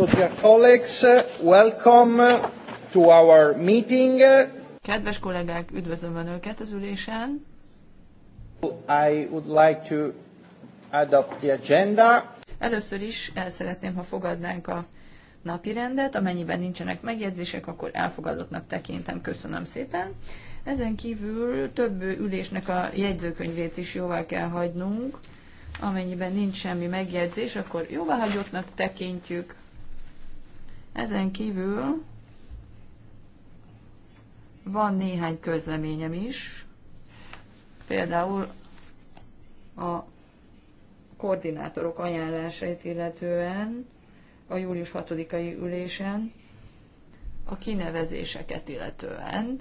So, dear colleagues, welcome to our meeting. Kedves kollégák, üdvözlöm Önöket az ülésen. I would like to adopt the agenda. Először is el szeretném, ha fogadnánk a napi rendet, amennyiben nincsenek megjegyzések, akkor elfogadottnak tekintem. Köszönöm szépen. Ezen kívül több ülésnek a jegyzőkönyvét is jóvá kell hagynunk. Amennyiben nincs semmi megjegyzés, akkor jóváhagyottnak tekintjük. Ezen kívül van néhány közleményem is, például a koordinátorok ajánlásait illetően a július 6-ai ülésen, a kinevezéseket illetően.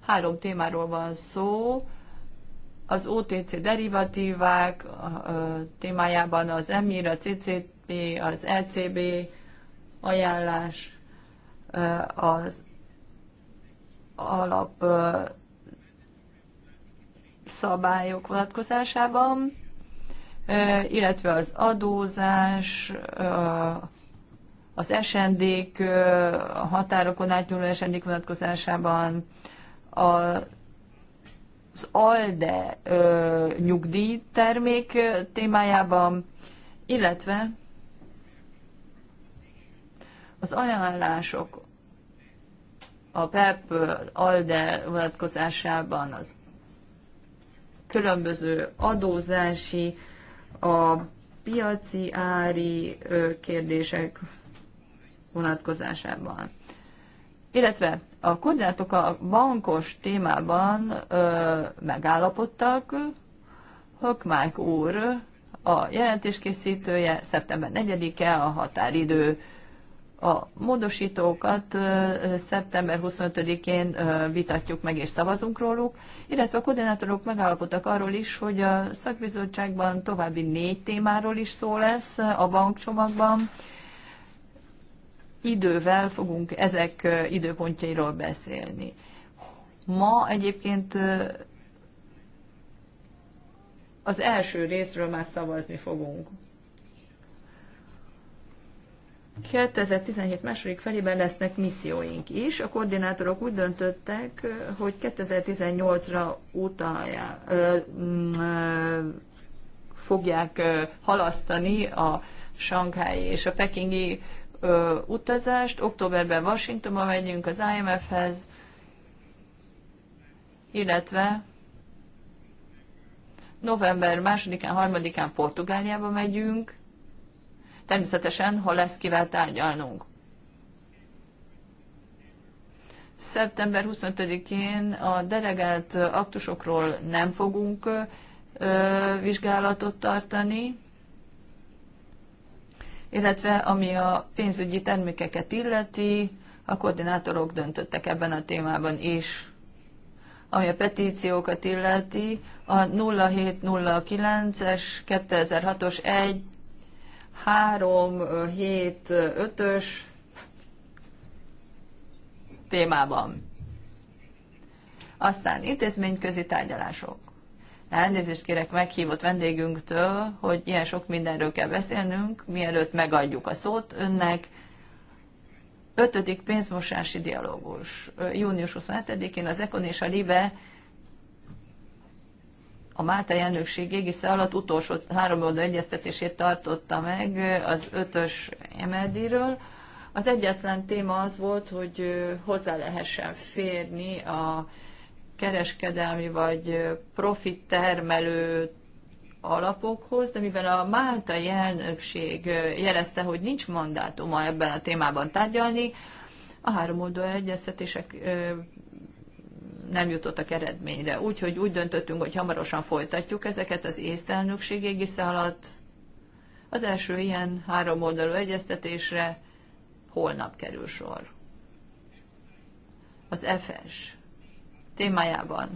Három témáról van szó, az OTC derivatívák témájában az EMIR, a CCT, az LCB e ajánlás, az alap szabályok vonatkozásában, illetve az adózás, az esendék, a határokon átnyúló esendék vonatkozásában, az ALDE nyugdíjtermék témájában, illetve az ajánlások a PEP ALDE vonatkozásában az különböző adózási, a piaci ári kérdések vonatkozásában. Illetve a koordinátok a bankos témában ö, megállapodtak, Hökmák úr, a jelentéskészítője, szeptember 4-e a határidő, a módosítókat szeptember 25-én vitatjuk meg és szavazunk róluk, illetve a koordinátorok megállapodtak arról is, hogy a szakbizottságban további négy témáról is szó lesz a bankcsomagban. Idővel fogunk ezek időpontjairól beszélni. Ma egyébként az első részről már szavazni fogunk. 2017 második felében lesznek misszióink is. A koordinátorok úgy döntöttek, hogy 2018-ra utalja, ö, mm, ö, fogják ö, halasztani a Sankhái és a Pekingi ö, utazást. Októberben Washingtonba megyünk az IMF-hez, illetve november 2 harmadikán 3-án Portugáliába megyünk, természetesen, ha lesz kivel tárgyalnunk. Szeptember 25-én a delegált aktusokról nem fogunk vizsgálatot tartani, illetve ami a pénzügyi termékeket illeti, a koordinátorok döntöttek ebben a témában is. Ami a petíciókat illeti, a 0709-es 2006-os 3, 7, 5-ös témában. Aztán intézményközi tárgyalások. Elnézést kérek meghívott vendégünktől, hogy ilyen sok mindenről kell beszélnünk, mielőtt megadjuk a szót önnek. Ötödik pénzmosási dialógus. Június 27-én az Ekon és a Libe a Máltai elnökség égisze alatt utolsó három oldal egyeztetését tartotta meg az ötös MLD-ről. Az egyetlen téma az volt, hogy hozzá lehessen férni a kereskedelmi vagy profit termelő alapokhoz, de mivel a máltai elnökség jelezte, hogy nincs mandátuma ebben a témában tárgyalni, a három oldal egyeztetések nem jutottak eredményre. Úgyhogy úgy döntöttünk, hogy hamarosan folytatjuk ezeket az észtelnökség égisze alatt. Az első ilyen három oldalú egyeztetésre holnap kerül sor. Az FS témájában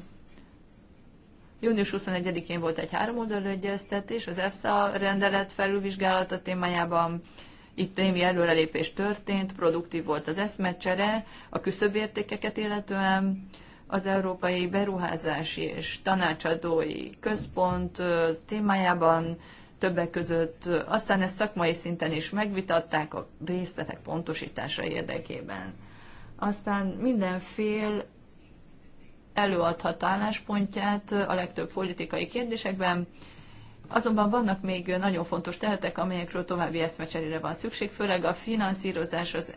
Június 21-én volt egy oldalú egyeztetés az EFSA rendelet felülvizsgálata témájában. Itt némi előrelépés történt, produktív volt az eszmecsere, a küszöbértékeket illetően az Európai Beruházási és Tanácsadói Központ témájában többek között, aztán ezt szakmai szinten is megvitatták a részletek pontosítása érdekében. Aztán mindenfél előadhat álláspontját a legtöbb politikai kérdésekben, Azonban vannak még nagyon fontos tehetek, amelyekről további eszmecserére van szükség, főleg a finanszírozás, az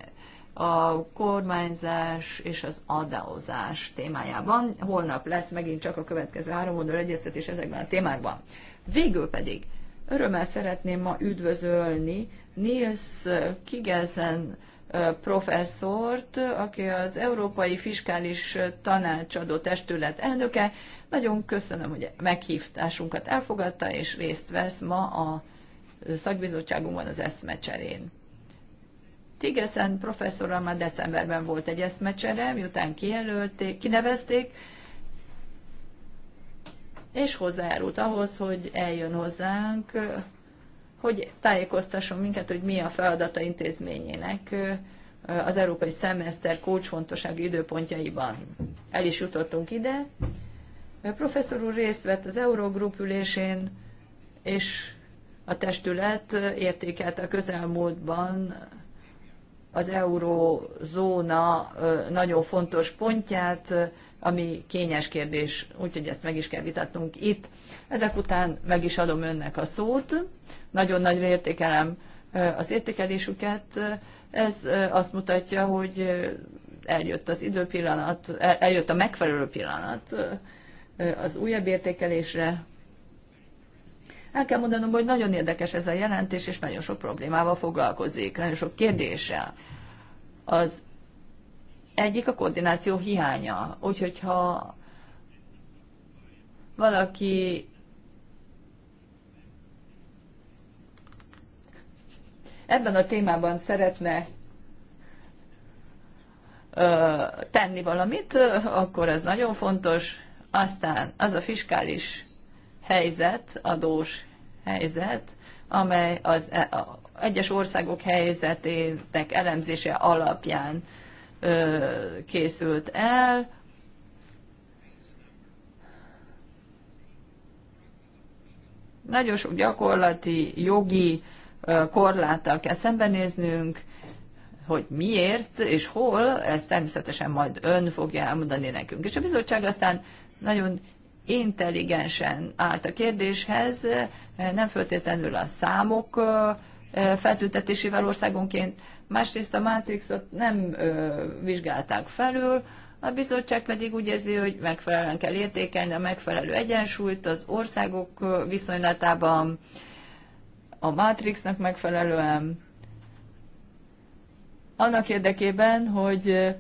a kormányzás és az adáozás témájában. Holnap lesz megint csak a következő három oldal egyeztetés ezekben a témákban. Végül pedig örömmel szeretném ma üdvözölni Nils Kigelsen professzort, aki az Európai Fiskális Tanácsadó Testület elnöke. Nagyon köszönöm, hogy meghívtásunkat elfogadta, és részt vesz ma a szakbizottságunkban az eszmecserén. Tigeszen professzorral már decemberben volt egy eszmecsere, miután kijelölték, kinevezték, és hozzájárult ahhoz, hogy eljön hozzánk, hogy tájékoztasson minket, hogy mi a feladata intézményének az európai szemeszter kulcsfontosságú időpontjaiban. El is jutottunk ide. A professzor úr részt vett az Eurogroup ülésén, és a testület értékelte a közelmúltban az eurózóna nagyon fontos pontját, ami kényes kérdés, úgyhogy ezt meg is kell vitatnunk itt. Ezek után meg is adom önnek a szót. Nagyon nagyra értékelem az értékelésüket. Ez azt mutatja, hogy eljött az időpillanat, eljött a megfelelő pillanat az újabb értékelésre, el kell mondanom, hogy nagyon érdekes ez a jelentés, és nagyon sok problémával foglalkozik, nagyon sok kérdéssel. Az egyik a koordináció hiánya. Úgyhogy ha valaki ebben a témában szeretne tenni valamit, akkor ez nagyon fontos. Aztán az a fiskális helyzet, adós helyzet, amely az e- egyes országok helyzetének elemzése alapján ö, készült el. Nagyon sok gyakorlati, jogi korlátok, korláttal kell szembenéznünk, hogy miért és hol, ezt természetesen majd ön fogja elmondani nekünk. És a bizottság aztán nagyon intelligensen állt a kérdéshez, nem föltétlenül a számok feltüntetésével országonként, másrészt a Matrixot nem vizsgálták felül, a bizottság pedig úgy érzi, hogy megfelelően kell értékelni a megfelelő egyensúlyt az országok viszonylatában, a Matrixnak megfelelően, annak érdekében, hogy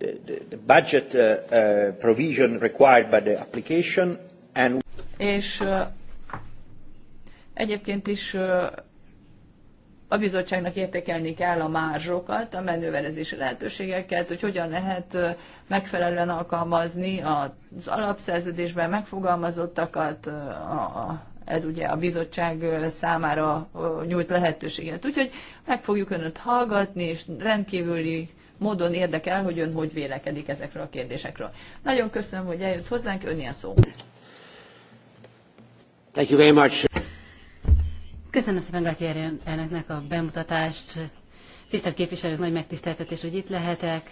the, the, budget uh, uh, provision required by the application and és uh, egyébként is uh, a bizottságnak értékelni kell a márzsokat, a menővelezési lehetőségeket, hogy hogyan lehet uh, megfelelően alkalmazni az alapszerződésben megfogalmazottakat, uh, a, a, ez ugye a bizottság uh, számára nyújt lehetőséget. Úgyhogy meg fogjuk önöt hallgatni, és rendkívüli módon érdekel, hogy ön hogy vélekedik ezekről a kérdésekről. Nagyon köszönöm, hogy eljött hozzánk, ön ilyen szó. Thank you very much. Köszönöm szépen Gatier elnöknek a bemutatást. Tisztelt képviselők, nagy megtiszteltetés, hogy itt lehetek.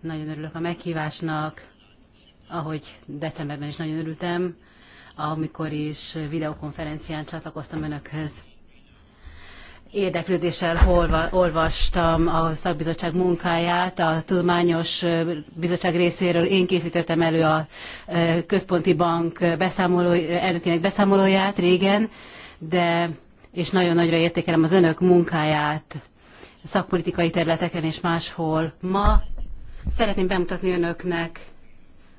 Nagyon örülök a meghívásnak, ahogy decemberben is nagyon örültem, amikor is videokonferencián csatlakoztam önökhöz érdeklődéssel olvastam a szakbizottság munkáját, a tudományos bizottság részéről én készítettem elő a központi bank beszámoló, elnökének beszámolóját régen, de és nagyon nagyra értékelem az önök munkáját szakpolitikai területeken és máshol. Ma szeretném bemutatni önöknek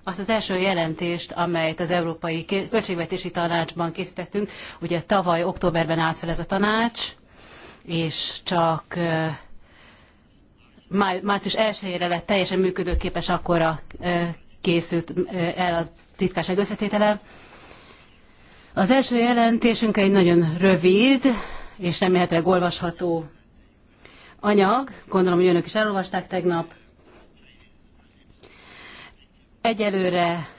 azt az első jelentést, amelyet az Európai Költségvetési Tanácsban készítettünk. Ugye tavaly októberben állt fel ez a tanács, és csak március 1-ére lett teljesen működőképes akkora készült el a titkárság összetétele. Az első jelentésünk egy nagyon rövid és remélhetőleg olvasható anyag, gondolom, hogy önök is elolvasták tegnap. Egyelőre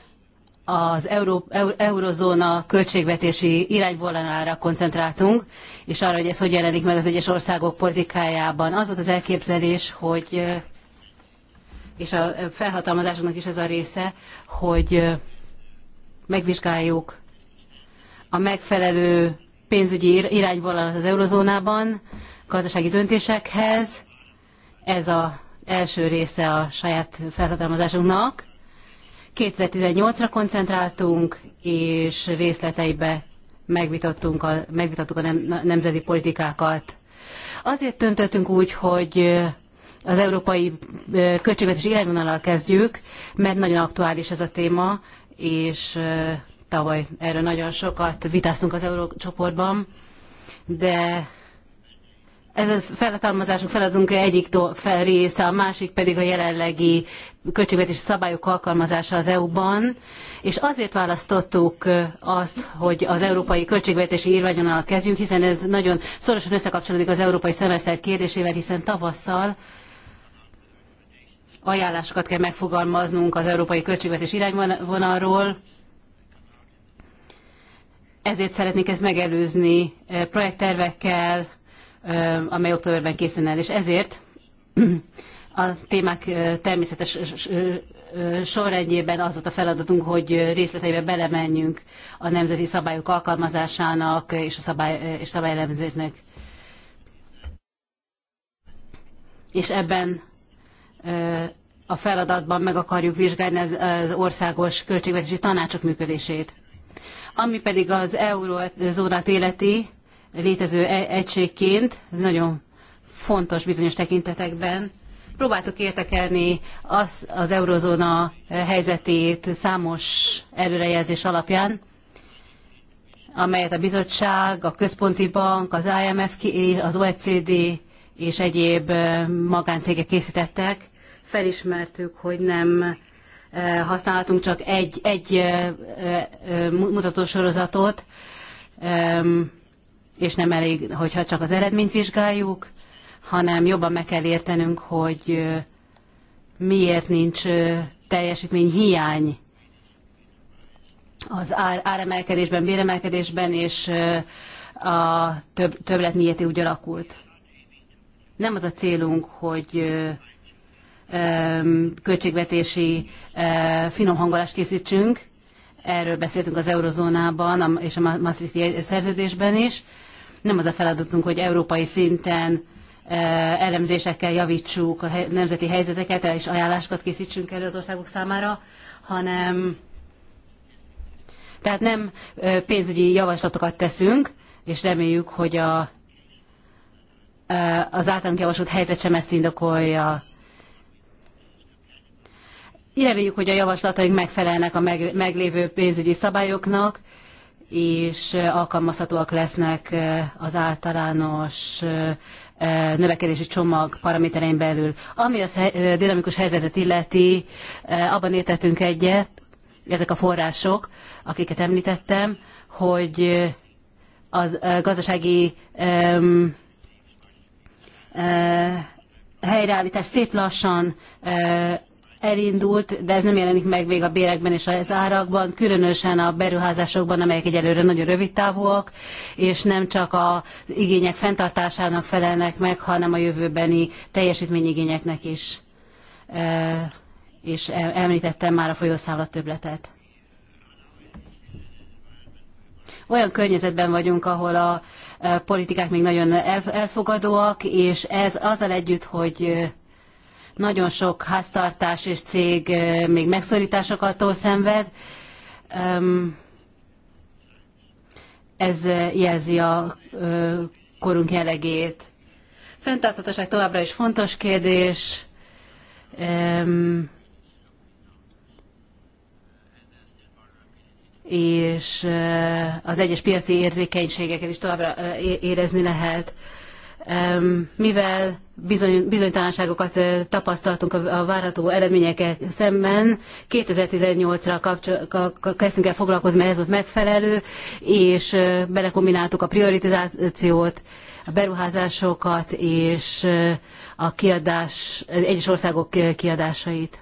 az Euró, eurozóna költségvetési irányvonalára koncentráltunk, és arra, hogy ez hogy jelenik meg az egyes országok politikájában. Az volt az elképzelés, hogy eh, és a felhatalmazásunknak is ez a része, hogy eh, megvizsgáljuk a megfelelő pénzügyi irányvonalat az eurozónában, gazdasági döntésekhez. Ez az első része a saját felhatalmazásunknak 2018-ra koncentráltunk, és részleteibe megvitattunk a, megvitattuk a nem, nemzeti politikákat. Azért döntöttünk úgy, hogy az európai költségvetési irányvonalal kezdjük, mert nagyon aktuális ez a téma, és tavaly erről nagyon sokat vitáztunk az Csoportban, de ez a felhatalmazásunk feladunk egyik része, a másik pedig a jelenlegi költségvetési szabályok alkalmazása az EU-ban, és azért választottuk azt, hogy az európai költségvetési írványonal kezdjünk, hiszen ez nagyon szorosan összekapcsolódik az európai szemeszter kérdésével, hiszen tavasszal ajánlásokat kell megfogalmaznunk az európai költségvetés irányvonalról, ezért szeretnék ezt megelőzni projekttervekkel, amely októberben készül el, és ezért a témák természetes sorrendjében az volt a feladatunk, hogy részleteibe belemenjünk a nemzeti szabályok alkalmazásának és a szabály, és szabályelemzésnek. És ebben a feladatban meg akarjuk vizsgálni az, az országos költségvetési tanácsok működését. Ami pedig az eurózónát életi, létező e- egységként, nagyon fontos bizonyos tekintetekben. Próbáltuk értekelni az, az eurozóna helyzetét számos előrejelzés alapján, amelyet a bizottság, a központi bank, az IMF, az OECD és egyéb magáncégek készítettek. Felismertük, hogy nem használhatunk csak egy, egy mutatósorozatot, és nem elég, hogyha csak az eredményt vizsgáljuk, hanem jobban meg kell értenünk, hogy miért nincs teljesítmény hiány az áremelkedésben, béremelkedésben, és a több, többlet miért úgy alakult. Nem az a célunk, hogy költségvetési hangolást készítsünk, erről beszéltünk az eurozónában és a Maastrichti szerződésben is, nem az a feladatunk, hogy európai szinten e, elemzésekkel javítsuk a nemzeti helyzeteket, és ajánlásokat készítsünk elő az országok számára, hanem tehát nem e, pénzügyi javaslatokat teszünk, és reméljük, hogy a, e, az általunk javasolt helyzet sem ezt indokolja. Reméljük, hogy a javaslataink megfelelnek a meglévő pénzügyi szabályoknak, és alkalmazhatóak lesznek az általános növekedési csomag paraméterein belül. Ami a dinamikus helyzetet illeti, abban értettünk egyet, ezek a források, akiket említettem, hogy az gazdasági um, uh, helyreállítás szép lassan uh, elindult, de ez nem jelenik meg még a bérekben és az árakban, különösen a beruházásokban, amelyek egyelőre nagyon rövid távúak, és nem csak a igények fenntartásának felelnek meg, hanem a jövőbeni teljesítményigényeknek is. E, és e, említettem már a folyószámla többletet. olyan környezetben vagyunk, ahol a e, politikák még nagyon elfogadóak, és ez azzal együtt, hogy nagyon sok háztartás és cég még megszorításoktól szenved. Ez jelzi a korunk jellegét. Fentartatosság továbbra is fontos kérdés. és az egyes piaci érzékenységeket is továbbra érezni lehet mivel bizony, bizonytalanságokat eh, tapasztaltunk a várható eredményekkel szemben, 2018-ra kezdtünk el foglalkozni, mert ez volt megfelelő, és eh, belekombináltuk a prioritizációt, a beruházásokat és eh, a kiadás, egyes országok kiadásait.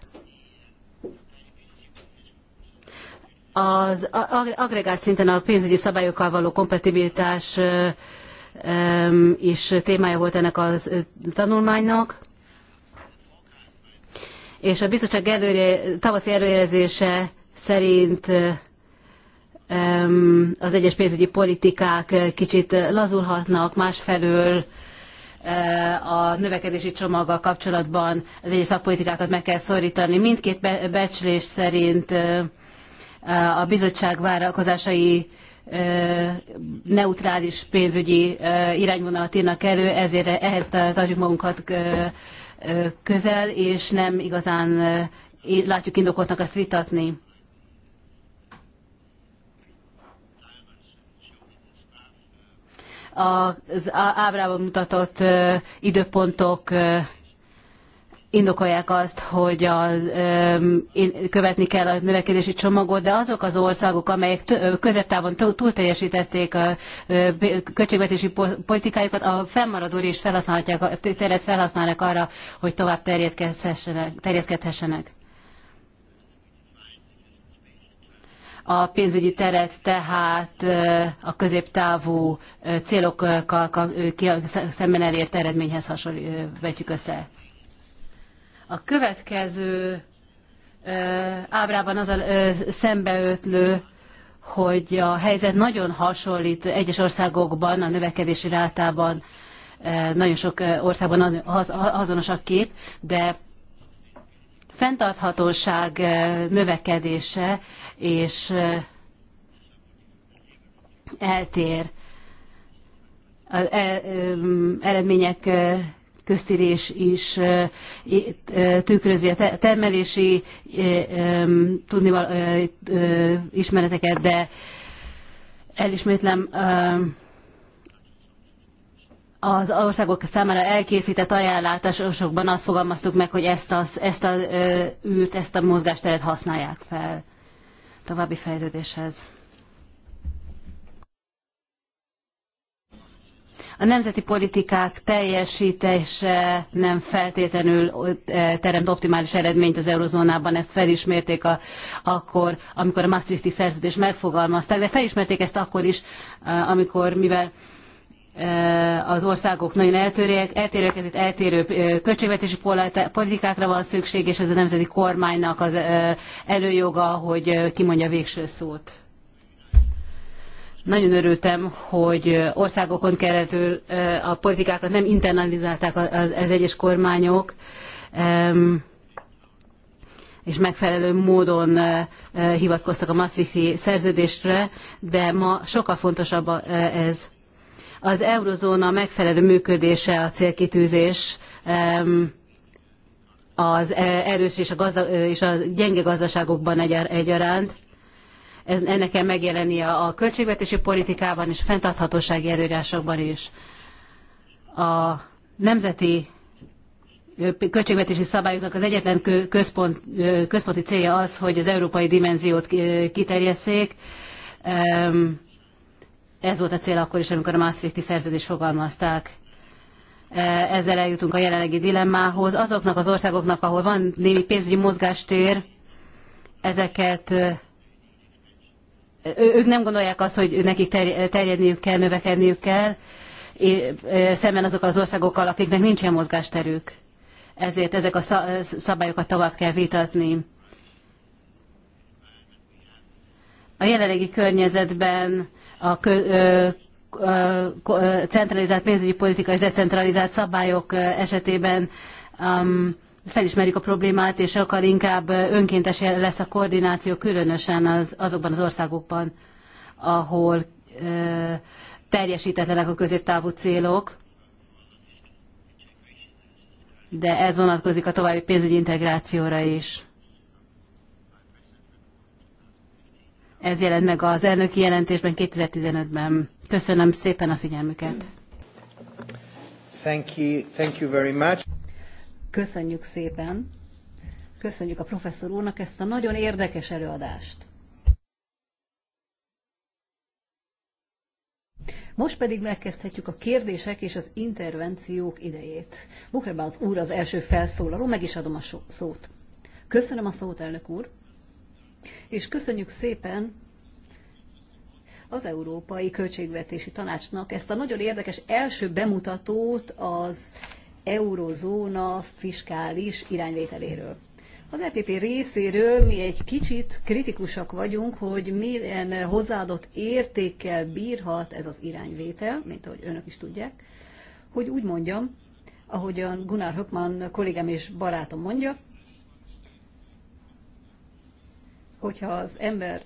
Az agregált szinten a pénzügyi szabályokkal való kompatibilitás is témája volt ennek a tanulmánynak. És a bizottság előre, tavaszi előjelzése szerint az egyes pénzügyi politikák kicsit lazulhatnak, másfelől a növekedési csomaggal kapcsolatban az egyes szakpolitikákat meg kell szorítani. Mindkét becslés szerint a bizottság várakozásai neutrális pénzügyi irányvonalat írnak elő, ezért ehhez tartjuk magunkat közel, és nem igazán látjuk indokotnak ezt vitatni. Az ábrában mutatott időpontok indokolják azt, hogy a, követni kell a növekedési csomagot, de azok az országok, amelyek középtávon túlteljesítették a költségvetési politikájukat, a fennmaradó is felhasználhatják, a teret felhasználják arra, hogy tovább terjeszkedhessenek. A pénzügyi teret tehát a középtávú célokkal szemben elért eredményhez hasonlítjuk vetjük össze. A következő ábrában az a szembeötlő, hogy a helyzet nagyon hasonlít egyes országokban, a növekedési rátában, nagyon sok országban azonos a kép, de fenntarthatóság növekedése és eltér. Az e, eredmények köztérés is tükrözi a termelési tudnival, ismereteket, de elismétlem az országok számára elkészített ajánlásokban azt fogalmaztuk meg, hogy ezt az, ezt a űrt, ezt a mozgásteret használják fel további fejlődéshez. a nemzeti politikák teljesítése nem feltétlenül teremt optimális eredményt az eurozónában, ezt felismerték a, akkor, amikor a Maastrichti szerződés megfogalmazták, de felismerték ezt akkor is, amikor, mivel az országok nagyon eltérőek, eltérőek ezért eltérő költségvetési politikákra van szükség, és ez a nemzeti kormánynak az előjoga, hogy kimondja a végső szót. Nagyon örültem, hogy országokon keresztül a politikákat nem internalizálták az, egyes kormányok, és megfelelő módon hivatkoztak a Maastrichti szerződésre, de ma sokkal fontosabb ez. Az eurozóna megfelelő működése a célkitűzés, az erős és a, gazda, és a gyenge gazdaságokban egyaránt ennek kell megjelennie a költségvetési politikában és a fenntarthatósági előírásokban is. A nemzeti költségvetési szabályoknak az egyetlen központ, központi célja az, hogy az európai dimenziót kiterjesszék. Ez volt a cél akkor is, amikor a Maastrichti szerződést fogalmazták. E, ezzel eljutunk a jelenlegi dilemmához. Azoknak az országoknak, ahol van némi pénzügyi mozgástér, ezeket ők nem gondolják azt, hogy nekik terjedniük kell, növekedniük kell, szemben azokkal az országokkal, akiknek nincsen mozgásterük. Ezért ezek a szabályokat tovább kell vitatni. A jelenlegi környezetben a centralizált pénzügyi politika és decentralizált szabályok esetében um, felismerik a problémát, és akar inkább önkéntes lesz a koordináció, különösen az, azokban az országokban, ahol ö, teljesítetlenek a középtávú célok, de ez vonatkozik a további pénzügyi integrációra is. Ez jelent meg az elnöki jelentésben 2015-ben. Köszönöm szépen a figyelmüket. Thank you, thank you very much. Köszönjük szépen, köszönjük a professzor úrnak ezt a nagyon érdekes előadást. Most pedig megkezdhetjük a kérdések és az intervenciók idejét. az úr az első felszólaló, meg is adom a szót. Köszönöm a szót, elnök úr, és köszönjük szépen az Európai Költségvetési Tanácsnak ezt a nagyon érdekes első bemutatót az eurozóna fiskális irányvételéről. Az EPP részéről mi egy kicsit kritikusak vagyunk, hogy milyen hozzáadott értékkel bírhat ez az irányvétel, mint ahogy önök is tudják, hogy úgy mondjam, ahogyan Gunnar Höckmann kollégám és barátom mondja, hogyha az ember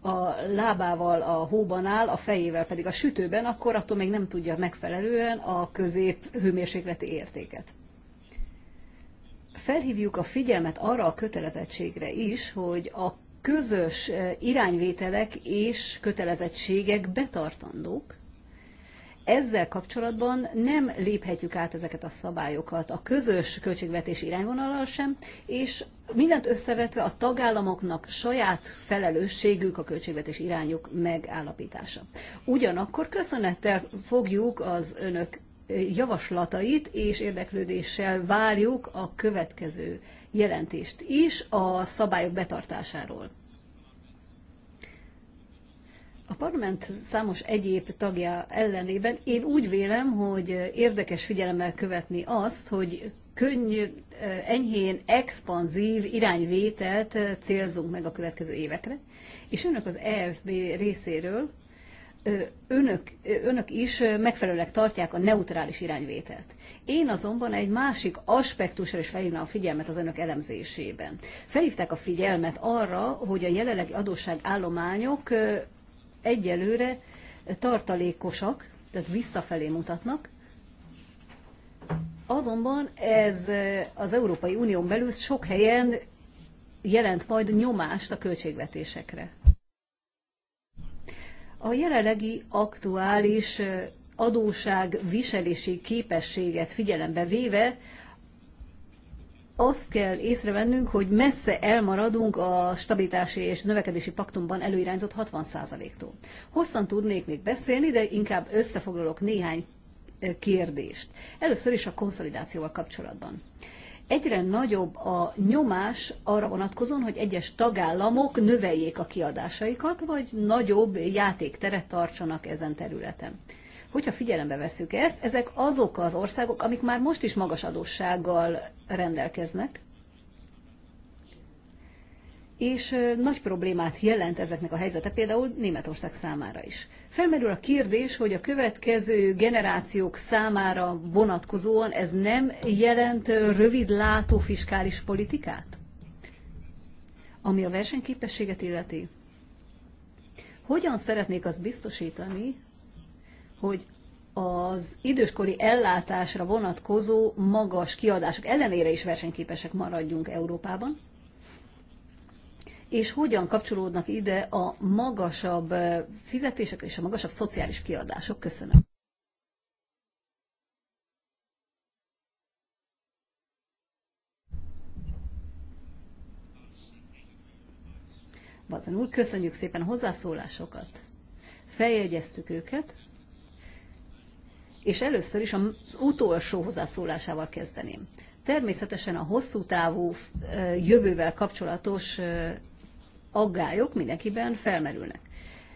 a lábával a hóban áll, a fejével pedig a sütőben, akkor attól még nem tudja megfelelően a közép hőmérsékleti értéket. Felhívjuk a figyelmet arra a kötelezettségre is, hogy a közös eh, irányvételek és kötelezettségek betartandók, ezzel kapcsolatban nem léphetjük át ezeket a szabályokat a közös költségvetés irányvonalal sem, és Mindent összevetve a tagállamoknak saját felelősségük a költségvetés irányuk megállapítása. Ugyanakkor köszönettel fogjuk az önök javaslatait, és érdeklődéssel várjuk a következő jelentést is a szabályok betartásáról. A parlament számos egyéb tagja ellenében én úgy vélem, hogy érdekes figyelemmel követni azt, hogy könnyű, enyhén expanzív irányvételt célzunk meg a következő évekre, és önök az EFB részéről önök, önök is megfelelőleg tartják a neutrális irányvételt. Én azonban egy másik aspektusra is felhívnám a figyelmet az önök elemzésében. Felhívták a figyelmet arra, hogy a jelenlegi adósságállományok egyelőre tartalékosak, tehát visszafelé mutatnak, Azonban ez az Európai Unión belül sok helyen jelent majd nyomást a költségvetésekre. A jelenlegi aktuális adóság viselési képességet figyelembe véve azt kell észrevennünk, hogy messze elmaradunk a stabilitási és növekedési paktumban előirányzott 60%-tól. Hosszan tudnék még beszélni, de inkább összefoglalok néhány kérdést. Először is a konszolidációval kapcsolatban. Egyre nagyobb a nyomás arra vonatkozóan, hogy egyes tagállamok növeljék a kiadásaikat, vagy nagyobb játékteret tartsanak ezen területen. Hogyha figyelembe veszük ezt, ezek azok az országok, amik már most is magas adóssággal rendelkeznek, és nagy problémát jelent ezeknek a helyzete, például Németország számára is. Felmerül a kérdés, hogy a következő generációk számára vonatkozóan ez nem jelent rövidlátó fiskális politikát? Ami a versenyképességet illeti, hogyan szeretnék azt biztosítani, hogy az időskori ellátásra vonatkozó magas kiadások ellenére is versenyképesek maradjunk Európában, és hogyan kapcsolódnak ide a magasabb eh, fizetések és a magasabb szociális kiadások. Köszönöm. Bazan úr, köszönjük szépen a hozzászólásokat. Feljegyeztük őket, és először is az utolsó hozzászólásával kezdeném. Természetesen a hosszú távú eh, jövővel kapcsolatos eh, aggályok mindenkiben felmerülnek.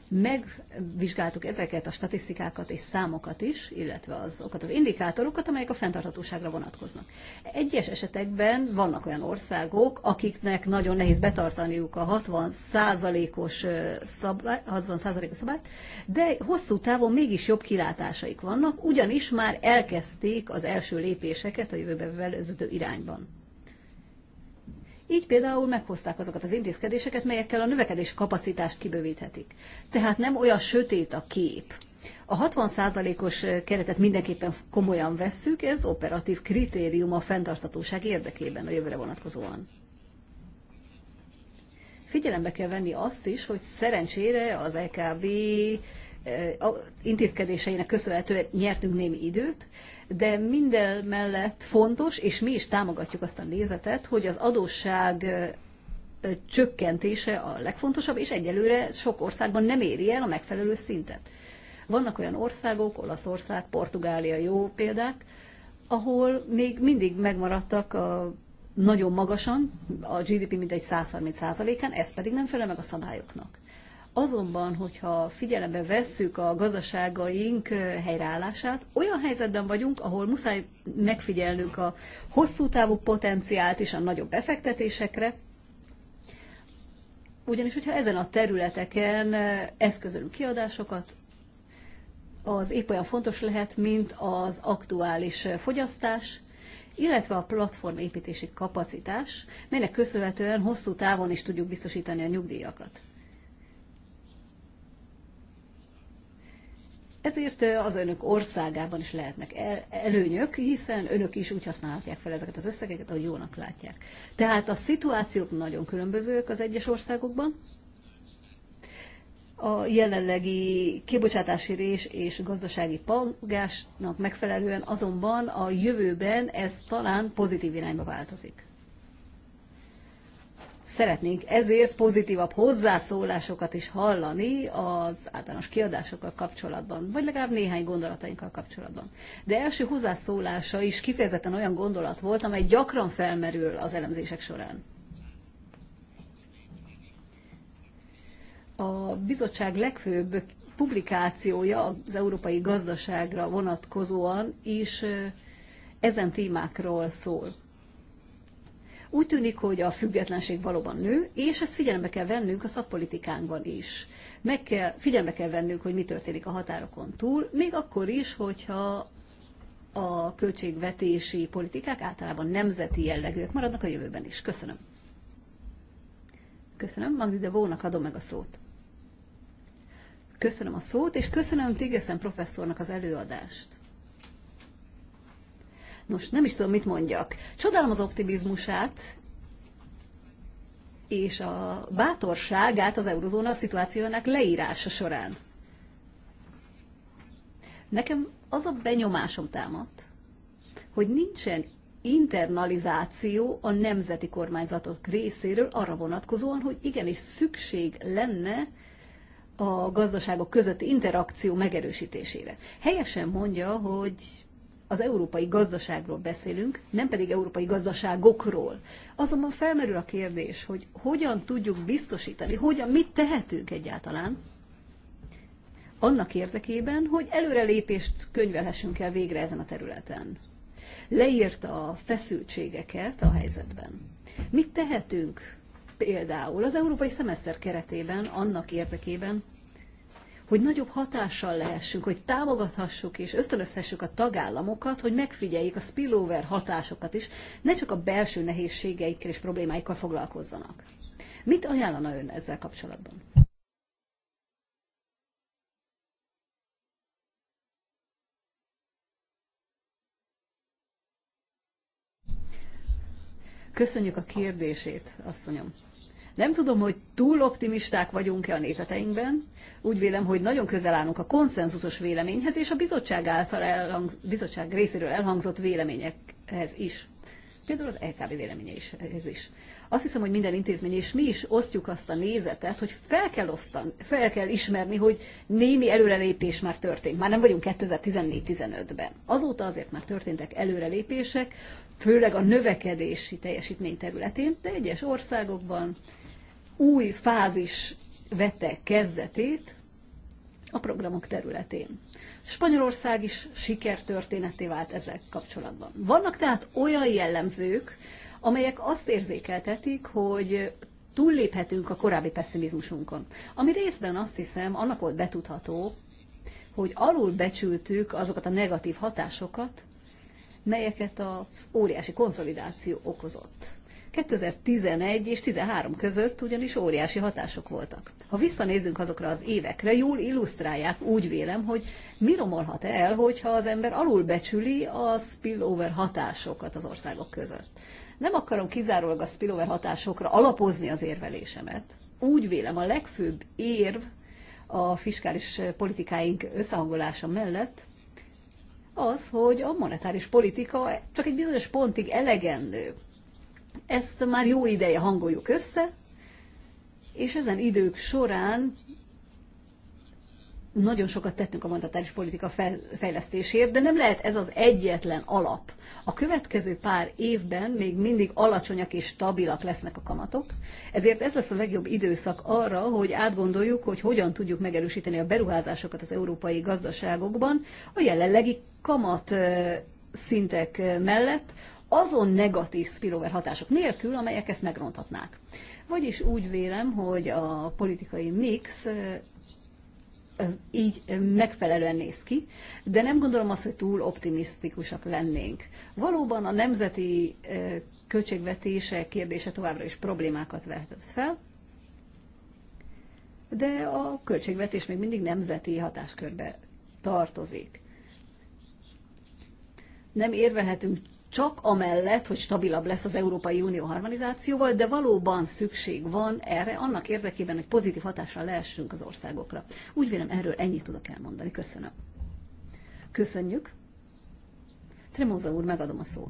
Megvizsgáltuk ezeket a statisztikákat és számokat is, illetve azokat az indikátorokat, amelyek a fenntarthatóságra vonatkoznak. Egyes esetekben vannak olyan országok, akiknek nagyon nehéz betartaniuk a 60%-os szabály, 60%-os szabályt, de hosszú távon mégis jobb kilátásaik vannak, ugyanis már elkezdték az első lépéseket a jövőbe vezető irányban. Így például meghozták azokat az intézkedéseket, melyekkel a növekedés kapacitást kibővíthetik. Tehát nem olyan sötét a kép. A 60%-os keretet mindenképpen komolyan vesszük, ez operatív kritérium a fenntarthatóság érdekében a jövőre vonatkozóan. Figyelembe kell venni azt is, hogy szerencsére az LKB e eh, intézkedéseinek köszönhetően nyertünk némi időt, de minden mellett fontos, és mi is támogatjuk azt a nézetet, hogy az adósság csökkentése a legfontosabb, és egyelőre sok országban nem éri el a megfelelő szintet. Vannak olyan országok, Olaszország, Portugália jó példák, ahol még mindig megmaradtak a nagyon magasan, a GDP mintegy 130 százalékán, ez pedig nem felel meg a szabályoknak. Azonban, hogyha figyelembe vesszük a gazdaságaink helyreállását, olyan helyzetben vagyunk, ahol muszáj megfigyelnünk a hosszú távú potenciált és a nagyobb befektetésekre, ugyanis, hogyha ezen a területeken eszközölünk kiadásokat, az épp olyan fontos lehet, mint az aktuális fogyasztás, illetve a platform építési kapacitás, melynek köszönhetően hosszú távon is tudjuk biztosítani a nyugdíjakat. Ezért az önök országában is lehetnek előnyök, hiszen önök is úgy használhatják fel ezeket az összegeket, ahogy jónak látják. Tehát a szituációk nagyon különbözők az egyes országokban. A jelenlegi kibocsátási rés és gazdasági pangásnak megfelelően azonban a jövőben ez talán pozitív irányba változik. Szeretnénk ezért pozitívabb hozzászólásokat is hallani az általános kiadásokkal kapcsolatban, vagy legalább néhány gondolatainkkal kapcsolatban. De első hozzászólása is kifejezetten olyan gondolat volt, amely gyakran felmerül az elemzések során. A bizottság legfőbb publikációja az európai gazdaságra vonatkozóan is ezen témákról szól. Úgy tűnik, hogy a függetlenség valóban nő, és ezt figyelembe kell vennünk a szakpolitikánkban is. Meg kell, figyelembe kell vennünk, hogy mi történik a határokon túl, még akkor is, hogyha a költségvetési politikák általában nemzeti jellegűek maradnak a jövőben is. Köszönöm. Köszönöm. Magdi de Vónak adom meg a szót. Köszönöm a szót, és köszönöm Tigeszen professzornak az előadást. Nos, nem is tudom, mit mondjak. Csodálom az optimizmusát, és a bátorságát az eurozóna szituációnak leírása során. Nekem az a benyomásom támadt, hogy nincsen internalizáció a nemzeti kormányzatok részéről arra vonatkozóan, hogy igenis szükség lenne a gazdaságok közötti interakció megerősítésére. Helyesen mondja, hogy az európai gazdaságról beszélünk, nem pedig európai gazdaságokról. Azonban felmerül a kérdés, hogy hogyan tudjuk biztosítani, hogyan mit tehetünk egyáltalán, annak érdekében, hogy előrelépést könyvelhessünk el végre ezen a területen. Leírta a feszültségeket a helyzetben. Mit tehetünk például az európai szemeszter keretében annak érdekében, hogy nagyobb hatással lehessünk, hogy támogathassuk és ösztönözhessük a tagállamokat, hogy megfigyeljék a spillover hatásokat is, ne csak a belső nehézségeikkel és problémáikkal foglalkozzanak. Mit ajánlana ön ezzel kapcsolatban? Köszönjük a kérdését, asszonyom. Nem tudom, hogy túl optimisták vagyunk-e a nézeteinkben. Úgy vélem, hogy nagyon közel állunk a konszenzusos véleményhez és a bizottság, által elhangz, bizottság részéről elhangzott véleményekhez is. Például az LKB véleménye is, ez is. Azt hiszem, hogy minden intézmény, és mi is osztjuk azt a nézetet, hogy fel kell, osztan, fel kell ismerni, hogy némi előrelépés már történt. Már nem vagyunk 2014-15-ben. Azóta azért már történtek előrelépések, főleg a növekedési teljesítmény területén, de egyes országokban új fázis vette kezdetét a programok területén. Spanyolország is sikertörténeté vált ezek kapcsolatban. Vannak tehát olyan jellemzők, amelyek azt érzékeltetik, hogy túlléphetünk a korábbi pessimizmusunkon. Ami részben azt hiszem, annak volt betudható, hogy alul becsültük azokat a negatív hatásokat, melyeket az óriási konszolidáció okozott. 2011 és 13 között ugyanis óriási hatások voltak. Ha visszanézzünk azokra az évekre, jól illusztrálják, úgy vélem, hogy mi romolhat el, hogyha az ember becsüli a spillover hatásokat az országok között. Nem akarom kizárólag a spillover hatásokra alapozni az érvelésemet. Úgy vélem, a legfőbb érv a fiskális politikáink összehangolása mellett az, hogy a monetáris politika csak egy bizonyos pontig elegendő. Ezt már jó ideje hangoljuk össze, és ezen idők során nagyon sokat tettünk a monetáris politika fejlesztésért, de nem lehet ez az egyetlen alap. A következő pár évben még mindig alacsonyak és stabilak lesznek a kamatok, ezért ez lesz a legjobb időszak arra, hogy átgondoljuk, hogy hogyan tudjuk megerősíteni a beruházásokat az európai gazdaságokban a jelenlegi kamat szintek mellett, azon negatív spillover hatások nélkül, amelyek ezt megronthatnák. Vagyis úgy vélem, hogy a politikai mix így megfelelően néz ki, de nem gondolom azt, hogy túl optimisztikusak lennénk. Valóban a nemzeti költségvetése kérdése továbbra is problémákat vehet fel, de a költségvetés még mindig nemzeti hatáskörbe tartozik. Nem érvelhetünk csak amellett, hogy stabilabb lesz az Európai Unió harmonizációval, de valóban szükség van erre, annak érdekében, hogy pozitív hatással lehessünk az országokra. Úgy vélem, erről ennyit tudok elmondani. Köszönöm. Köszönjük. Tremóza úr, megadom a szót.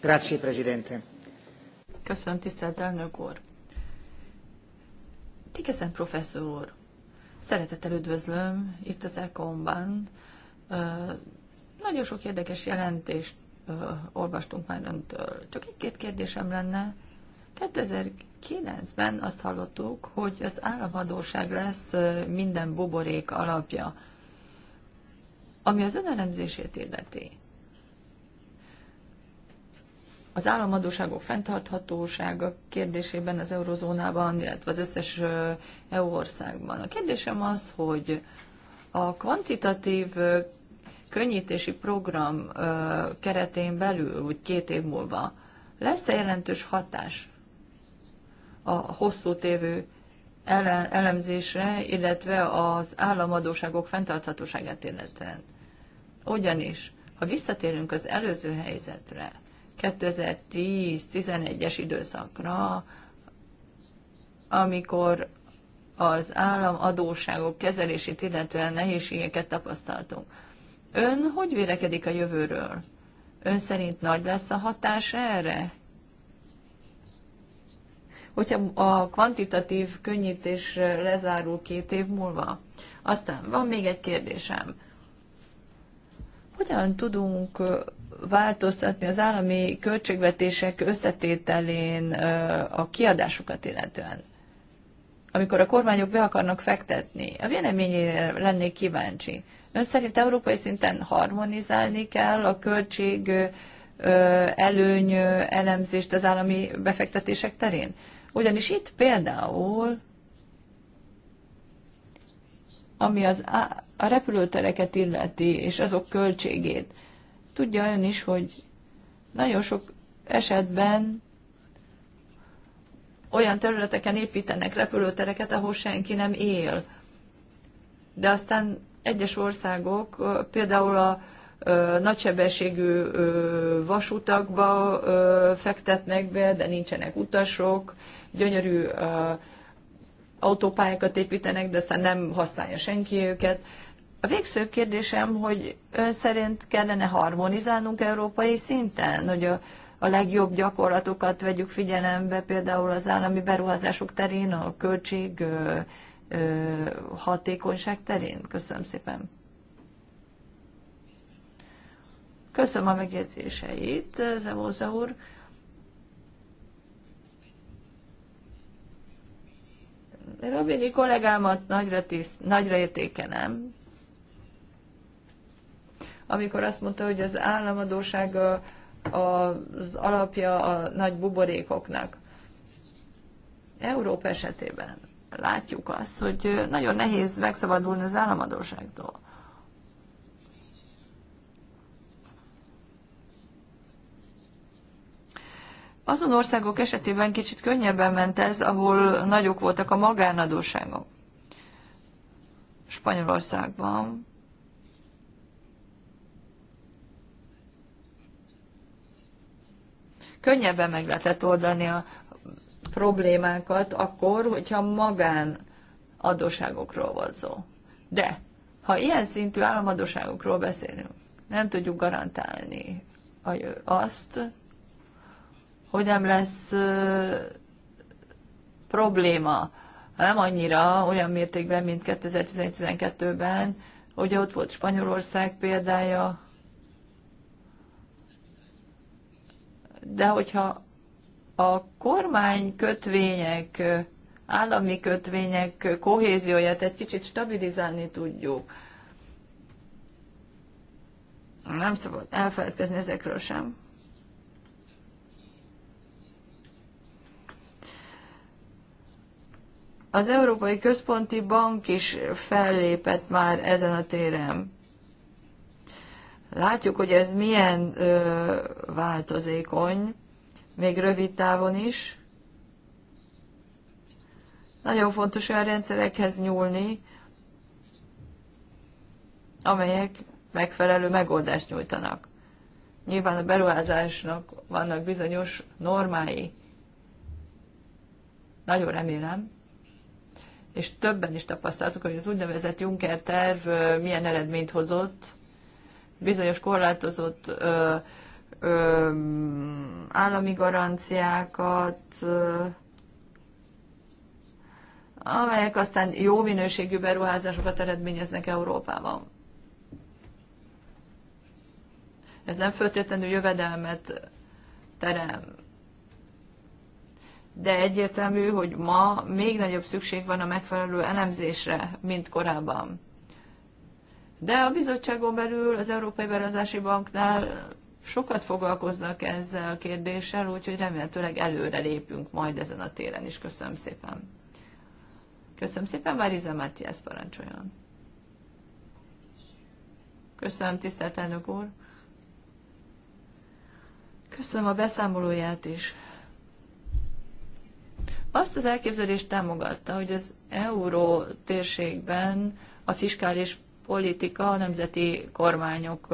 Grazie, Presidente. Köszönöm, tisztelt elnök úr. Tikeszen professzor úr, szeretettel üdvözlöm itt az ECOM-ban. Nagyon sok érdekes jelentést ö, olvastunk már öntől. Csak egy-két kérdésem lenne. 2009-ben azt hallottuk, hogy az államadóság lesz minden buborék alapja, ami az önelemzését illeti. Az államadóságok fenntarthatósága kérdésében az eurozónában, illetve az összes EU országban. A kérdésem az, hogy a kvantitatív könnyítési program keretén belül, úgy két év múlva, lesz-e jelentős hatás a hosszú tévő elemzésre, illetve az államadóságok fenntarthatóságát illetően? Ugyanis, ha visszatérünk az előző helyzetre, 2010-11-es időszakra, amikor az államadóságok kezelését illetően nehézségeket tapasztaltunk. Ön hogy vélekedik a jövőről? Ön szerint nagy lesz a hatás erre? Hogyha a kvantitatív könnyítés lezárul két év múlva. Aztán van még egy kérdésem. Hogyan tudunk változtatni az állami költségvetések összetételén a kiadásokat illetően? Amikor a kormányok be akarnak fektetni, a véleményére lennék kíváncsi. Ön szerint európai szinten harmonizálni kell a költség előny elemzést az állami befektetések terén? Ugyanis itt például, ami az a repülőtereket illeti, és azok költségét, tudja ön is, hogy nagyon sok esetben olyan területeken építenek repülőtereket, ahol senki nem él. De aztán egyes országok például a nagysebességű vasutakba fektetnek be, de nincsenek utasok, gyönyörű autópályákat építenek, de aztán nem használja senki őket. A végső kérdésem, hogy ön szerint kellene harmonizálnunk európai szinten, hogy a, a legjobb gyakorlatokat vegyük figyelembe, például az állami beruházások terén a költség hatékonyság terén. Köszönöm szépen. Köszönöm a megjegyzéseit, Zemóza úr. Robini kollégámat nagyra, tiszt, nagyra értékenem. amikor azt mondta, hogy az államadóság az alapja a nagy buborékoknak. Európa esetében látjuk azt, hogy nagyon nehéz megszabadulni az államadóságtól. Azon országok esetében kicsit könnyebben ment ez, ahol nagyok voltak a magánadóságok. Spanyolországban könnyebben meg lehetett oldani a problémákat akkor, hogyha magán adóságokról volt szó. De ha ilyen szintű államadóságokról beszélünk, nem tudjuk garantálni azt, hogy nem lesz probléma, nem annyira olyan mértékben, mint 2012-ben, hogy ott volt Spanyolország példája, de hogyha a kormány kötvények, állami kötvények kohézióját egy kicsit stabilizálni tudjuk. Nem szabad elfeledkezni ezekről sem. Az Európai Központi Bank is fellépett már ezen a téren. Látjuk, hogy ez milyen ö, változékony még rövid távon is. Nagyon fontos olyan rendszerekhez nyúlni, amelyek megfelelő megoldást nyújtanak. Nyilván a beruházásnak vannak bizonyos normái. Nagyon remélem, és többen is tapasztaltuk, hogy az úgynevezett Juncker terv milyen eredményt hozott, bizonyos korlátozott állami garanciákat, amelyek aztán jó minőségű beruházásokat eredményeznek Európában. Ez nem föltétlenül jövedelmet terem. De egyértelmű, hogy ma még nagyobb szükség van a megfelelő elemzésre, mint korábban. De a bizottságon belül, az Európai Beruházási Banknál sokat foglalkoznak ezzel a kérdéssel, úgyhogy remélhetőleg előre lépünk majd ezen a téren is. Köszönöm szépen. Köszönöm szépen, Váriza Mátyász parancsoljon. Köszönöm, tisztelt elnök úr. Köszönöm a beszámolóját is. Azt az elképzelést támogatta, hogy az euró térségben a fiskális politika a nemzeti kormányok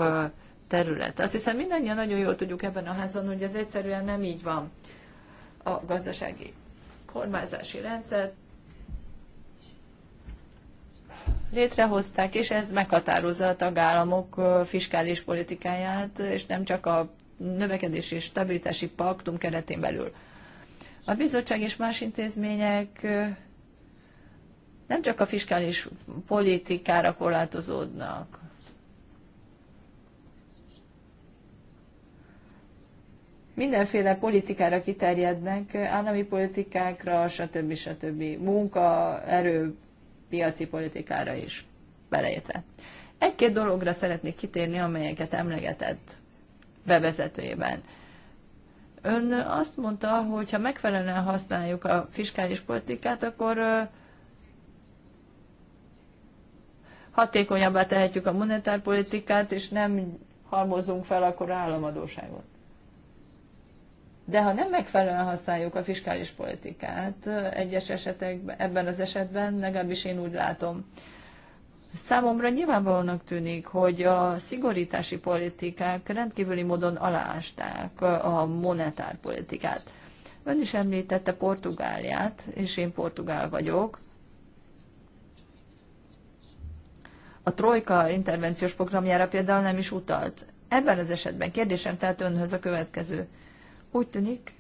terület. Azt hiszem mindannyian nagyon jól tudjuk ebben a házban, hogy ez egyszerűen nem így van a gazdasági kormányzási rendszer létrehozták, és ez meghatározza a tagállamok fiskális politikáját, és nem csak a növekedési és stabilitási paktum keretén belül. A bizottság és más intézmények nem csak a fiskális politikára korlátozódnak, mindenféle politikára kiterjednek, állami politikákra, stb. stb. munkaerő, piaci politikára is beleértve. Egy-két dologra szeretnék kitérni, amelyeket emlegetett bevezetőjében. Ön azt mondta, hogy ha megfelelően használjuk a fiskális politikát, akkor hatékonyabbá tehetjük a monetárpolitikát, és nem halmozunk fel akkor államadóságot de ha nem megfelelően használjuk a fiskális politikát, egyes esetekben, ebben az esetben legalábbis én úgy látom, Számomra nyilvánvalónak tűnik, hogy a szigorítási politikák rendkívüli módon aláásták a monetár politikát. Ön is említette Portugáliát, és én portugál vagyok. A Trojka intervenciós programjára például nem is utalt. Ebben az esetben kérdésem tehát önhöz a következő. Úgy tűnik,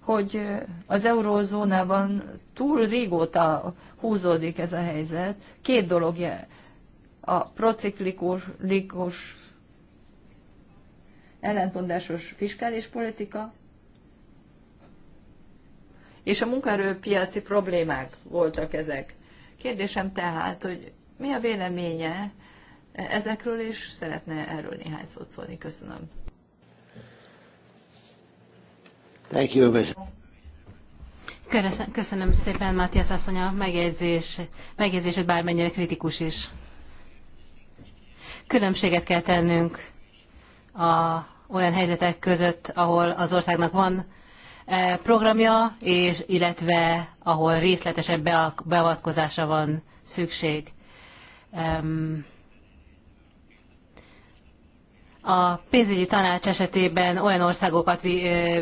hogy az eurózónában túl régóta húzódik ez a helyzet. Két dolog a prociklikus ellentmondásos fiskális politika és a munkaerőpiaci problémák voltak ezek. Kérdésem tehát, hogy mi a véleménye ezekről, és szeretne erről néhány szót szólni. Köszönöm. Thank you, Köszönöm szépen Mátias asszony a megjegyzés, megjegyzését, bármennyire kritikus is. Különbséget kell tennünk a, olyan helyzetek között, ahol az országnak van e, programja, és illetve ahol részletesebb beavatkozásra van szükség. Um, a pénzügyi tanács esetében olyan országokat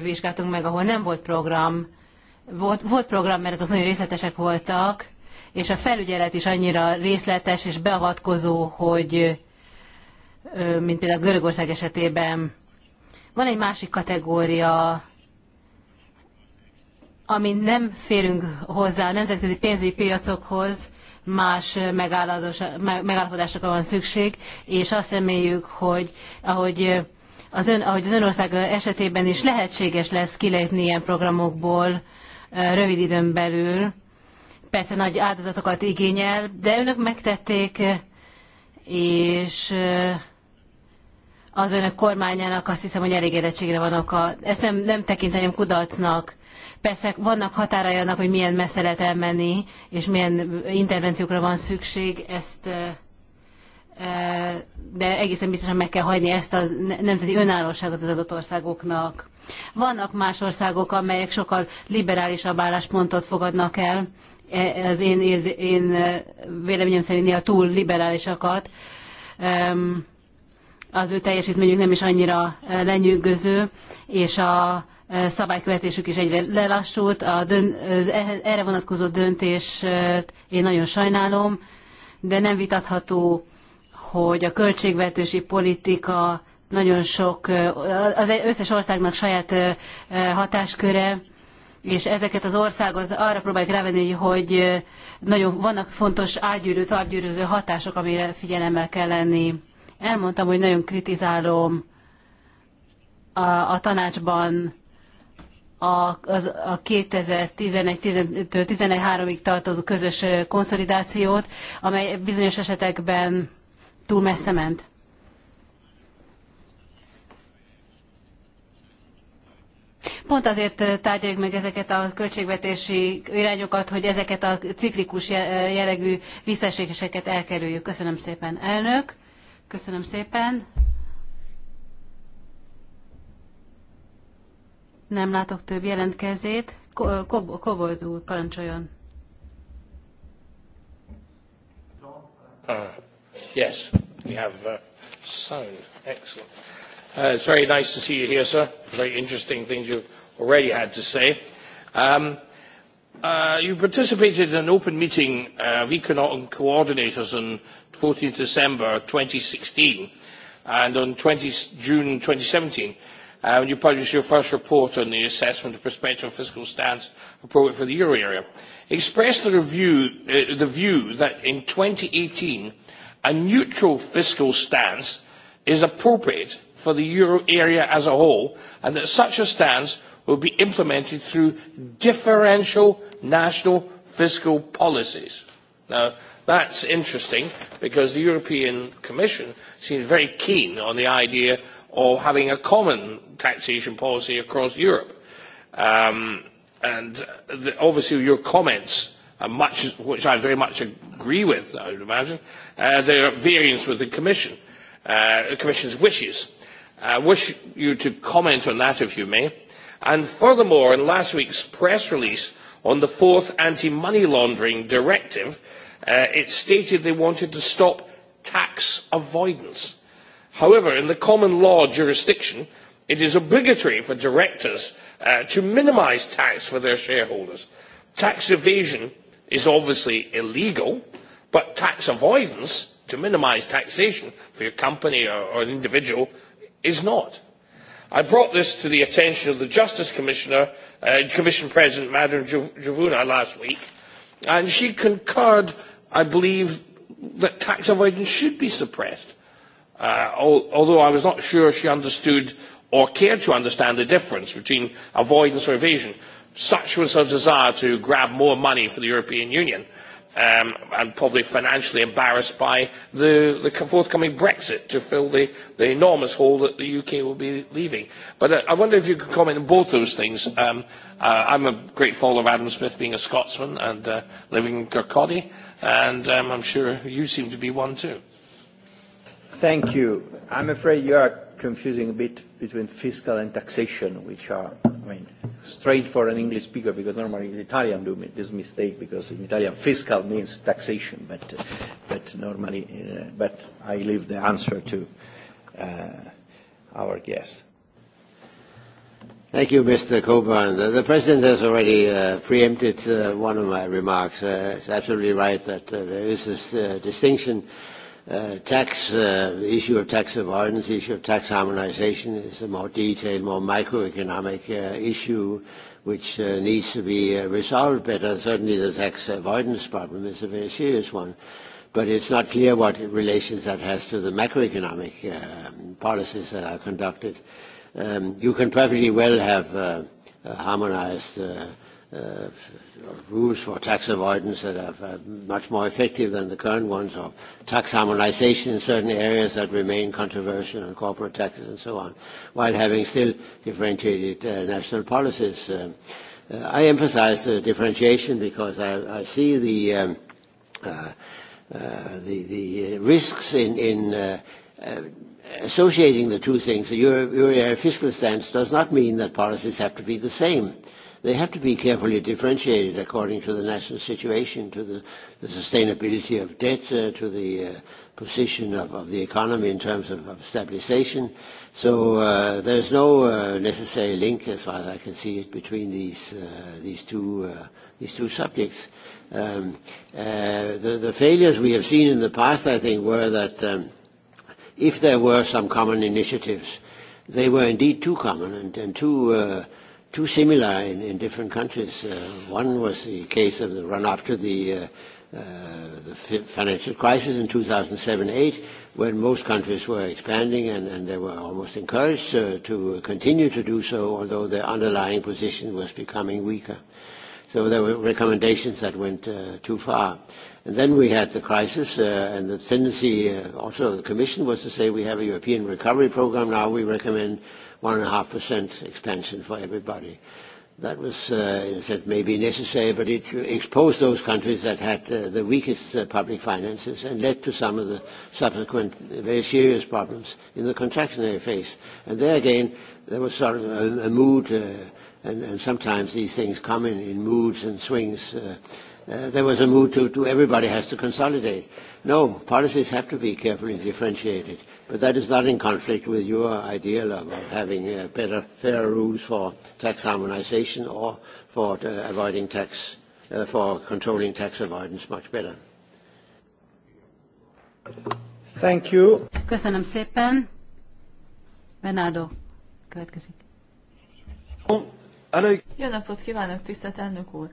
vizsgáltunk meg, ahol nem volt program. Volt, volt program, mert azok nagyon részletesek voltak, és a felügyelet is annyira részletes és beavatkozó, hogy mint például Görögország esetében. Van egy másik kategória, amin nem férünk hozzá a nemzetközi pénzügyi piacokhoz, más megállapodásokra van szükség, és azt reméljük, hogy ahogy az, ön, ahogy az önország esetében is lehetséges lesz kilépni ilyen programokból rövid időn belül. Persze nagy áldozatokat igényel, de önök megtették, és az önök kormányának azt hiszem, hogy érettségre van, A, ezt nem, nem tekinteném kudarcnak. Persze vannak határai annak, hogy milyen messze lehet elmenni, és milyen intervenciókra van szükség, ezt de egészen biztosan meg kell hagyni ezt a nemzeti önállóságot az adott országoknak. Vannak más országok, amelyek sokkal liberálisabb álláspontot fogadnak el, e, az én, én véleményem szerint néha túl liberálisakat. Az ő teljesítményük nem is annyira lenyűgöző, és a szabálykövetésük is egyre lelassult. A dön, e-, erre vonatkozó döntés én nagyon sajnálom, de nem vitatható, hogy a költségvetési politika nagyon sok, az e-, összes országnak saját hatásköre, és ezeket az országot arra próbáljuk rávenni, hogy nagyon vannak fontos átgyűrő, targyűröző hatások, amire figyelemmel kell lenni. Elmondtam, hogy nagyon kritizálom a, a tanácsban a, az, a 2011-13-ig tartozó közös konszolidációt, amely bizonyos esetekben túl messze ment? Pont azért tárgyaljuk meg ezeket a költségvetési irányokat, hogy ezeket a ciklikus jellegű visszaeséseket elkerüljük. Köszönöm szépen, elnök. Köszönöm szépen. Nem látok több jelentkezét. Kobold úr, parancsoljon. Uh, yes, we have uh, sound. Excellent. Uh, it's very nice to see you here, sir. Very interesting things you've already had to say. Um, uh, you participated in an open meeting uh, of economic coordinators on 14 December 2016 and on 20 June 2017 when uh, you publish your first report on the assessment of prospective fiscal stance appropriate for the euro area, expressed the, review, uh, the view that in 2018 a neutral fiscal stance is appropriate for the euro area as a whole and that such a stance will be implemented through differential national fiscal policies. Now, that's interesting because the European Commission seems very keen on the idea of having a common taxation policy across Europe. Um, and the, obviously your comments, are much, which I very much agree with, I would imagine, uh, they are variance with the Commission, uh, the Commission's wishes. I wish you to comment on that if you may. And furthermore, in last week's press release on the fourth anti-money laundering directive, uh, it stated they wanted to stop tax avoidance. However, in the common law jurisdiction, it is obligatory for directors uh, to minimise tax for their shareholders. Tax evasion is obviously illegal, but tax avoidance to minimise taxation for your company or, or an individual is not. I brought this to the attention of the Justice Commissioner, uh, Commission President Madame Javuna last week, and she concurred, I believe, that tax avoidance should be suppressed uh, although I was not sure she understood or cared to understand the difference between avoidance or evasion. Such was her desire to grab more money for the European Union um, and probably financially embarrassed by the, the forthcoming Brexit to fill the, the enormous hole that the UK will be leaving. But uh, I wonder if you could comment on both those things. Um, uh, I'm a great follower of Adam Smith being a Scotsman and uh, living in Kirkcaldy, and um, I'm sure you seem to be one too. Thank you. I'm afraid you are confusing a bit between fiscal and taxation, which are, I mean, strange for an English speaker because normally in Italian do this mistake because in Italian fiscal means taxation, but but normally, uh, but I leave the answer to uh, our guest. Thank you, Mr. Coburn. The, the President has already uh, preempted uh, one of my remarks. Uh, it's absolutely right that uh, there is this uh, distinction Uh, tax uh, issue of tax avoidance, issue of tax harmonization is a more detailed, more microeconomic uh, issue which uh, needs to be uh, resolved better. Certainly the tax avoidance problem is a very serious one, but it's not clear what relations that has to the macroeconomic uh, policies that are conducted. Um, you can perfectly well have uh, harmonized uh, uh, rules for tax avoidance that are uh, much more effective than the current ones, or tax harmonization in certain areas that remain controversial, and corporate taxes and so on, while having still differentiated uh, national policies. Um, uh, I emphasize the differentiation because I, I see the, um, uh, uh, the, the risks in, in uh, uh, associating the two things. The Euro, Euro area fiscal stance does not mean that policies have to be the same. Uh, They have to be carefully differentiated according to the national situation, to the, the sustainability of debt, uh, to the uh, position of, of the economy in terms of, of stabilization. So uh, there's no uh, necessary link, as far as I can see it, between these, uh, these, two, uh, these two subjects. Um, uh, the, the failures we have seen in the past, I think, were that um, if there were some common initiatives, they were indeed too common and, and too uh, too similar in, in different countries. Uh, one was the case of the run-up to the, uh, uh, the financial crisis in 2007-8, when most countries were expanding and, and they were almost encouraged uh, to continue to do so, although their underlying position was becoming weaker. So there were recommendations that went uh, too far. And then we had the crisis, uh, and the tendency uh, also of the Commission was to say we have a European recovery program now. We recommend 1.5% expansion for everybody. That was uh, that may be necessary, but it exposed those countries that had uh, the weakest uh, public finances and led to some of the subsequent very serious problems in the contractionary phase. And there again, there was sort of a, a mood, uh, and, and sometimes these things come in, in moods and swings. Uh, Uh, there was a move to, to everybody has to consolidate. No, policies have to be carefully differentiated, but that is not in conflict with your ideal of, of having uh, better, fairer rules for tax harmonization or for uh, avoiding tax, uh, for controlling tax avoidance much better. Thank you. Köszönöm szépen. Bernardo, következik. Jó napot kívánok, tisztelt elnök úr!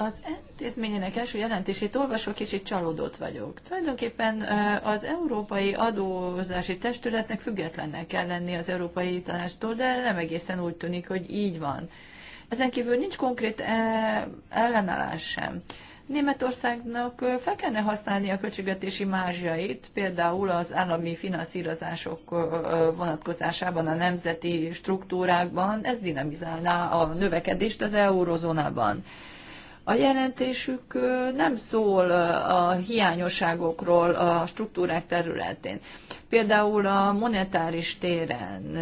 az intézményének első jelentését olvasva kicsit csalódott vagyok. Tulajdonképpen az Európai Adózási Testületnek függetlennek kell lenni az Európai Tanástól, de nem egészen úgy tűnik, hogy így van. Ezen kívül nincs konkrét ellenállás sem. Németországnak fel kellene használni a költségvetési mázsjait, például az állami finanszírozások vonatkozásában a nemzeti struktúrákban, ez dinamizálná a növekedést az eurozónában. A jelentésük nem szól a hiányosságokról a struktúrák területén. Például a monetáris téren,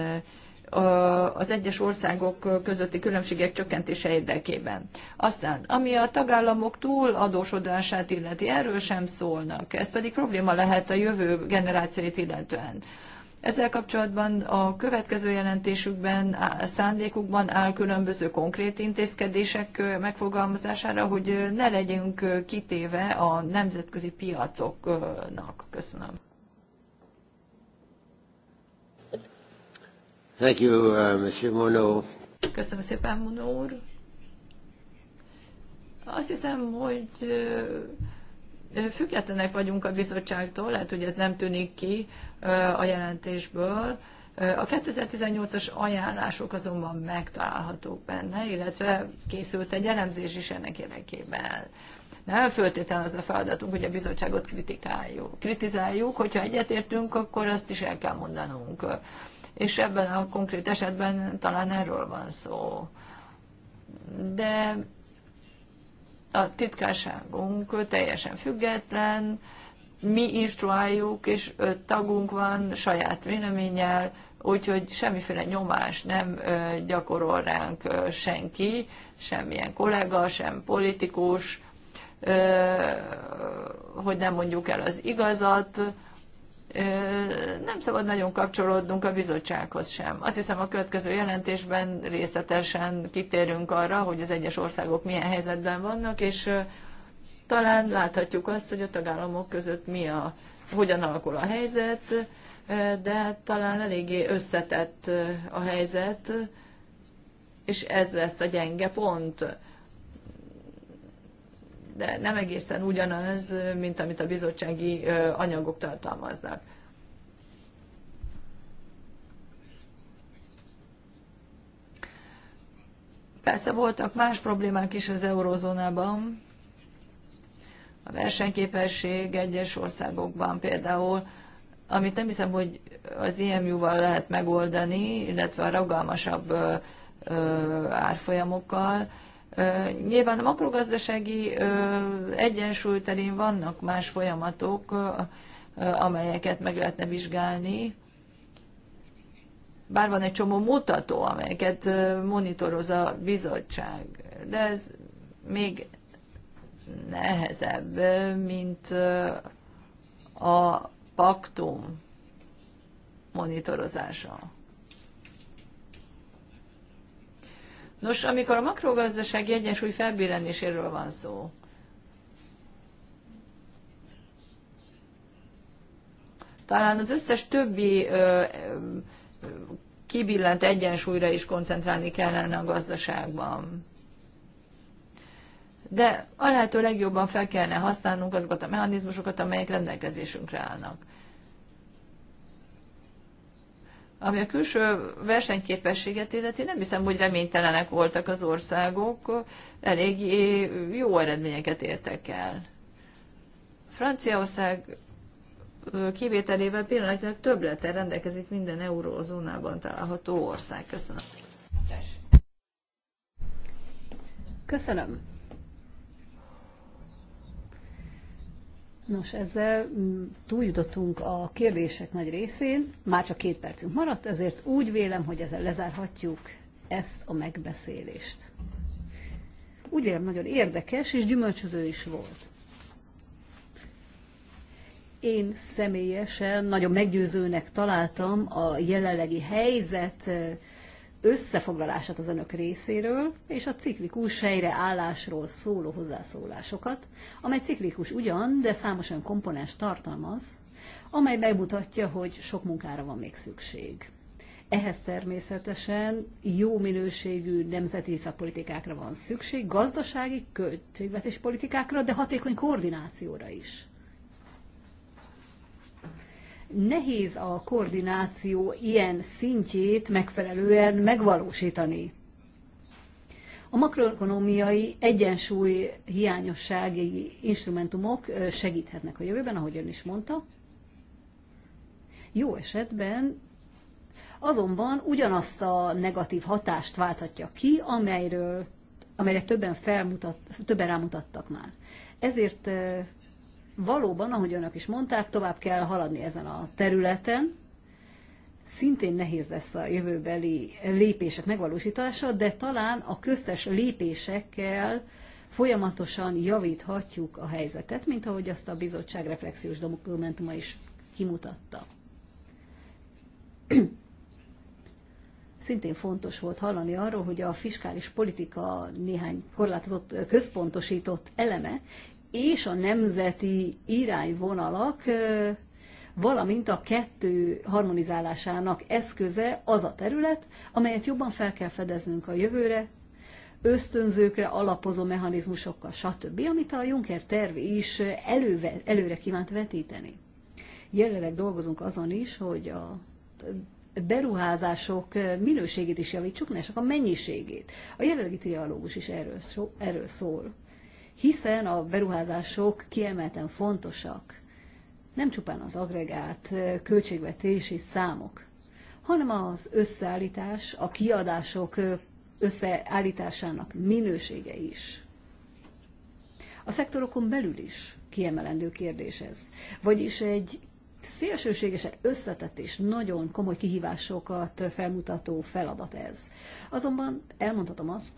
az egyes országok közötti különbségek csökkentése érdekében. Aztán, ami a tagállamok túl adósodását illeti, erről sem szólnak. Ez pedig probléma lehet a jövő generációit illetően. Ezzel kapcsolatban a következő jelentésükben, szándékukban áll különböző konkrét intézkedések megfogalmazására, hogy ne legyünk kitéve a nemzetközi piacoknak. Köszönöm. Thank you, uh, Mr. Monod. Köszönöm szépen, Mono úr. Azt hiszem, hogy függetlenek vagyunk a bizottságtól, lehet, hogy ez nem tűnik ki, a jelentésből. A 2018-as ajánlások azonban megtalálhatók benne, illetve készült egy elemzés is ennek érdekében. Nem föltétlen az a feladatunk, hogy a bizottságot kritikáljuk. kritizáljuk, hogyha egyetértünk, akkor azt is el kell mondanunk. És ebben a konkrét esetben talán erről van szó. De a titkárságunk teljesen független, mi instruáljuk, és öt tagunk van saját véleménnyel, úgyhogy semmiféle nyomás nem gyakorol ránk senki, semmilyen kollega, sem politikus, hogy nem mondjuk el az igazat, nem szabad nagyon kapcsolódnunk a bizottsághoz sem. Azt hiszem a következő jelentésben részletesen kitérünk arra, hogy az egyes országok milyen helyzetben vannak, és talán láthatjuk azt, hogy a tagállamok között mi a, hogyan alakul a helyzet, de talán eléggé összetett a helyzet, és ez lesz a gyenge pont. De nem egészen ugyanaz, mint amit a bizottsági anyagok tartalmaznak. Persze voltak más problémák is az eurozónában, a versenyképesség egyes országokban például, amit nem hiszem, hogy az IMU-val e lehet megoldani, illetve a rugalmasabb árfolyamokkal. Nyilván a makrogazdasági egyensúly terén vannak más folyamatok, amelyeket meg lehetne vizsgálni, bár van egy csomó mutató, amelyeket monitoroz a bizottság, de ez még nehezebb, mint a paktum monitorozása. Nos, amikor a makrogazdaság egyensúly felbírenéséről van szó, talán az összes többi ö, ö, kibillent egyensúlyra is koncentrálni kellene a gazdaságban de a lehető legjobban fel kellene használnunk azokat a mechanizmusokat, amelyek rendelkezésünkre állnak. Ami a külső versenyképességet illeti, nem hiszem, hogy reménytelenek voltak az országok, elég jó eredményeket értek el. Franciaország kivételével pillanatnyilag többlettel rendelkezik minden eurózónában található ország. Köszönöm. Köszönöm. Nos, ezzel mm, túljutottunk a kérdések nagy részén, már csak két percünk maradt, ezért úgy vélem, hogy ezzel lezárhatjuk ezt a megbeszélést. Úgy vélem, nagyon érdekes és gyümölcsöző is volt. Én személyesen nagyon meggyőzőnek találtam a jelenlegi helyzet összefoglalását az önök részéről, és a ciklikus helyreállásról szóló hozzászólásokat, amely ciklikus ugyan, de számos olyan komponens tartalmaz, amely megmutatja, hogy sok munkára van még szükség. Ehhez természetesen jó minőségű nemzeti szakpolitikákra van szükség, gazdasági, költségvetési politikákra, de hatékony koordinációra is nehéz a koordináció ilyen szintjét megfelelően megvalósítani. A makroekonomiai egyensúly hiányossági instrumentumok segíthetnek a jövőben, ahogy ön is mondta. Jó esetben azonban ugyanazt a negatív hatást válthatja ki, amelyről, amelyre többen, felmutat, többen rámutattak már. Ezért valóban, ahogy önök is mondták, tovább kell haladni ezen a területen. Szintén nehéz lesz a jövőbeli lépések megvalósítása, de talán a köztes lépésekkel folyamatosan javíthatjuk a helyzetet, mint ahogy azt a bizottság reflexiós dokumentuma is kimutatta. Szintén fontos volt hallani arról, hogy a fiskális politika néhány korlátozott, központosított eleme és a nemzeti irányvonalak, valamint a kettő harmonizálásának eszköze az a terület, amelyet jobban fel kell fedeznünk a jövőre, ösztönzőkre alapozó mechanizmusokkal, stb., amit a Juncker terv is előve, előre kívánt vetíteni. Jelenleg dolgozunk azon is, hogy a beruházások minőségét is javítsuk, ne csak a mennyiségét. A jelenlegi trialógus is erről, erről szól hiszen a beruházások kiemelten fontosak. Nem csupán az agregát költségvetési számok, hanem az összeállítás, a kiadások összeállításának minősége is. A szektorokon belül is kiemelendő kérdés ez. Vagyis egy szélsőségesen összetett és nagyon komoly kihívásokat felmutató feladat ez. Azonban elmondhatom azt,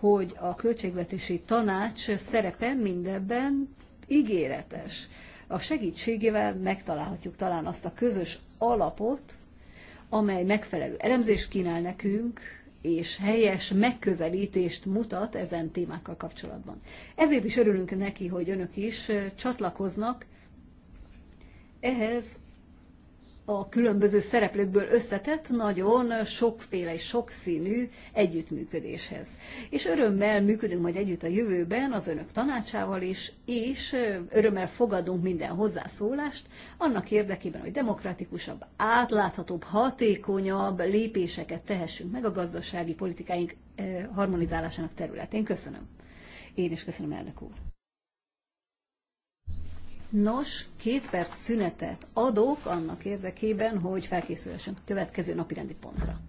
hogy a költségvetési tanács szerepe mindebben ígéretes. A segítségével megtalálhatjuk talán azt a közös alapot, amely megfelelő elemzést kínál nekünk, és helyes megközelítést mutat ezen témákkal kapcsolatban. Ezért is örülünk neki, hogy önök is csatlakoznak ehhez a különböző szereplőkből összetett, nagyon sokféle és sokszínű együttműködéshez. És örömmel működünk majd együtt a jövőben az önök tanácsával is, és örömmel fogadunk minden hozzászólást, annak érdekében, hogy demokratikusabb, átláthatóbb, hatékonyabb lépéseket tehessünk meg a gazdasági politikáink harmonizálásának területén. Köszönöm. Én is köszönöm, elnök úr. Nos, két perc szünetet adok annak érdekében, hogy felkészülhessünk a következő napi rendi pontra.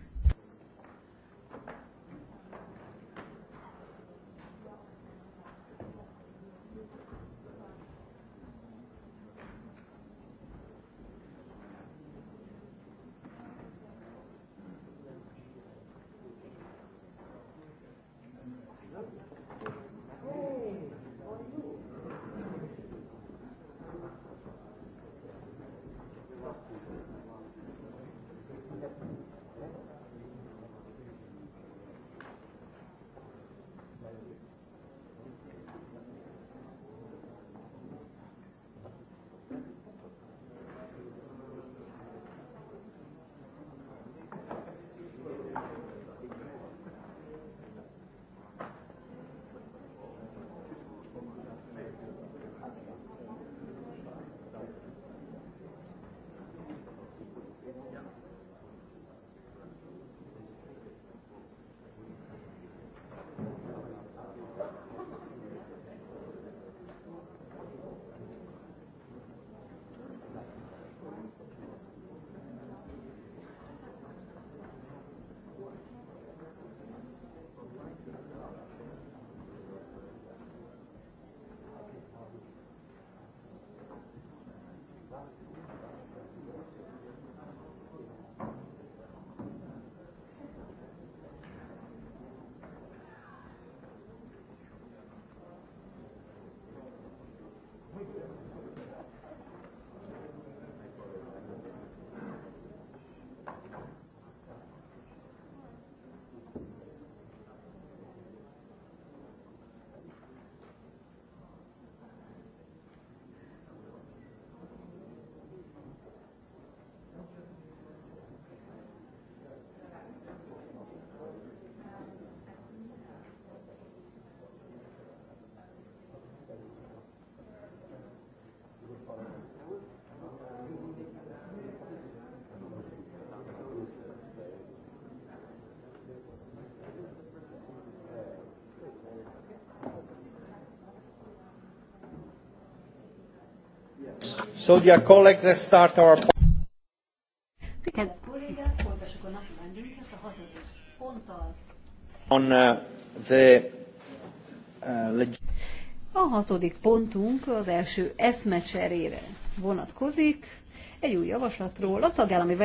So, dear colleagues, let's start our... a a hatodik On uh, the... Uh, a hatodik pontunk az első eszmecserére vonatkozik, egy új javaslatról a tagállami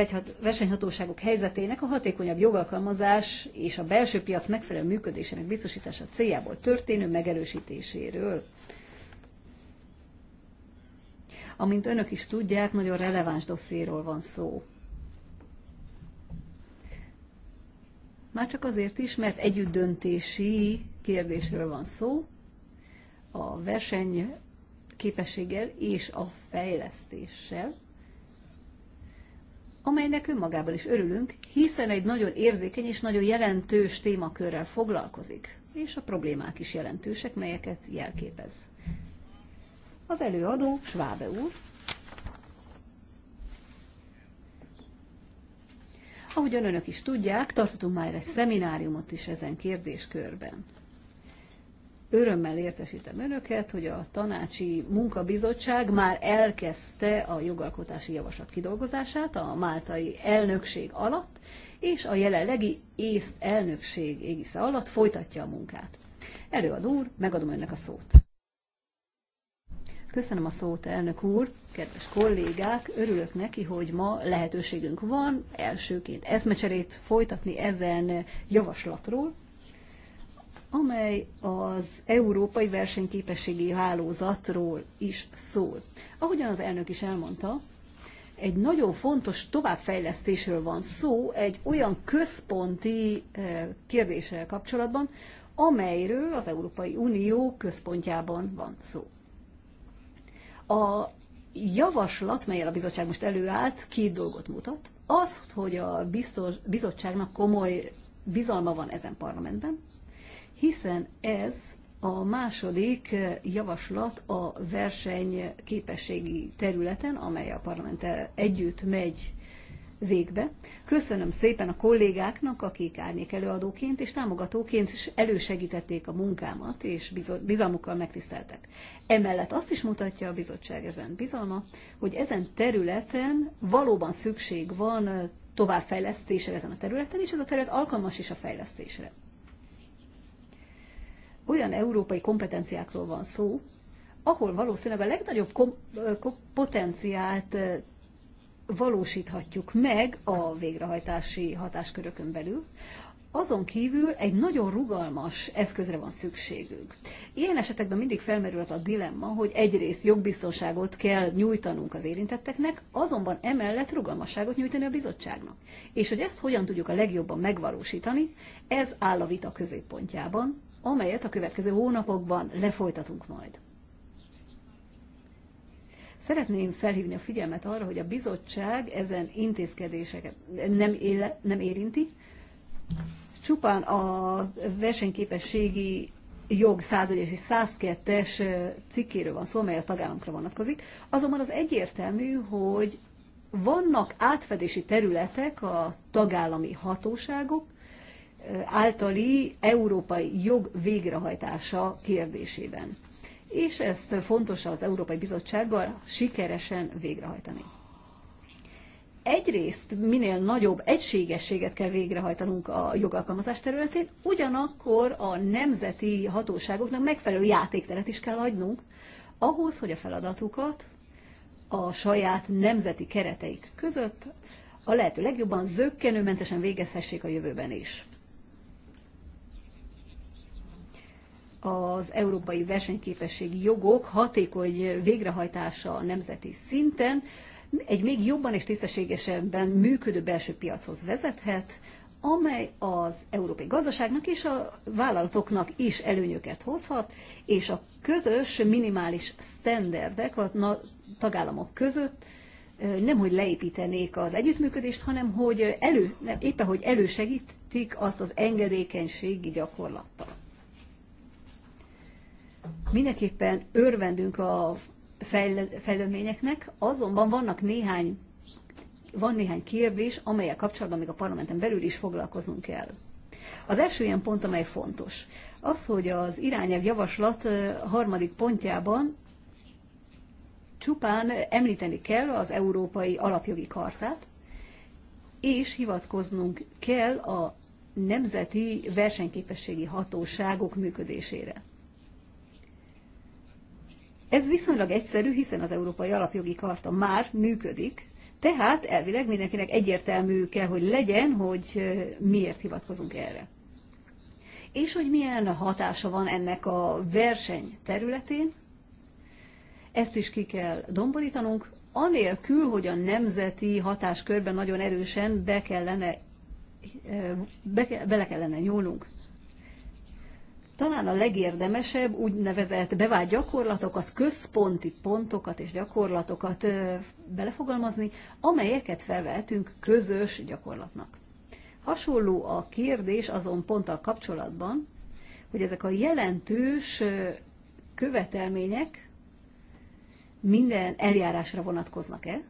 versenyhatóságok helyzetének a hatékonyabb jogalkalmazás és a belső piac megfelelő működésének biztosítása céljából történő megerősítéséről. Amint önök is tudják, nagyon releváns dosszéról van szó. Már csak azért is, mert együttdöntési kérdésről van szó, a verseny képességgel és a fejlesztéssel, amelynek önmagában is örülünk, hiszen egy nagyon érzékeny és nagyon jelentős témakörrel foglalkozik, és a problémák is jelentősek, melyeket jelképez. Az előadó Schwabe úr. Ahogy önök is tudják, tartottunk már egy szemináriumot is ezen kérdéskörben. Örömmel értesítem önöket, hogy a tanácsi munkabizottság már elkezdte a jogalkotási javaslat kidolgozását a máltai elnökség alatt, és a jelenlegi észt elnökség égisze alatt folytatja a munkát. Előadó úr, megadom önnek a szót. Köszönöm a szót, elnök úr, kedves kollégák, örülök neki, hogy ma lehetőségünk van elsőként eszmecserét folytatni ezen javaslatról, amely az Európai Versenyképességi Hálózatról is szól. Ahogyan az elnök is elmondta, egy nagyon fontos továbbfejlesztésről van szó, egy olyan központi eh, kérdéssel kapcsolatban, amelyről az Európai Unió központjában van szó. A javaslat, melyel a bizottság most előállt, két dolgot mutat. Az, hogy a biztos, bizottságnak komoly bizalma van ezen parlamentben, hiszen ez a második javaslat a versenyképességi területen, amely a parlamenttel együtt megy végbe. Köszönöm szépen a kollégáknak, akik árnyék előadóként és támogatóként is elősegítették a munkámat, és bizalmukkal megtiszteltek. Emellett azt is mutatja a bizottság ezen bizalma, hogy ezen területen valóban szükség van továbbfejlesztésre ezen a területen, és ez a terület alkalmas is a fejlesztésre. Olyan európai kompetenciákról van szó, ahol valószínűleg a legnagyobb kom- potenciált valósíthatjuk meg a végrehajtási hatáskörökön belül, azon kívül egy nagyon rugalmas eszközre van szükségünk. Ilyen esetekben mindig felmerül az a dilemma, hogy egyrészt jogbiztonságot kell nyújtanunk az érintetteknek, azonban emellett rugalmasságot nyújtani a bizottságnak. És hogy ezt hogyan tudjuk a legjobban megvalósítani, ez áll a vita középpontjában, amelyet a következő hónapokban lefolytatunk majd. Szeretném felhívni a figyelmet arra, hogy a bizottság ezen intézkedéseket nem, éle, nem érinti, csupán a versenyképességi jog 101 és 102-es cikkéről van szó, mely a tagállamokra vonatkozik. Azonban az egyértelmű, hogy vannak átfedési területek a tagállami hatóságok általi európai jog végrehajtása kérdésében és ezt fontos az Európai Bizottsággal sikeresen végrehajtani. Egyrészt minél nagyobb egységességet kell végrehajtanunk a jogalkalmazás területén, ugyanakkor a nemzeti hatóságoknak megfelelő játékteret is kell adnunk, ahhoz, hogy a feladatukat a saját nemzeti kereteik között a lehető legjobban zöggenőmentesen végezhessék a jövőben is. az európai versenyképességi jogok hatékony végrehajtása a nemzeti szinten egy még jobban és tisztességesebben működő belső piachoz vezethet, amely az európai gazdaságnak és a vállalatoknak is előnyöket hozhat, és a közös minimális standardek a tagállamok között nem hogy leépítenék az együttműködést, hanem hogy elő, nem, éppen hogy elősegítik azt az engedékenységi gyakorlattal. Mindenképpen örvendünk a fejleményeknek, azonban vannak néhány, van néhány kérdés, amelyek kapcsolatban még a parlamenten belül is foglalkozunk kell. Az első ilyen pont, amely fontos, az, hogy az irányelv javaslat harmadik pontjában csupán említeni kell az Európai Alapjogi Kartát, és hivatkoznunk kell a nemzeti versenyképességi hatóságok működésére. Ez viszonylag egyszerű, hiszen az Európai Alapjogi Karta már működik, tehát elvileg mindenkinek egyértelmű kell, hogy legyen, hogy miért hivatkozunk erre. És hogy milyen hatása van ennek a verseny területén, ezt is ki kell domborítanunk, anélkül, hogy a nemzeti hatáskörben nagyon erősen be kellene, be, bele kellene nyúlnunk. Talán a legérdemesebb úgynevezett bevált gyakorlatokat, központi pontokat és gyakorlatokat belefogalmazni, amelyeket felvehetünk közös gyakorlatnak. Hasonló a kérdés azon ponttal kapcsolatban, hogy ezek a jelentős követelmények minden eljárásra vonatkoznak-e,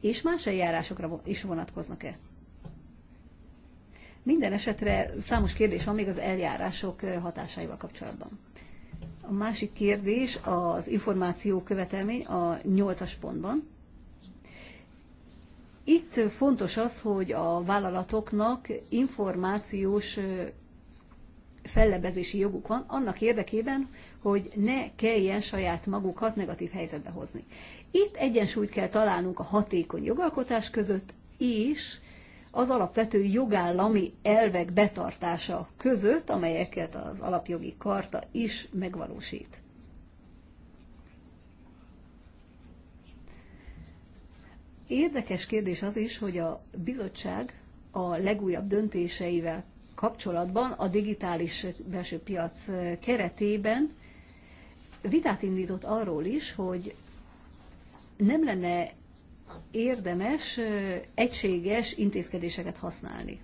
és más eljárásokra is vonatkoznak-e. Minden esetre számos kérdés van még az eljárások hatásaival kapcsolatban. A másik kérdés az információ követelmény a 8-as pontban. Itt fontos az, hogy a vállalatoknak információs fellebezési joguk van annak érdekében, hogy ne kelljen saját magukat negatív helyzetbe hozni. Itt egyensúlyt kell találnunk a hatékony jogalkotás között és az alapvető jogállami elvek betartása között, amelyeket az alapjogi karta is megvalósít. Érdekes kérdés az is, hogy a bizottság a legújabb döntéseivel kapcsolatban a digitális belső piac keretében vitát indított arról is, hogy nem lenne érdemes egységes intézkedéseket használni.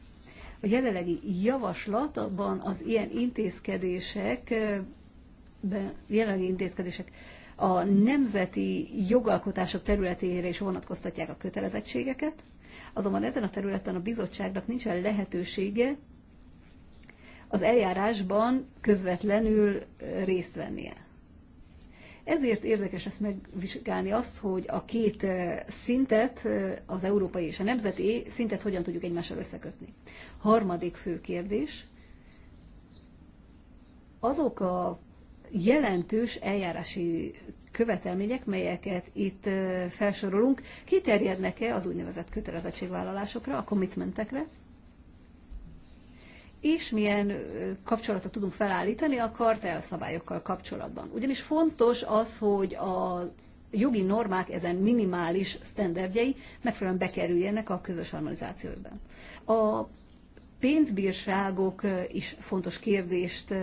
A jelenlegi javaslatban az ilyen intézkedések, jelenlegi intézkedések a nemzeti jogalkotások területére is vonatkoztatják a kötelezettségeket, azonban ezen a területen a bizottságnak nincsen lehetősége az eljárásban közvetlenül részt vennie. Ezért érdekes ezt megvizsgálni azt, hogy a két eh, szintet, eh, az európai és a nemzeti szintet hogyan tudjuk egymással összekötni. Harmadik fő kérdés, azok a jelentős eljárási követelmények, melyeket itt eh, felsorolunk, kiterjednek-e az úgynevezett kötelezettségvállalásokra, a commitmentekre, és milyen kapcsolatot tudunk felállítani a kartel szabályokkal kapcsolatban. Ugyanis fontos az, hogy a jogi normák ezen minimális sztenderdjei megfelelően bekerüljenek a közös harmonizációban. A pénzbírságok is fontos kérdést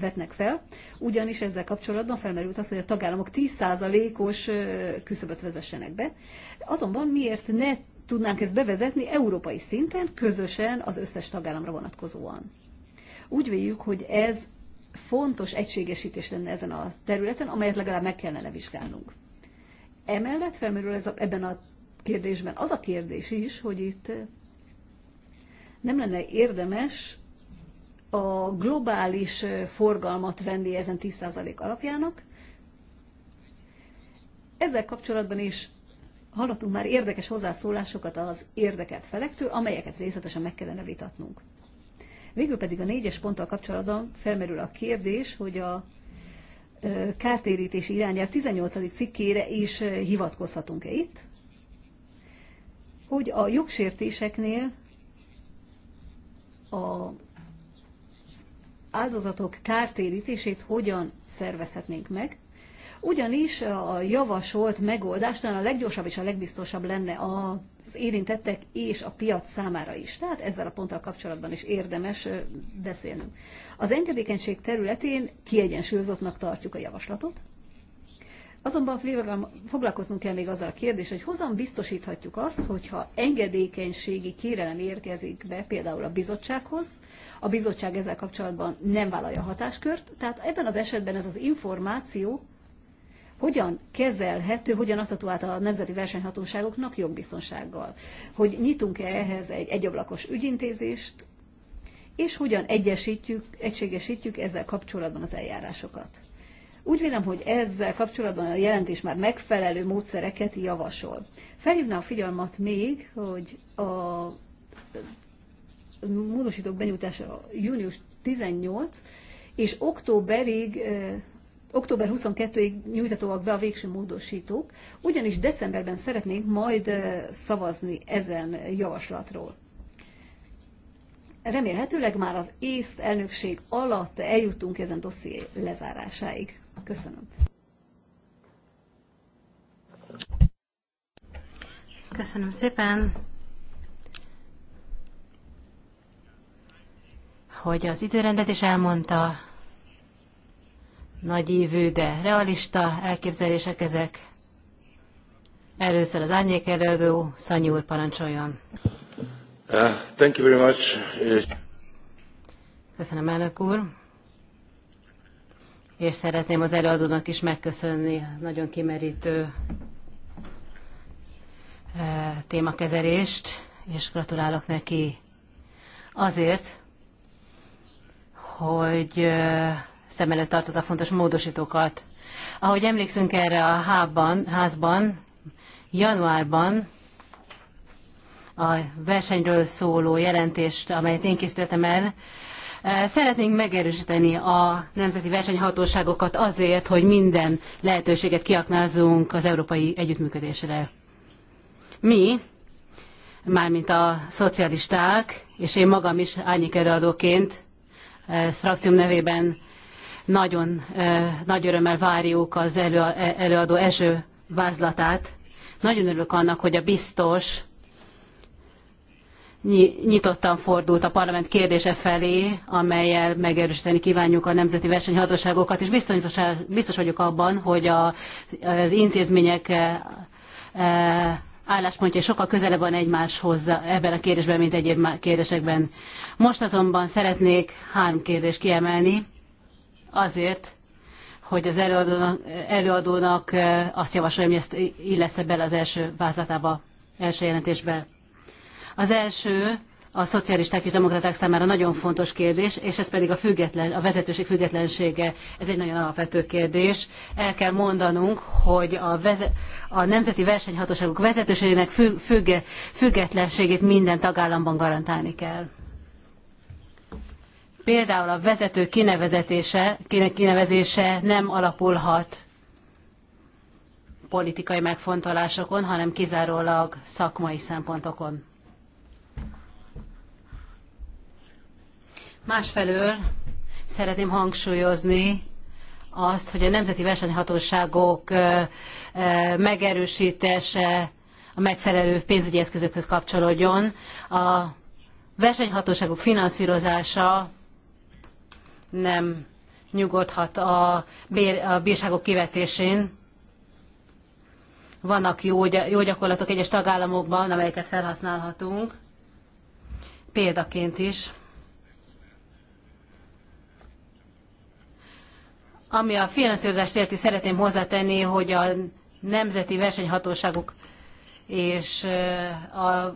vetnek fel, ugyanis ezzel kapcsolatban felmerült az, hogy a tagállamok 10%-os küszöböt vezessenek be. Azonban miért ne tudnánk ezt bevezetni európai szinten, közösen az összes tagállamra vonatkozóan. Úgy véljük, hogy ez fontos egységesítés lenne ezen a területen, amelyet legalább meg kellene vizsgálnunk. Emellett felmerül ez a, ebben a kérdésben az a kérdés is, hogy itt nem lenne érdemes a globális forgalmat venni ezen 10% alapjának. Ezzel kapcsolatban is hallottunk már érdekes hozzászólásokat az érdekelt felektől, amelyeket részletesen meg kellene vitatnunk. Végül pedig a négyes ponttal kapcsolatban felmerül a kérdés, hogy a kártérítési irányelv 18. cikkére is hivatkozhatunk-e itt, hogy a jogsértéseknél a áldozatok kártérítését hogyan szervezhetnénk meg, ugyanis a javasolt megoldás talán a leggyorsabb és a legbiztosabb lenne az érintettek és a piac számára is. Tehát ezzel a ponttal kapcsolatban is érdemes beszélnünk. Az engedékenység területén kiegyensúlyozottnak tartjuk a javaslatot, Azonban foglalkoznunk kell még azzal a kérdés, hogy hozan biztosíthatjuk azt, hogyha engedékenységi kérelem érkezik be például a bizottsághoz, a bizottság ezzel kapcsolatban nem vállalja hatáskört, tehát ebben az esetben ez az információ hogyan kezelhető, hogyan adható át a nemzeti versenyhatóságoknak jogbiztonsággal. Hogy nyitunk-e ehhez egy egyablakos ügyintézést, és hogyan egyesítjük, egységesítjük ezzel kapcsolatban az eljárásokat. Úgy vélem, hogy ezzel kapcsolatban a jelentés már megfelelő módszereket javasol. Felhívná a figyelmet még, hogy a módosítók benyújtása június 18, és októberig eh, október 22-ig nyújtatóak be a végső módosítók, ugyanis decemberben szeretnénk majd szavazni ezen javaslatról. Remélhetőleg már az ész elnökség alatt eljutunk ezen dosszié lezárásáig. Köszönöm. Köszönöm szépen, hogy az időrendet is elmondta, nagyívű, de realista elképzelések ezek. Először az árnyék előadó, Szanyi úr parancsoljon. Uh, thank you very much. Köszönöm, elnök úr. És szeretném az előadónak is megköszönni nagyon kimerítő uh, témakezelést, és gratulálok neki azért, hogy uh, szem előtt a fontos módosítókat. Ahogy emlékszünk erre a hábban, házban, januárban a versenyről szóló jelentést, amelyet én készítettem el, e, Szeretnénk megerősíteni a nemzeti versenyhatóságokat azért, hogy minden lehetőséget kiaknázzunk az európai együttműködésre. Mi, mármint a szocialisták, és én magam is árnyékelőadóként, e, frakcióm nevében nagyon nagy örömmel várjuk az e, előadó első vázlatát. Nagyon örülök annak, hogy a biztos nyitottan fordult a parlament kérdése felé, amelyel megerősíteni kívánjuk a nemzeti versenyhatóságokat, és biztos, biztos vagyok abban, hogy a, az intézmények e, e, álláspontja sokkal közelebb van egymáshoz ebben a kérdésben, mint egyéb kérdésekben. Most azonban szeretnék három kérdést kiemelni, azért, hogy az előadónak, előadónak azt javasoljam, hogy ezt illesze bele az első vázlatába, első jelentésbe. Az első a szocialisták és demokraták számára nagyon fontos kérdés, és ez pedig a, független, a vezetőség függetlensége. Ez egy nagyon alapvető kérdés. El kell mondanunk, hogy a, veze, a nemzeti versenyhatóságok vezetőségének függ, függ, függetlenségét minden tagállamban garantálni kell. Például a vezető kinevezetése, kinevezése nem alapulhat politikai megfontolásokon, hanem kizárólag szakmai szempontokon. Másfelől szeretném hangsúlyozni azt, hogy a nemzeti versenyhatóságok megerősítése a megfelelő pénzügyi eszközökhöz kapcsolódjon. A versenyhatóságok finanszírozása nem nyugodhat a, bér, a bírságok kivetésén. Vannak jó, jó gyakorlatok egyes tagállamokban, amelyeket felhasználhatunk, példaként is. Ami a finanszírozást illeti, szeretném hozzátenni, hogy a nemzeti versenyhatóságok és a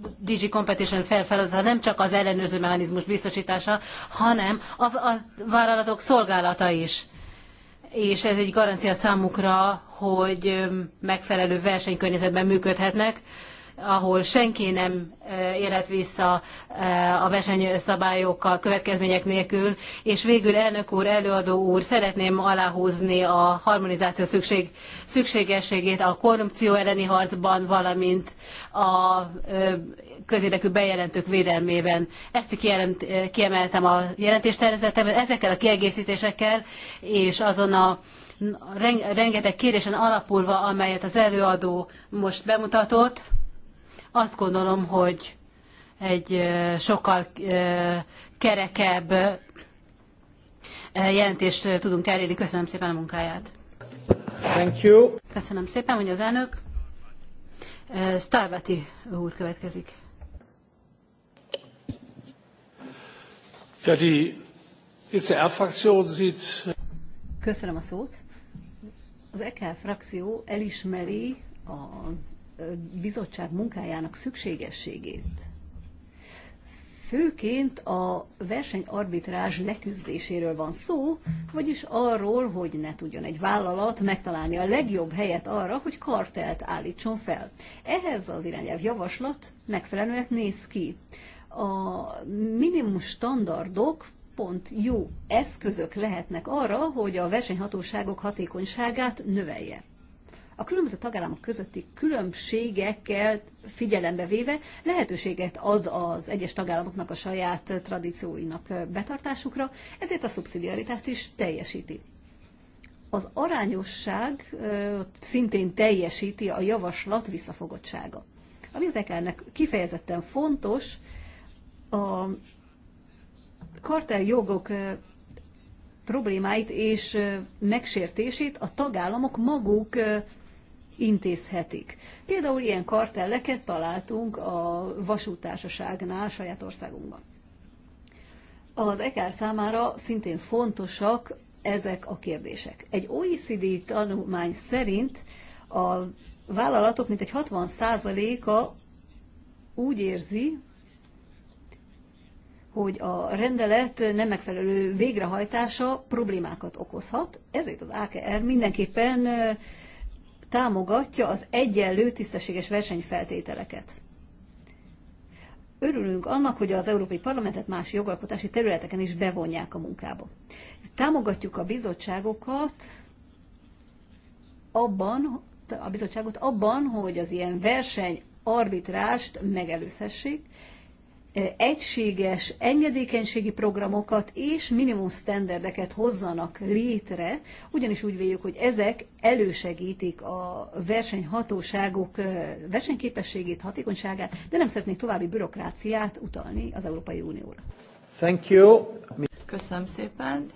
DG Competition feladata nem csak az ellenőrző mechanizmus biztosítása, hanem a, a vállalatok szolgálata is. És ez egy garancia számukra, hogy megfelelő versenykörnyezetben működhetnek ahol senki nem élhet vissza a versenyszabályokkal következmények nélkül, és végül elnök úr, előadó úr, szeretném aláhúzni a harmonizáció szükség, szükségességét a korrupció elleni harcban, valamint a közérdekű bejelentők védelmében. Ezt kiemeltem a jelentéstervezetemben. Ezekkel a kiegészítésekkel és azon a rengeteg kérdésen alapulva, amelyet az előadó most bemutatott, azt gondolom, hogy egy sokkal kerekebb jelentést tudunk elérni. Köszönöm szépen a munkáját. Thank you. Köszönöm szépen, hogy az elnök. Starvati úr következik. Ja, die ECR-Fraktion sieht... Köszönöm a szót. Az EKR frakció elismeri az bizottság munkájának szükségességét, főként a versenyarbitrás leküzdéséről van szó, vagyis arról, hogy ne tudjon egy vállalat megtalálni a legjobb helyet arra, hogy kartelt állítson fel. Ehhez az irányelv javaslat megfelelően néz ki. A minimum standardok pont jó eszközök lehetnek arra, hogy a versenyhatóságok hatékonyságát növelje a különböző tagállamok közötti különbségekkel figyelembe véve lehetőséget ad az egyes tagállamoknak a saját tradícióinak betartásukra, ezért a szubszidiaritást is teljesíti. Az arányosság szintén teljesíti a javaslat visszafogottsága. Ami ezeknek kifejezetten fontos, a kartel jogok problémáit és megsértését a tagállamok maguk intézhetik. Például ilyen kartelleket találtunk a vasútársaságnál saját országunkban. Az EKR számára szintén fontosak ezek a kérdések. Egy OECD tanulmány szerint a vállalatok mintegy 60%-a úgy érzi, hogy a rendelet nem megfelelő végrehajtása problémákat okozhat, ezért az AKR mindenképpen támogatja az egyenlő tisztességes versenyfeltételeket. Örülünk annak, hogy az Európai Parlamentet más jogalkotási területeken is bevonják a munkába. Támogatjuk a bizottságokat abban, a bizottságot abban, hogy az ilyen verseny arbitrást megelőzhessék, egységes engedékenységi programokat és minimum standardeket hozzanak létre, ugyanis úgy véljük, hogy ezek elősegítik a versenyhatóságok versenyképességét, hatékonyságát, de nem szeretnék további bürokráciát utalni az Európai Unióra. Thank you. Köszönöm szépen.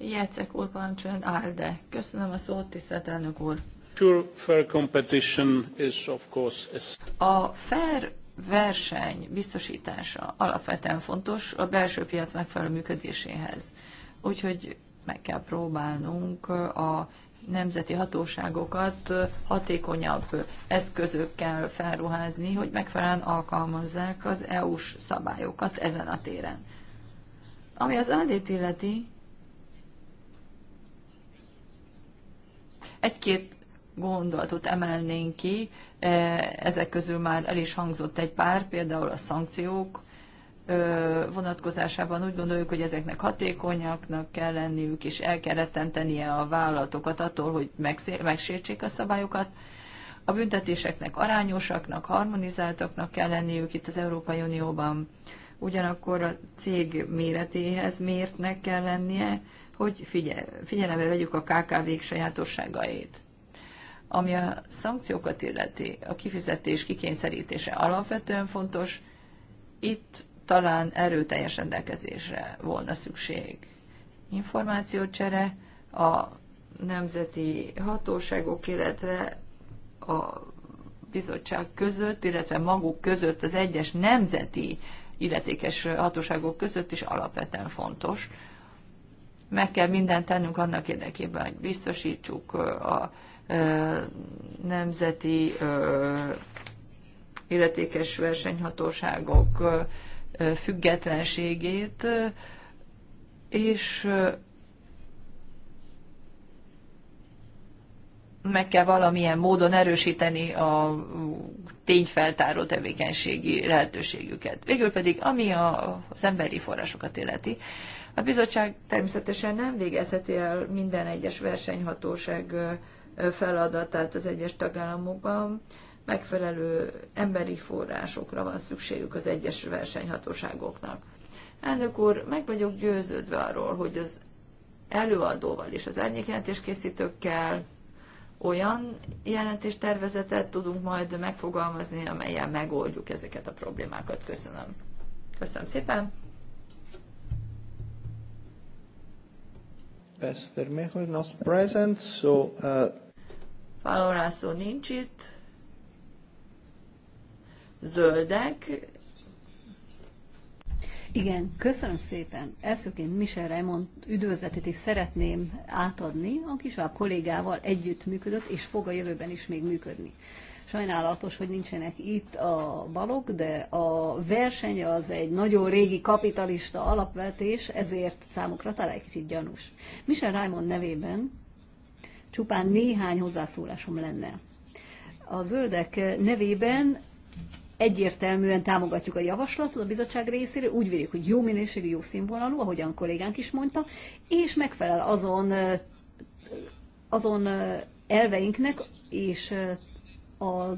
Jacek úr, parancsoljon, Alde. Köszönöm a szót, tisztelt elnök úr. fair competition is of course a fair verseny biztosítása alapvetően fontos a belső piac megfelelő működéséhez. Úgyhogy meg kell próbálnunk a nemzeti hatóságokat hatékonyabb eszközökkel felruházni, hogy megfelelően alkalmazzák az EU-s szabályokat ezen a téren. Ami az áldét illeti, egy-két gondolatot emelnénk ki, E, ezek közül már el is hangzott egy pár, például a szankciók vonatkozásában úgy gondoljuk, hogy ezeknek hatékonyaknak kell lenniük, és el kell rettentenie a vállalatokat attól, hogy megsértsék a szabályokat. A büntetéseknek arányosaknak, harmonizáltaknak kell lenniük itt az Európai Unióban. Ugyanakkor a cég méretéhez mértnek kell lennie, hogy figyelembe vegyük a KKV-k sajátosságait. Ami a szankciókat illeti, a kifizetés kikényszerítése alapvetően fontos, itt talán erőteljes rendelkezésre volna szükség. Információcsere a nemzeti hatóságok, illetve a bizottság között, illetve maguk között az egyes nemzeti illetékes hatóságok között is alapvetően fontos. Meg kell mindent tennünk annak érdekében, hogy biztosítsuk a nemzeti illetékes versenyhatóságok függetlenségét, és meg kell valamilyen módon erősíteni a tényfeltáró tevékenységi lehetőségüket. Végül pedig, ami a, az emberi forrásokat illeti, a bizottság természetesen nem végezheti el minden egyes versenyhatóság feladatát az egyes tagállamokban, megfelelő emberi forrásokra van szükségük az egyes versenyhatóságoknak. Elnök úr, meg vagyok győződve arról, hogy az előadóval és az árnyékjelentéskészítőkkel olyan jelentéstervezetet tudunk majd megfogalmazni, amelyen megoldjuk ezeket a problémákat. Köszönöm. Köszönöm szépen. López Bermejo is not present, so... Uh... nincs itt. Zöldek. Igen, köszönöm szépen. Elsőként Michel Raymond üdvözletét is szeretném átadni, aki a kollégával együtt működött, és fog a jövőben is még működni. Sajnálatos, hogy nincsenek itt a balok, de a verseny az egy nagyon régi kapitalista alapvetés, ezért számukra talán egy kicsit gyanús. Michel Raymond nevében csupán néhány hozzászólásom lenne. A zöldek nevében egyértelműen támogatjuk a javaslatot a bizottság részéről, úgy véljük, hogy jó minőségű, jó színvonalú, ahogyan kollégánk is mondta, és megfelel azon, azon elveinknek és a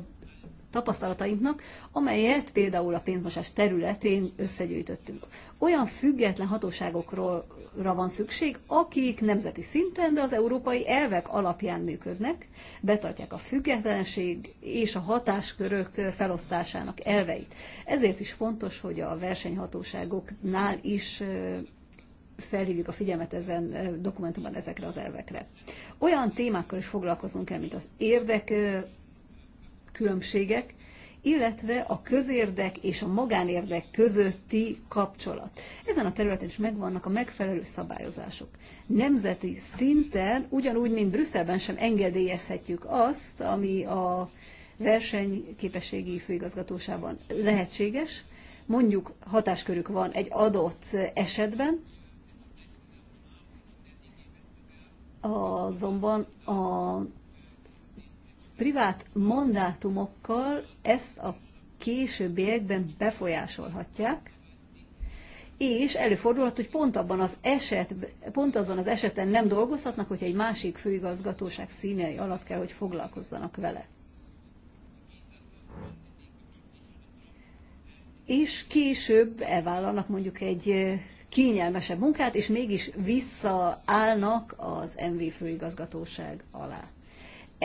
tapasztalatainknak, amelyet például a pénzmosás területén összegyűjtöttünk. Olyan független hatóságokról van szükség, akik nemzeti szinten, de az európai elvek alapján működnek, betartják a függetlenség és a hatáskörök felosztásának elveit. Ezért is fontos, hogy a versenyhatóságoknál is felhívjuk a figyelmet ezen dokumentumban ezekre az elvekre. Olyan témákkal is foglalkozunk el, mint az érdek különbségek, illetve a közérdek és a magánérdek közötti kapcsolat. Ezen a területen is megvannak a megfelelő szabályozások. Nemzeti szinten, ugyanúgy, mint Brüsszelben sem engedélyezhetjük azt, ami a versenyképességi főigazgatósában lehetséges, mondjuk hatáskörük van egy adott esetben, azonban a privát mandátumokkal ezt a későbbiekben befolyásolhatják, és előfordulhat, hogy pont, abban az eset, pont azon az eseten nem dolgozhatnak, hogy egy másik főigazgatóság színei alatt kell, hogy foglalkozzanak vele. És később elvállalnak mondjuk egy eh, kényelmesebb munkát, és mégis visszaállnak az MV főigazgatóság alá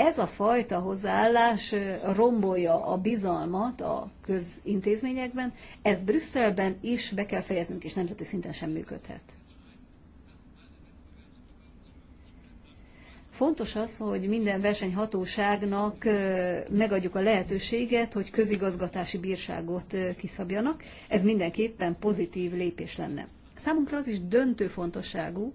ez a fajta hozzáállás rombolja a bizalmat a közintézményekben, ez Brüsszelben is be kell fejeznünk, és nemzeti szinten sem működhet. Fontos az, hogy minden versenyhatóságnak megadjuk a lehetőséget, hogy közigazgatási bírságot kiszabjanak. Ez mindenképpen pozitív lépés lenne. Számunkra az is döntő fontosságú,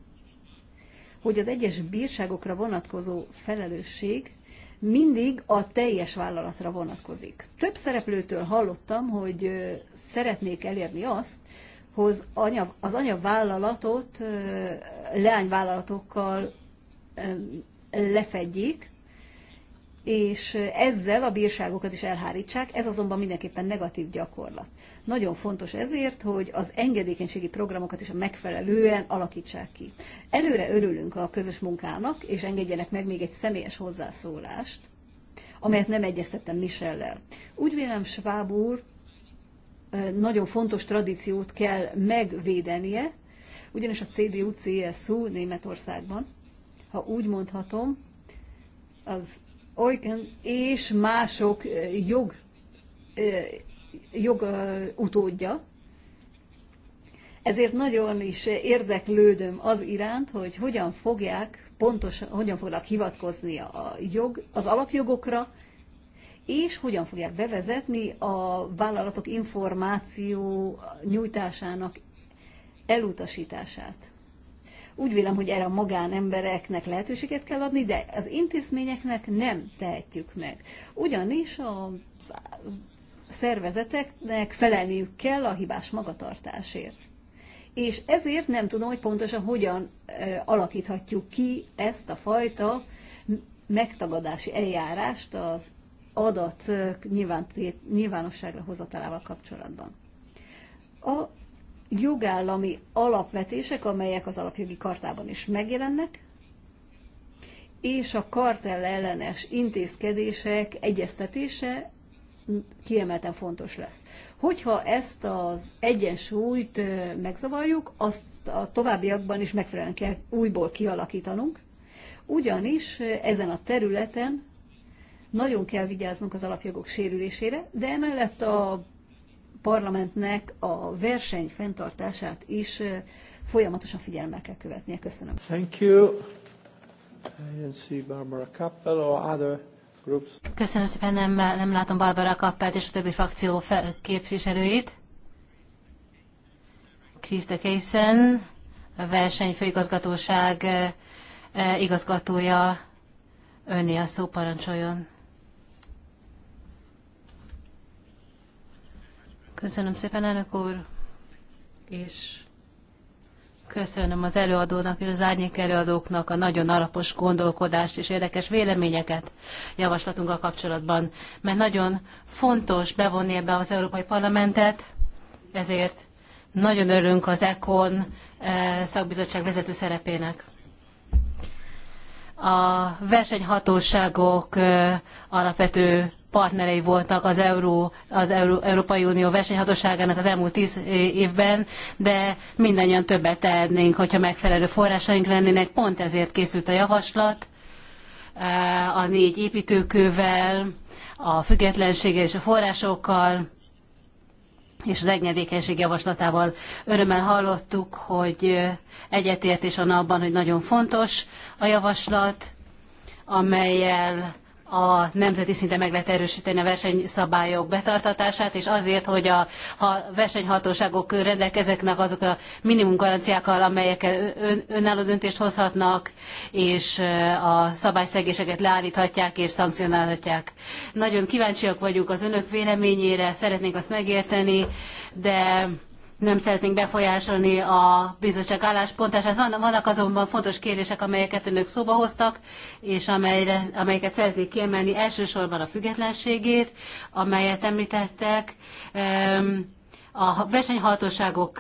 hogy az egyes bírságokra vonatkozó felelősség mindig a teljes vállalatra vonatkozik. Több szereplőtől hallottam, hogy szeretnék elérni azt, hogy az anyavállalatot leányvállalatokkal lefedjék, és ezzel a bírságokat is elhárítsák, ez azonban mindenképpen negatív gyakorlat. Nagyon fontos ezért, hogy az engedékenységi programokat is a megfelelően alakítsák ki. Előre örülünk a közös munkának, és engedjenek meg még egy személyes hozzászólást, amelyet nem egyeztettem Michellel. Úgy vélem, Schwab úr nagyon fontos tradíciót kell megvédenie, ugyanis a CDU-CSU Németországban, ha úgy mondhatom, az Oiken és mások jog, jog utódja. Ezért nagyon is érdeklődöm az iránt, hogy hogyan fogják pontosan, hogyan fognak hivatkozni a jog, az alapjogokra, és hogyan fogják bevezetni a vállalatok információ nyújtásának elutasítását. Úgy vélem, hogy erre a magánembereknek lehetőséget kell adni, de az intézményeknek nem tehetjük meg. Ugyanis a szervezeteknek felelniük kell a hibás magatartásért. És ezért nem tudom, hogy pontosan hogyan alakíthatjuk ki ezt a fajta megtagadási eljárást az adat nyilván, nyilvánosságra hozatalával kapcsolatban. A jogállami alapvetések, amelyek az alapjogi kartában is megjelennek, és a kartel ellenes intézkedések egyeztetése kiemelten fontos lesz. Hogyha ezt az egyensúlyt megzavarjuk, azt a továbbiakban is megfelelően kell újból kialakítanunk, ugyanis ezen a területen nagyon kell vigyáznunk az alapjogok sérülésére, de emellett a parlamentnek a verseny fenntartását is folyamatosan figyelemmel kell követnie. Köszönöm. Thank you. I didn't see Barbara Kappel or other groups. Köszönöm szépen, nem, nem látom Barbara Kappelt és a többi frakció képviselőit. Krista Kaysen, a versenyfőigazgatóság igazgatója, önni a szó parancsoljon. Köszönöm szépen, elnök úr, és köszönöm az előadónak és az árnyék előadóknak a nagyon alapos gondolkodást és érdekes véleményeket javaslatunkkal kapcsolatban, mert nagyon fontos bevonni ebbe az Európai Parlamentet, ezért nagyon örülünk az ECON eh, szakbizottság vezető szerepének. A versenyhatóságok eh, alapvető partnerei voltak az, Euró, az Euró, Európai Unió versenyhatóságának az elmúlt tíz évben, de mindannyian többet tehetnénk, hogyha megfelelő forrásaink lennének. Pont ezért készült a javaslat eh, a négy építőkővel, a függetlenséggel és a forrásokkal, és az engedékenység javaslatával örömmel hallottuk, hogy eh, egyetértés van abban, hogy nagyon fontos a javaslat, amelyel a nemzeti szinten meg lehet erősíteni a versenyszabályok betartatását, és azért, hogy a, a versenyhatóságok rendelkezeknek azok a minimum garanciákkal, amelyekkel ön, önálló döntést hozhatnak, és a szabályszegéseket leállíthatják és szankcionálhatják. Nagyon kíváncsiak vagyunk az önök véleményére, szeretnénk azt megérteni, de nem szeretnénk befolyásolni a bizottság álláspontását. Vannak azonban fontos kérdések, amelyeket önök szóba hoztak, és amelyre, amelyeket szeretnék kiemelni. Elsősorban a függetlenségét, amelyet említettek. A versenyhatóságok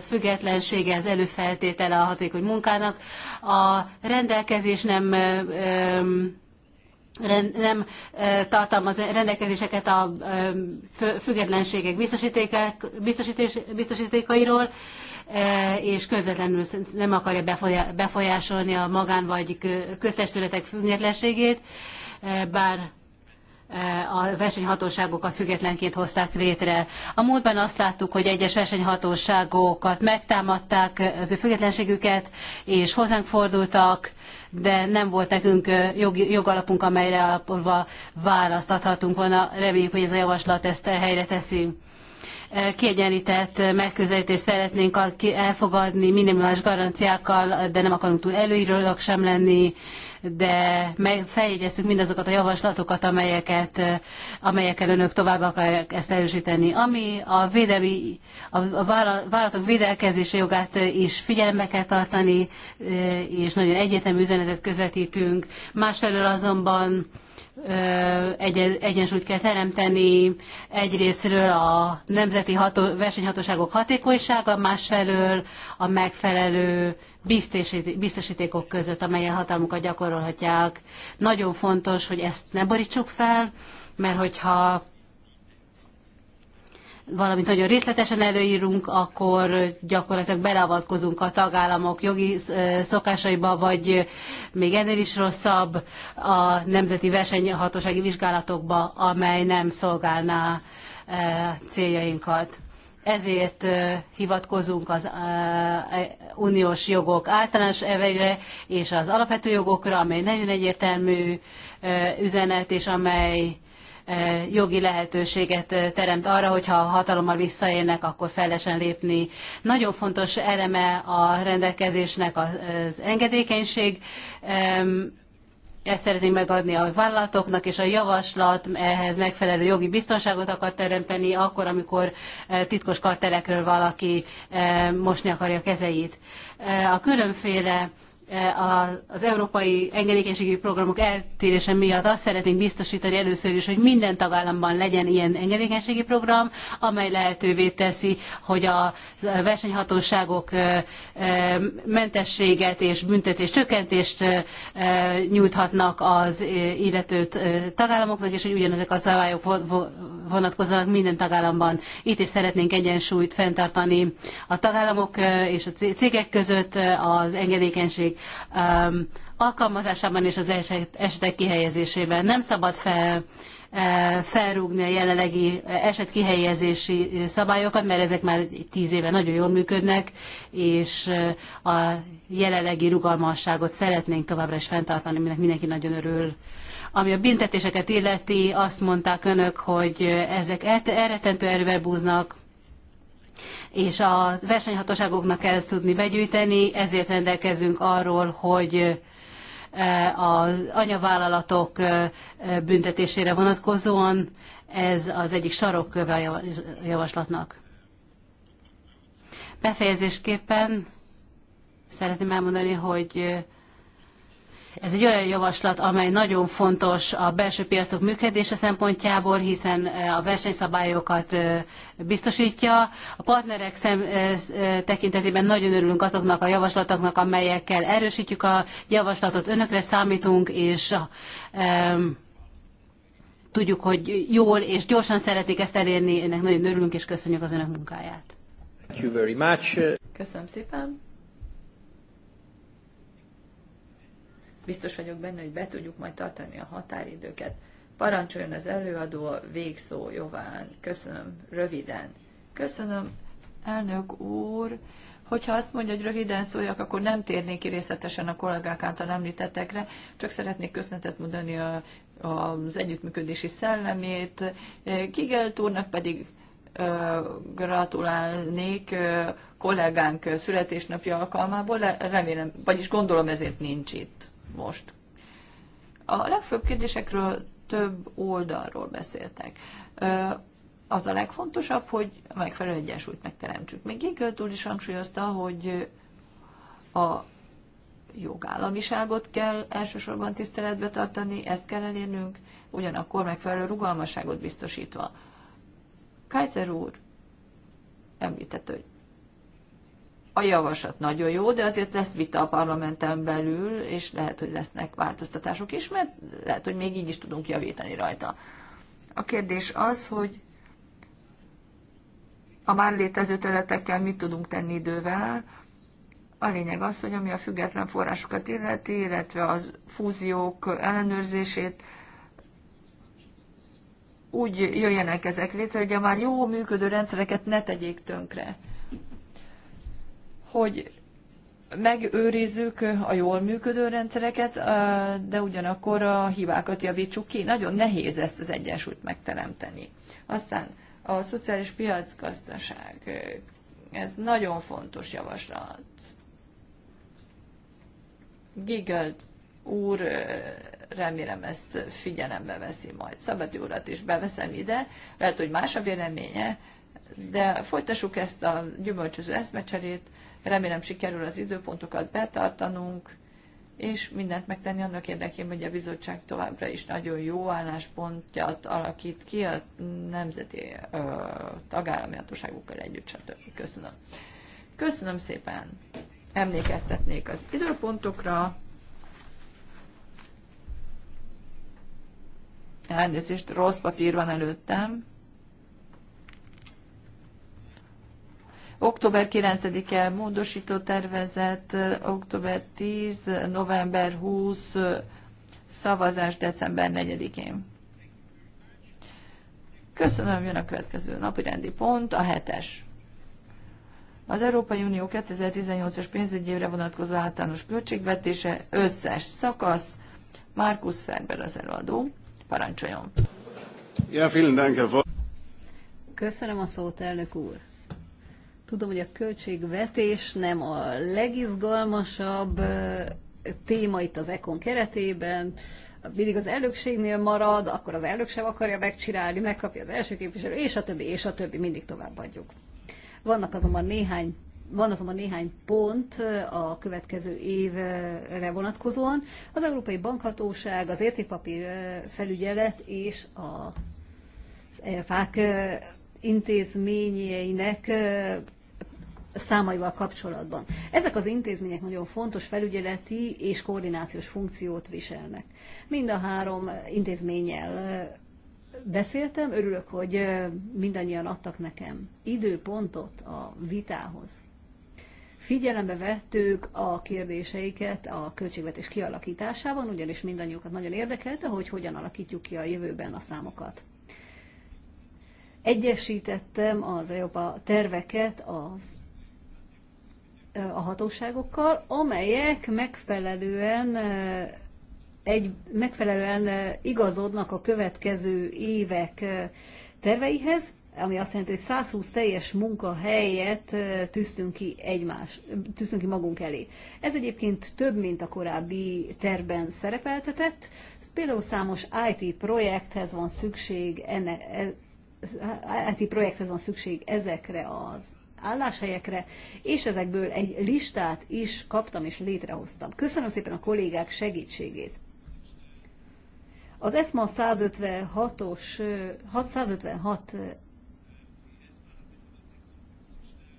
függetlensége az előfeltétele a hatékony munkának. A rendelkezés nem nem tartalmaz rendelkezéseket a függetlenségek biztosítékairól, és közvetlenül nem akarja befolyásolni a magán vagy köztestületek függetlenségét, bár a versenyhatóságokat függetlenként hozták létre. A múltban azt láttuk, hogy egyes versenyhatóságokat megtámadták az ő függetlenségüket, és hozzánk fordultak, de nem volt nekünk jog, jogalapunk, amelyre alapulva választ adhatunk volna. Reméljük, hogy ez a javaslat ezt helyre teszi kiegyenlített megközelítést szeretnénk elfogadni minimális garanciákkal, de nem akarunk túl előírólag sem lenni de feljegyeztük mindazokat a javaslatokat, amelyeket, amelyekkel önök tovább akarják ezt erősíteni. Ami a, védelmi, a vállalatok védelkezési jogát is figyelembe kell tartani, és nagyon egyetemű üzenetet közvetítünk. Másfelől azonban egyensúlyt kell teremteni egyrésztről a nemzeti ható, versenyhatóságok hatékonysága, másfelől a megfelelő biztosítékok között, amelyen hatalmukat gyakorolhatják. Nagyon fontos, hogy ezt ne borítsuk fel, mert hogyha valamit nagyon részletesen előírunk, akkor gyakorlatilag beleavatkozunk a tagállamok jogi szokásaiba, vagy még ennél is rosszabb a nemzeti versenyhatósági vizsgálatokba, amely nem szolgálná céljainkat. Ezért hivatkozunk az e, uniós jogok általános elveire és az alapvető jogokra, amely nagyon egyértelmű üzenet, és amely jogi lehetőséget teremt arra, hogyha a hatalommal visszaélnek, akkor felesen lépni. Nagyon fontos eleme a rendelkezésnek az engedékenység. Ezt szeretném megadni a vállalatoknak, és a javaslat ehhez megfelelő jogi biztonságot akar teremteni, akkor, amikor titkos karterekről valaki mosni akarja kezeit. A különféle E, az európai engedékenységi programok eltérése miatt azt szeretnénk biztosítani először is, hogy minden tagállamban legyen ilyen engedékenységi program, amely lehetővé teszi, hogy a versenyhatóságok e, e, mentességet és büntetés csökkentést nyújthatnak az illető tagállamoknak, és hogy ugyanezek a szabályok vonatkoznak minden tagállamban. Itt is szeretnénk egyensúlyt fenntartani a tagállamok és a cégek között az engedékenység um, alkalmazásában és az eset, esetek kihelyezésében. Nem szabad fel, eh, felrúgni a jelenlegi eh, esetkihelyezési eh, szabályokat, mert ezek már tíz éve nagyon jól működnek, és a jelenlegi rugalmasságot szeretnénk továbbra is fenntartani, aminek mindenki nagyon örül. Ami a büntetéseket illeti, azt mondták önök, hogy ezek elretentő erővel búznak, és a versenyhatóságoknak kell ezt tudni begyűjteni, ezért rendelkezünk arról, hogy e, az anyavállalatok e, e, büntetésére vonatkozóan ez az egyik sarokköve a javaslatnak. Befejezésképpen szeretném elmondani, hogy ez egy olyan javaslat, amely nagyon fontos a belső piacok működése szempontjából, hiszen eh, a versenyszabályokat eh, biztosítja. A partnerek szem, eh, tekintetében nagyon örülünk azoknak a javaslatoknak, amelyekkel erősítjük a javaslatot. Önökre számítunk, és um, tudjuk, hogy jól és gyorsan szeretnék ezt elérni. Ennek nagyon örülünk, és köszönjük az önök munkáját. Köszönöm szépen. Biztos vagyok benne, hogy be tudjuk majd tartani a határidőket. Parancsoljon az előadó a végszó jován. Köszönöm, röviden. Köszönöm, elnök úr. Hogyha azt mondja, hogy röviden szóljak, akkor nem térnék ki részletesen a kollégák által említettekre, csak szeretnék köszönetet mondani a, az együttműködési szellemét. Kigelt úrnak pedig gratulálnék kollégánk születésnapja alkalmából, remélem, vagyis gondolom ezért nincs itt most. A legfőbb kérdésekről több oldalról beszéltek. Az a legfontosabb, hogy megfelelő egyensúlyt megteremtsük. Még Gégölt úr is hangsúlyozta, hogy a jogállamiságot kell elsősorban tiszteletbe tartani, ezt kell elérnünk, ugyanakkor megfelelő rugalmasságot biztosítva. Kaiser úr említette, hogy a javaslat nagyon jó, de azért lesz vita a parlamenten belül, és lehet, hogy lesznek változtatások is, mert lehet, hogy még így is tudunk javítani rajta. A kérdés az, hogy a már létező területekkel mit tudunk tenni idővel. A lényeg az, hogy ami a független forrásokat illeti, illetve az fúziók ellenőrzését, úgy jöjjenek ezek létre, hogy a már jó működő rendszereket ne tegyék tönkre hogy megőrizzük a jól működő rendszereket, de ugyanakkor a hibákat javítsuk ki. Nagyon nehéz ezt az egyensúlyt megteremteni. Aztán a szociális piacgazdaság, ez nagyon fontos javaslat. Gigald úr, remélem ezt figyelembe veszi majd. Szabadi urat is beveszem ide, lehet, hogy más a véleménye, de folytassuk ezt a gyümölcsöző eszmecserét, Remélem sikerül az időpontokat betartanunk, és mindent megtenni annak érdekében, hogy a bizottság továbbra is nagyon jó álláspontját alakít ki a nemzeti ö, tagállami hatóságokkal együtt, stb. Köszönöm. Köszönöm szépen. Emlékeztetnék az időpontokra. Elnézést, rossz papír van előttem. Október 9-e módosító tervezet, október 10, november 20, szavazás december 4-én. Köszönöm, jön a következő napi rendi pont, a hetes. Az Európai Unió 2018-as pénzügyi évre vonatkozó általános költségvetése összes szakasz. Markus Ferber az előadó. Parancsoljon! Ja, vielen Dank, Köszönöm a szót, elnök úr! Tudom, hogy a költségvetés nem a legizgalmasabb téma itt az ECON keretében, mindig az elnökségnél marad, akkor az elnök sem akarja megcsinálni, megkapja az első képviselő, és a többi, és a többi, mindig tovább adjuk. Vannak azonban néhány van azonban néhány pont a következő évre vonatkozóan. Az Európai Bankhatóság, az értékpapír felügyelet és a EFÁK intézményeinek számaival kapcsolatban. Ezek az intézmények nagyon fontos felügyeleti és koordinációs funkciót viselnek. Mind a három intézménnyel beszéltem, örülök, hogy mindannyian adtak nekem időpontot a vitához. Figyelembe vettük a kérdéseiket a költségvetés kialakításában, ugyanis mindannyiukat nagyon érdekelte, hogy hogyan alakítjuk ki a jövőben a számokat. Egyesítettem az EOPA terveket az a hatóságokkal, amelyek megfelelően egy megfelelően igazodnak a következő évek terveihez, ami azt jelenti, hogy 120 teljes munkahelyet tűztünk ki egymás, tűztünk ki magunk elé. Ez egyébként több, mint a korábbi terben szerepeltetett. Például számos IT projekthez van szükség, enne, e, e, IT projekthez van szükség ezekre az álláshelyekre, és ezekből egy listát is kaptam és létrehoztam. Köszönöm szépen a kollégák segítségét. Az ESMA 156-os, 156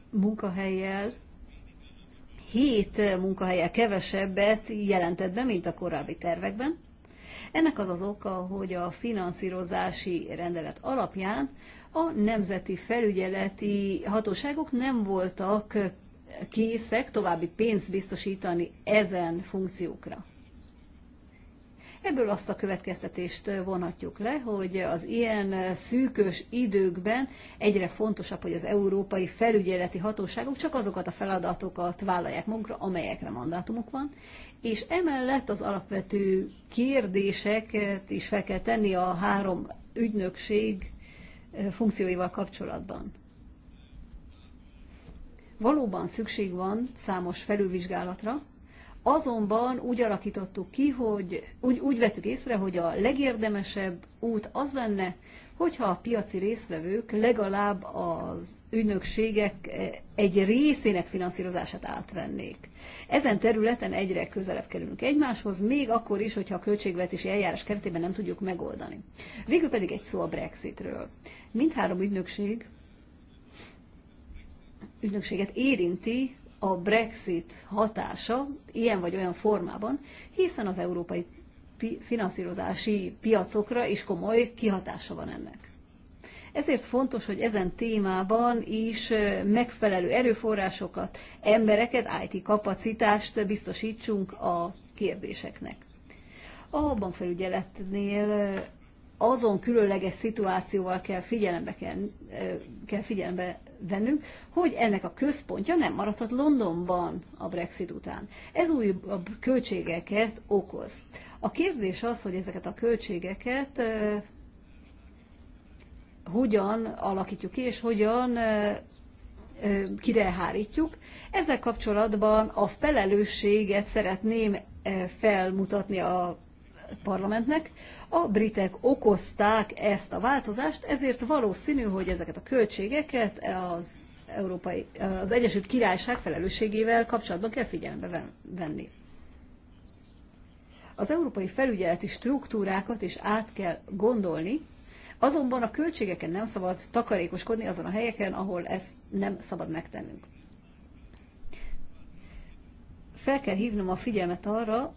munkahelyjel, 7 munkahelyel kevesebbet jelentett be, mint a korábbi tervekben. Ennek az az oka, hogy a finanszírozási rendelet alapján a nemzeti felügyeleti hatóságok nem voltak készek további pénzt biztosítani ezen funkciókra. Ebből azt a következtetést vonatjuk le, hogy az ilyen szűkös időkben egyre fontosabb, hogy az európai felügyeleti hatóságok csak azokat a feladatokat vállalják magukra, amelyekre mandátumuk van, és emellett az alapvető kérdéseket is fel kell tenni a három ügynökség funkcióival kapcsolatban. Valóban szükség van számos felülvizsgálatra, azonban úgy alakítottuk ki, hogy úgy, úgy vettük észre, hogy a legérdemesebb út az lenne, hogyha a piaci részvevők legalább az ügynökségek eh, egy részének finanszírozását átvennék. Ezen területen egyre közelebb kerülünk egymáshoz, még akkor is, hogyha a költségvetési eljárás keretében nem tudjuk megoldani. Végül pedig egy szó a Brexitről. Mindhárom ügynökség ügynökséget érinti a Brexit hatása ilyen vagy olyan formában, hiszen az Európai finanszírozási piacokra is komoly kihatása van ennek. Ezért fontos, hogy ezen témában is megfelelő erőforrásokat, embereket, IT kapacitást biztosítsunk a kérdéseknek. A bankfelügyeletnél azon különleges szituációval kell figyelembe, kell, kell figyelembe vennünk, hogy ennek a központja nem maradhat Londonban a Brexit után. Ez újabb költségeket okoz. A kérdés az, hogy ezeket a költségeket hogyan alakítjuk ki, és hogyan kirehárítjuk. Ezzel kapcsolatban a felelősséget szeretném felmutatni a parlamentnek. A britek okozták ezt a változást, ezért valószínű, hogy ezeket a költségeket az, Európai, az Egyesült Királyság felelősségével kapcsolatban kell figyelembe venni. Az európai felügyeleti struktúrákat is át kell gondolni, azonban a költségeken nem szabad takarékoskodni azon a helyeken, ahol ezt nem szabad megtennünk fel kell hívnom a figyelmet arra,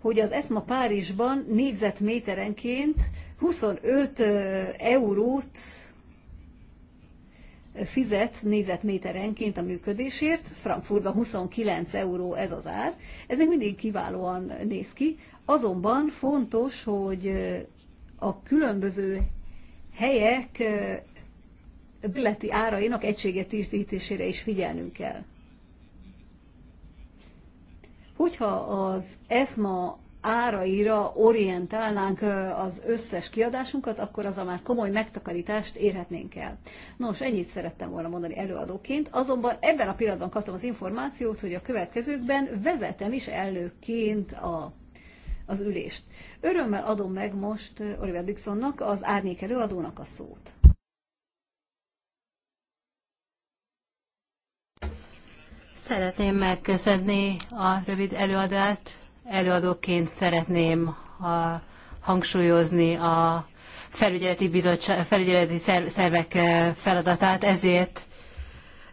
hogy az ESMA Párizsban négyzetméterenként 25 eurót fizet négyzetméterenként a működésért, Frankfurtban 29 euró ez az ár, ez még mindig kiválóan néz ki, azonban fontos, hogy a különböző helyek billeti árainak egységet is figyelnünk kell. Hogyha az ESMA áraira orientálnánk az összes kiadásunkat, akkor az a már komoly megtakarítást érhetnénk el. Nos, ennyit szerettem volna mondani előadóként, azonban ebben a pillanatban kaptam az információt, hogy a következőkben vezetem is előként a az ülést. Örömmel adom meg most Oliver Dixonnak, az árnyék előadónak a szót. Szeretném megköszönni a rövid előadást. Előadóként szeretném a, hangsúlyozni a felügyeleti, bizottság, felügyeleti szervek eh, feladatát, ezért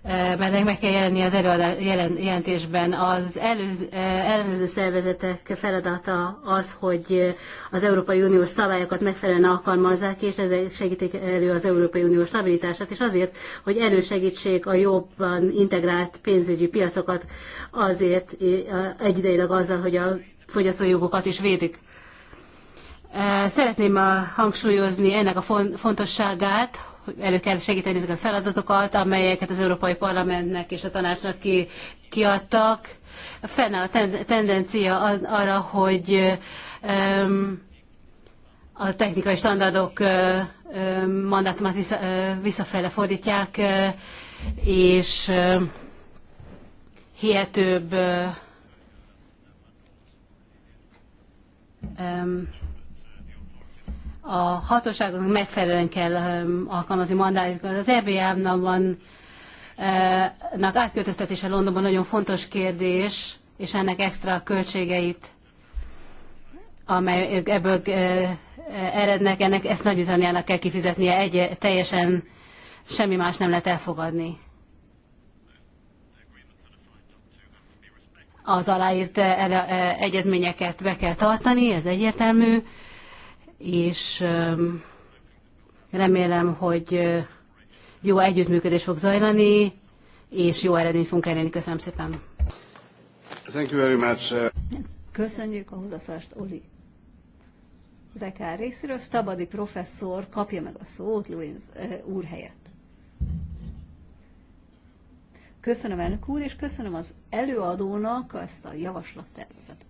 Eh, mert meg kell jelenni az előadás jelentésben. Az előző eh, ellenőrző szervezetek feladata az, hogy eh, az Európai Uniós szabályokat megfelelően alkalmazzák, és ezek segítik elő az Európai Unió stabilitását, és azért, hogy elősegítsék a jobban integrált pénzügyi piacokat azért egyidejileg azzal, hogy a fogyasztói jogokat is védik. Szeretném hangsúlyozni ennek a fontosságát, elő kell segíteni ezeket a feladatokat, amelyeket az Európai Parlamentnek és a tanácsnak ki, kiadtak. Fenne a tendencia arra, hogy a technikai standardok mandátumát vissza, visszafele fordítják, és hihetőbb a hatóságoknak megfelelően kell ehm, alkalmazni mandátumokat. Az EBA-nak van eh, átköltöztetése Londonban nagyon fontos kérdés, és ennek extra költségeit, amely ebből eh, eh, erednek, ennek ezt Nagy-Britanniának kell kifizetnie, egy, teljesen semmi más nem lehet elfogadni. Az aláírt egyezményeket be kell tartani, ez egyértelmű, és remélem, hogy jó együttműködés fog zajlani, és jó eredményt fogunk elérni. Köszönöm szépen. Thank you very much. Uh, Köszönjük a hozzászólást, Oli. Zekár részéről Stabadi professzor kapja meg a szót Louis úr helyett. Köszönöm elnök úr, és köszönöm az előadónak ezt a javaslattervezetet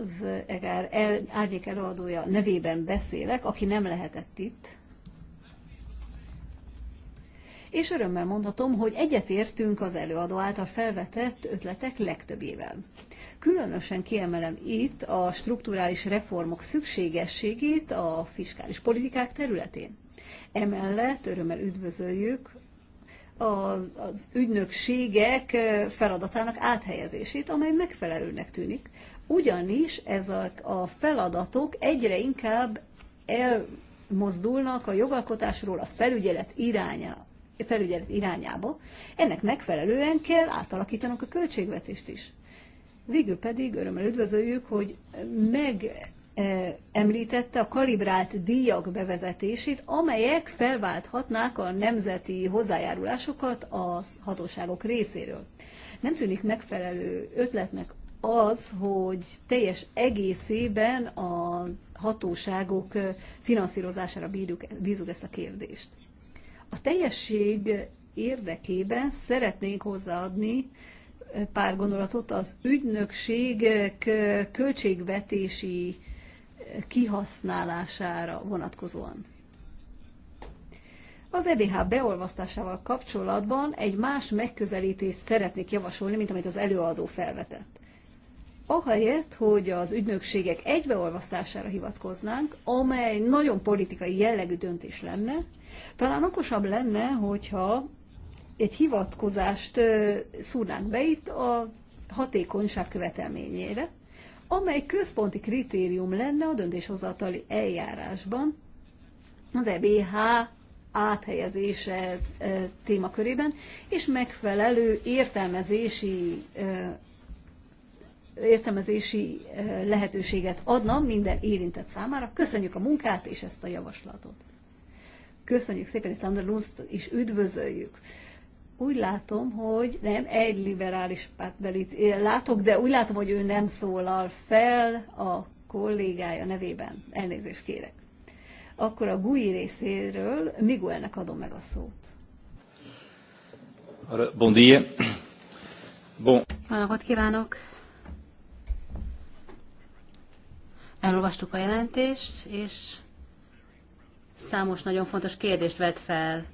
az egár el, árnyék előadója nevében beszélek, aki nem lehetett itt. És örömmel mondhatom, hogy egyetértünk az előadó által felvetett ötletek legtöbbével. Különösen kiemelem itt a strukturális reformok szükségességét a fiskális politikák területén. Emellett örömmel üdvözöljük az, az ügynökségek feladatának áthelyezését, amely megfelelőnek tűnik, ugyanis ezek a feladatok egyre inkább elmozdulnak a jogalkotásról a felügyelet irányába felügyelet irányába, ennek megfelelően kell átalakítanunk a költségvetést is. Végül pedig örömmel üdvözöljük, hogy megemlítette e, a kalibrált díjak bevezetését, amelyek felválthatnák a nemzeti hozzájárulásokat a hatóságok részéről. Nem tűnik megfelelő ötletnek az, hogy teljes egészében a hatóságok finanszírozására bírjuk, bízunk ezt a kérdést. A teljesség érdekében szeretnénk hozzáadni pár gondolatot az ügynökségek költségvetési kihasználására vonatkozóan. Az EDH beolvasztásával kapcsolatban egy más megközelítést szeretnék javasolni, mint amit az előadó felvetett ahelyett, hogy az ügynökségek egybeolvasztására hivatkoznánk, amely nagyon politikai jellegű döntés lenne, talán okosabb lenne, hogyha egy hivatkozást szúrnánk be itt a hatékonyság követelményére, amely központi kritérium lenne a döntéshozatali eljárásban, az EBH áthelyezése témakörében, és megfelelő értelmezési értelmezési eh, lehetőséget adna minden érintett számára. Köszönjük a munkát és ezt a javaslatot. Köszönjük szépen, és Sandra Lunst is üdvözöljük. Úgy látom, hogy nem egy liberális pártbelit eh, látok, de úgy látom, hogy ő nem szólal fel a kollégája nevében. Elnézést kérek. Akkor a GUI részéről Miguelnek adom meg a szót. Bon dia. Bon. Jó napot kívánok! Elolvastuk a jelentést, és számos nagyon fontos kérdést vet fel.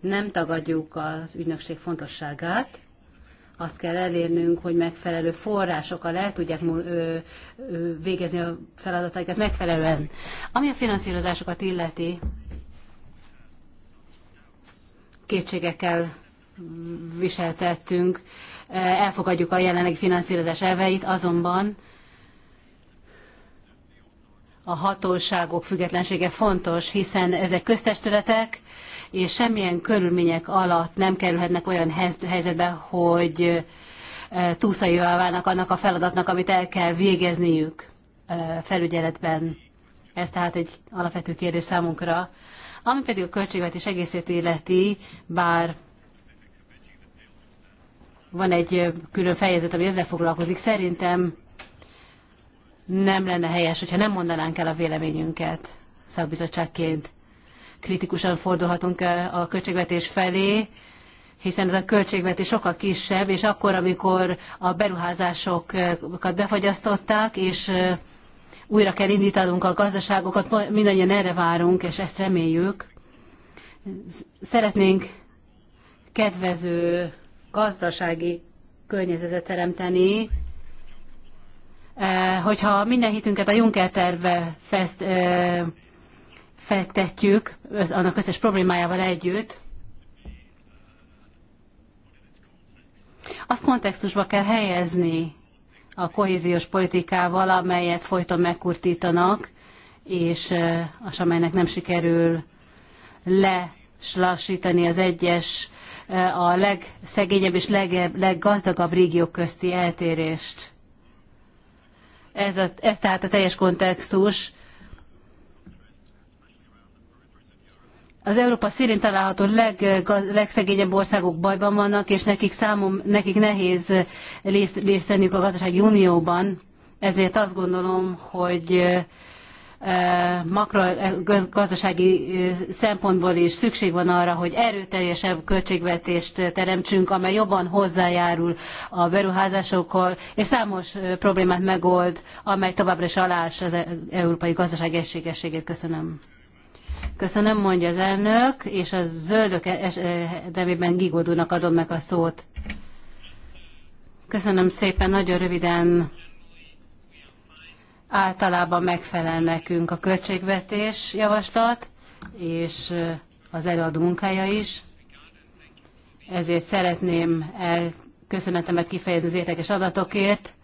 Nem tagadjuk az ügynökség fontosságát, azt kell elérnünk, hogy megfelelő forrásokkal el tudják végezni a feladataikat megfelelően. Ami a finanszírozásokat illeti, kétségekkel viseltettünk, elfogadjuk a jelenlegi finanszírozás elveit, azonban a hatóságok függetlensége fontos, hiszen ezek köztestületek, és semmilyen körülmények alatt nem kerülhetnek olyan helyzetbe, hogy túlszaivá válnak annak a feladatnak, amit el kell végezniük felügyeletben. Ez tehát egy alapvető kérdés számunkra. Ami pedig a költségvetés egészét életi, bár van egy külön fejezet, ami ezzel foglalkozik, szerintem nem lenne helyes, hogyha nem mondanánk el a véleményünket szakbizottságként. Kritikusan fordulhatunk eh, a költségvetés felé, hiszen ez a költségvetés sokkal kisebb, és akkor, amikor a beruházásokat befagyasztották, és eh, újra kell indítanunk a gazdaságokat, mindannyian erre várunk, és ezt reméljük. Szeretnénk kedvező gazdasági környezetet teremteni, Eh, hogyha minden hitünket a Juncker terve fest, eh, fektetjük, az, annak összes problémájával együtt, azt kontextusba kell helyezni a kohéziós politikával, amelyet folyton megkurtítanak, és az, eh, amelynek nem sikerül leslassítani az egyes, a legszegényebb és leggazdagabb régiók közti eltérést. Ez, a, ez tehát a teljes kontextus. Az Európa szélén található leg, legszegényebb országok bajban vannak, és nekik, számom, nekik nehéz részt, részt a gazdasági unióban. Ezért azt gondolom, hogy makrogazdasági szempontból is szükség van arra, hogy erőteljesebb költségvetést teremtsünk, amely jobban hozzájárul a beruházásokkal, és számos problémát megold, amely továbbra is alás az e-, európai gazdaság egységességét. Köszönöm. Köszönöm, mondja az elnök, és a zöldök e-, nevében Gigodónak adom meg a szót. Köszönöm szépen, nagyon röviden általában megfelel nekünk a költségvetés javaslat, és az előadó munkája is. Ezért szeretném elköszönetemet kifejezni az értékes adatokért.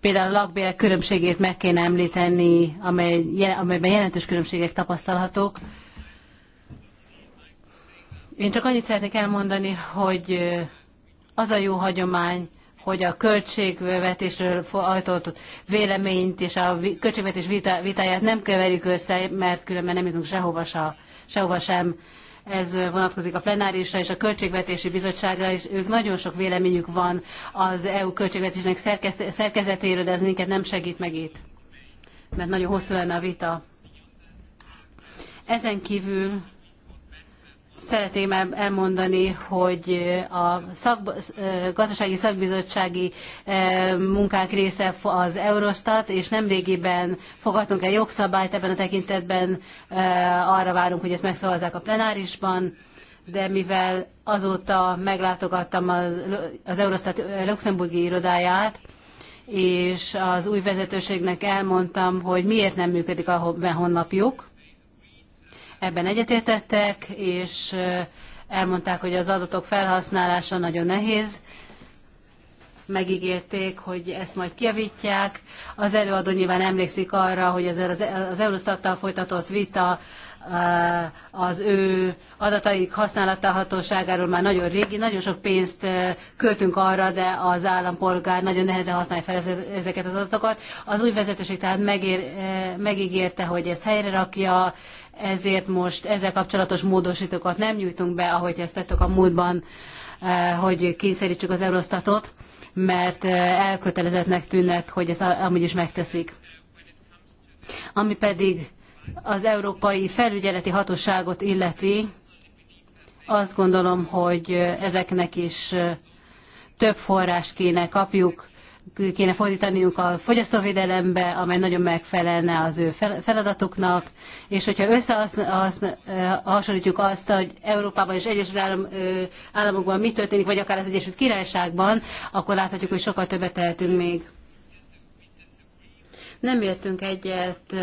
Például a lakbérek különbségét meg kéne említeni, amely, amelyben jelentős különbségek tapasztalhatók. Én csak annyit szeretnék elmondani, hogy az a jó hagyomány, hogy a költségvetésről ajtott véleményt és a költségvetés vitáját nem keverjük össze, mert különben nem jutunk sehova, se, sehova sem. Ez vonatkozik a plenárisra és a Költségvetési Bizottságra, és ők nagyon sok véleményük van az EU költségvetésnek szerkezetéről, de ez minket nem segít meg itt, mert nagyon hosszú lenne a vita. Ezen kívül Szeretném elmondani, hogy a szak, gazdasági szakbizottsági munkák része az Eurostat, és nemrégiben fogadtunk el jogszabályt ebben a tekintetben, arra várunk, hogy ezt megszavazzák a plenárisban, de mivel azóta meglátogattam az, az Eurostat luxemburgi irodáját, és az új vezetőségnek elmondtam, hogy miért nem működik a honlapjuk, ebben egyetértettek, és elmondták, hogy az adatok felhasználása nagyon nehéz. Megígérték, hogy ezt majd kiavítják. Az előadó nyilván emlékszik arra, hogy ezzel az Eurostattal folytatott vita az ő adataik használatahatóságáról már nagyon régi, nagyon sok pénzt költünk arra, de az állampolgár nagyon nehezen használja fel ezeket az adatokat. Az új vezetőség tehát megér, megígérte, hogy ezt helyre rakja, ezért most ezzel kapcsolatos módosítókat nem nyújtunk be, ahogy ezt tettük a múltban, eh, hogy kényszerítsük az Eurostatot, mert eh, elkötelezettnek tűnnek, hogy ez amúgy is megteszik. Ami pedig az Európai Felügyeleti Hatóságot illeti, azt gondolom, hogy eh, ezeknek is több forrás kéne kapjuk, kéne fordítaniuk a fogyasztóvédelembe, amely nagyon megfelelne az ő feladatuknak, és hogyha összehasonlítjuk azt, hogy Európában és Egyesült Államokban mi történik, vagy akár az Egyesült Királyságban, akkor láthatjuk, hogy sokkal többet tehetünk még. Nem jöttünk egyet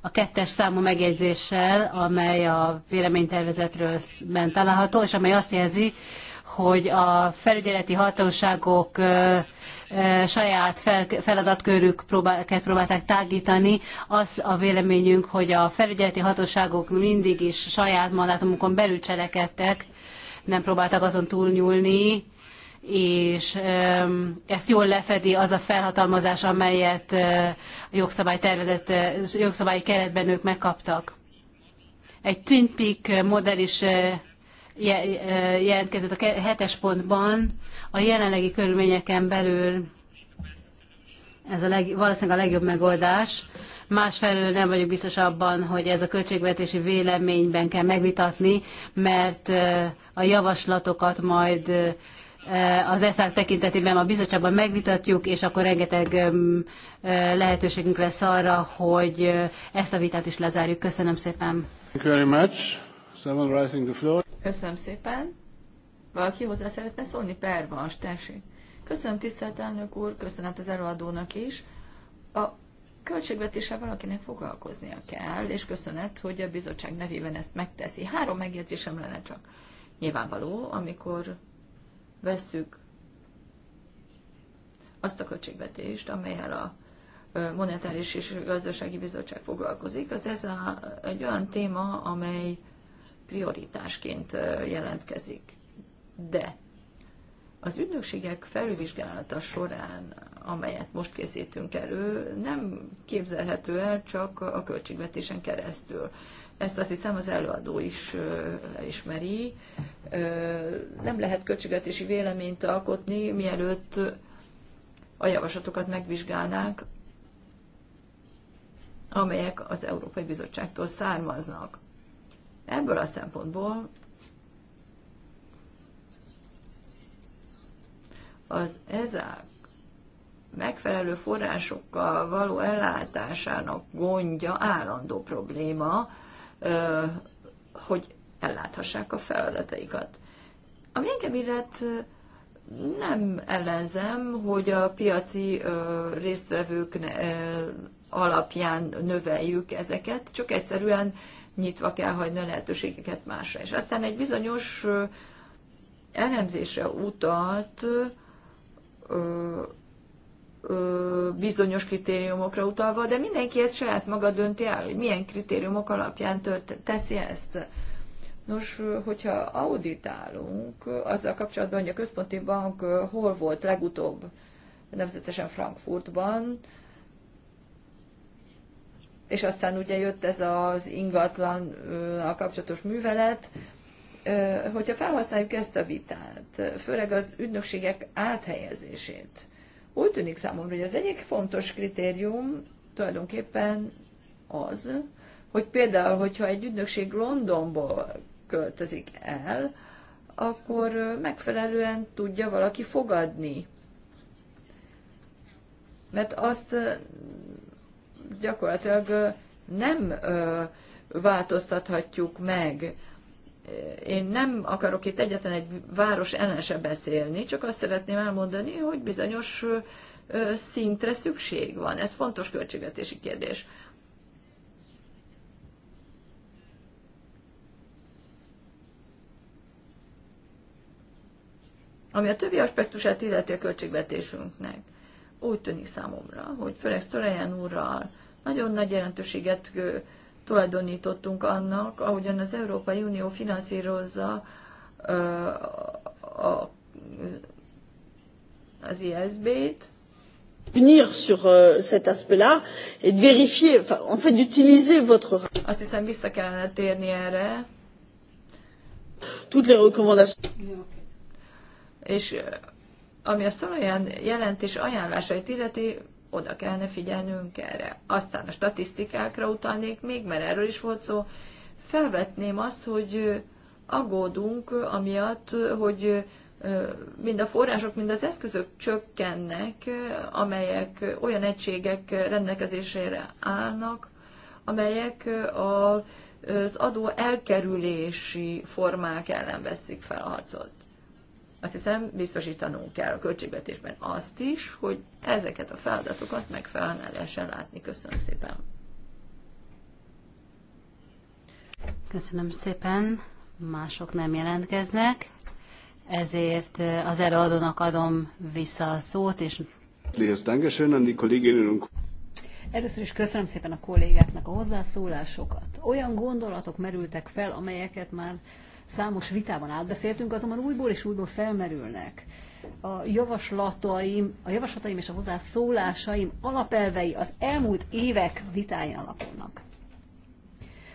a kettes számú megjegyzéssel, amely a véleménytervezetről található, és amely azt jelzi, hogy a felügyeleti hatóságok saját fel, feladatkörük próbálták, próbálták tágítani. Az a véleményünk, hogy a felügyeleti hatóságok mindig is saját mandátumukon belül cselekedtek, nem próbáltak azon túlnyúlni, és ezt jól lefedi az a felhatalmazás, amelyet a jogszabály tervezett, jogszabályi keretben ők megkaptak. Egy Twin Peak modell is jelentkezett a hetes pontban, a jelenlegi körülményeken belül ez a leg, valószínűleg a legjobb megoldás. Másfelől nem vagyok biztos abban, hogy ez a költségvetési véleményben kell megvitatni, mert a javaslatokat majd az ESZÁK tekintetében a bizottságban megvitatjuk, és akkor rengeteg lehetőségünk lesz arra, hogy ezt a vitát is lezárjuk. Köszönöm szépen. Thank you very much. Someone rising the floor. Köszönöm szépen. Valaki hozzá szeretne szólni? van, tessék. Köszönöm tisztelt elnök úr, köszönet az előadónak is. A költségvetéssel valakinek foglalkoznia kell, és köszönet, hogy a bizottság nevében ezt megteszi. Három megjegyzésem lenne csak. Nyilvánvaló, amikor vesszük azt a költségvetést, amelyel a Monetáris és Gazdasági Bizottság foglalkozik, az ez a, egy olyan téma, amely prioritásként jelentkezik. De az ügynökségek felülvizsgálata során, amelyet most készítünk elő, nem képzelhető el csak a költségvetésen keresztül. Ezt azt hiszem az előadó is ismeri. Nem lehet költségvetési véleményt alkotni, mielőtt a javaslatokat megvizsgálnánk, amelyek az Európai Bizottságtól származnak. Ebből a szempontból az ezák megfelelő forrásokkal való ellátásának gondja állandó probléma, hogy elláthassák a feladataikat. Ami engem illet, nem ellenzem, hogy a piaci résztvevők alapján növeljük ezeket, csak egyszerűen nyitva kell hagyni a lehetőségeket másra. És aztán egy bizonyos elemzésre utalt, bizonyos kritériumokra utalva, de mindenki ezt saját maga dönti el, hogy milyen kritériumok alapján tört, teszi ezt. Nos, hogyha auditálunk, azzal kapcsolatban, hogy a központi bank hol volt legutóbb, nemzetesen Frankfurtban, és aztán ugye jött ez az ingatlan a kapcsolatos művelet, hogyha felhasználjuk ezt a vitát, főleg az ügynökségek áthelyezését, úgy tűnik számomra, hogy az egyik fontos kritérium tulajdonképpen az, hogy például, hogyha egy ügynökség Londonból költözik el, akkor megfelelően tudja valaki fogadni. Mert azt gyakorlatilag nem változtathatjuk meg. Én nem akarok itt egyetlen egy város ellense beszélni, csak azt szeretném elmondani, hogy bizonyos szintre szükség van. Ez fontos költségvetési kérdés. Ami a többi aspektusát illeti a költségvetésünknek úgy tűnik számomra, hogy főleg Sztorajan úrral nagyon nagy jelentőséget tulajdonítottunk annak, ahogyan az Európai Unió finanszírozza a, a az ISB-t, venir sur euh, cet aspect-là et vérifier, enfin, en fait, d'utiliser votre. Azt hiszem, vissza kellene térni erre. Toutes les recommandations. És ami a szolajan jelentés ajánlásait illeti, oda kellene figyelnünk erre. Aztán a statisztikákra utalnék még, mert erről is volt szó. Felvetném azt, hogy aggódunk amiatt, hogy mind a források, mind az eszközök csökkennek, amelyek olyan egységek rendelkezésére állnak, amelyek az adó elkerülési formák ellen veszik fel a harcot. Azt hiszem, biztosítanunk kell a költségvetésben azt is, hogy ezeket a feladatokat megfelelően el lehessen látni. Köszönöm szépen! Köszönöm szépen! Mások nem jelentkeznek, ezért az előadónak adom vissza a szót, és Először is köszönöm szépen a kollégáknak a hozzászólásokat. Olyan gondolatok merültek fel, amelyeket már számos vitában átbeszéltünk, azonban újból és újból felmerülnek. A javaslataim, a javaslataim és a hozzászólásaim alapelvei az elmúlt évek vitáin alapulnak.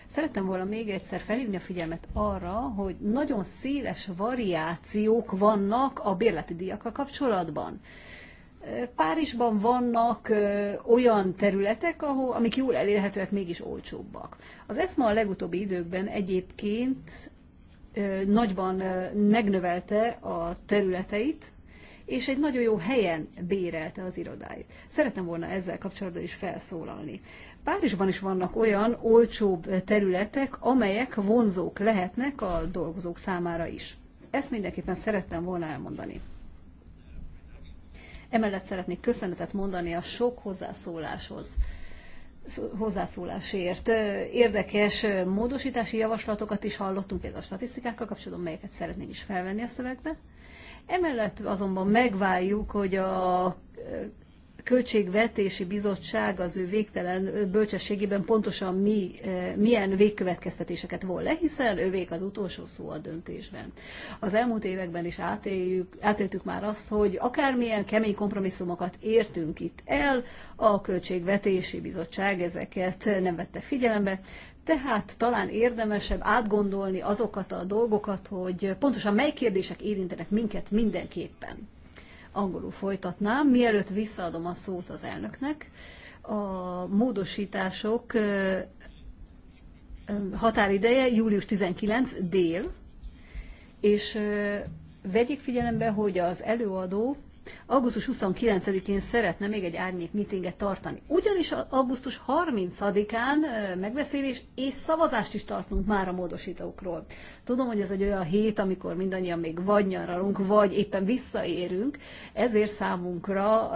Szerettem volna még egyszer felhívni a figyelmet arra, hogy nagyon széles variációk vannak a bérleti díjakkal kapcsolatban. Párizsban vannak olyan területek, ahol, amik jól elérhetőek, mégis olcsóbbak. Az ESMA a legutóbbi időkben egyébként nagyban megnövelte a területeit, és egy nagyon jó helyen bérelte az irodáit. Szeretem volna ezzel kapcsolatban is felszólalni. Párizsban is vannak olyan olcsóbb területek, amelyek vonzók lehetnek a dolgozók számára is. Ezt mindenképpen szerettem volna elmondani. Emellett szeretnék köszönetet mondani a sok hozzászóláshoz hozzászólásért. Érdekes módosítási javaslatokat is hallottunk, például a statisztikákkal kapcsolatban, melyeket szeretnénk is felvenni a szövegbe. Emellett azonban megváljuk, hogy a Költségvetési Bizottság az ő végtelen bölcsességében pontosan mi, eh, milyen végkövetkeztetéseket von le, hiszen ővék az utolsó szó a döntésben. Az elmúlt években is átéljük, átéltük már azt, hogy akármilyen kemény kompromisszumokat értünk itt el, a Költségvetési Bizottság ezeket nem vette figyelembe, tehát talán érdemesebb átgondolni azokat a dolgokat, hogy pontosan mely kérdések érintenek minket mindenképpen angolul folytatnám, mielőtt visszaadom a szót az elnöknek. A módosítások határideje július 19 dél, és vegyék figyelembe, hogy az előadó Augusztus 29-én szeretne még egy árnyék mitinget tartani. Ugyanis augusztus 30-án megbeszélés és szavazást is tartunk már a módosítókról. Tudom, hogy ez egy olyan hét, amikor mindannyian még vagy nyaralunk, vagy éppen visszaérünk, ezért számunkra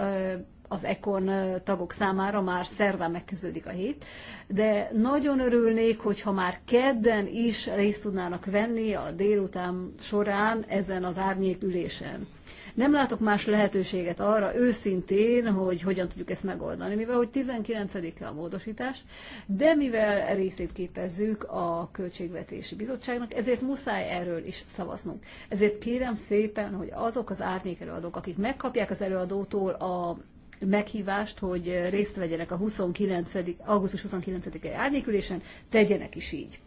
az ekon tagok számára már szerdán megkezdődik a hét, de nagyon örülnék, hogyha már kedden is részt tudnának venni a délután során ezen az árnyék ülésen. Nem látok más lehetőséget arra őszintén, hogy hogyan tudjuk ezt megoldani, mivel hogy 19-e a módosítás, de mivel részét képezzük a Költségvetési Bizottságnak, ezért muszáj erről is szavaznunk. Ezért kérem szépen, hogy azok az árnyékelőadók, akik megkapják az előadótól a meghívást, hogy részt vegyenek a 29. augusztus 29-i árnyékülésen, tegyenek is így.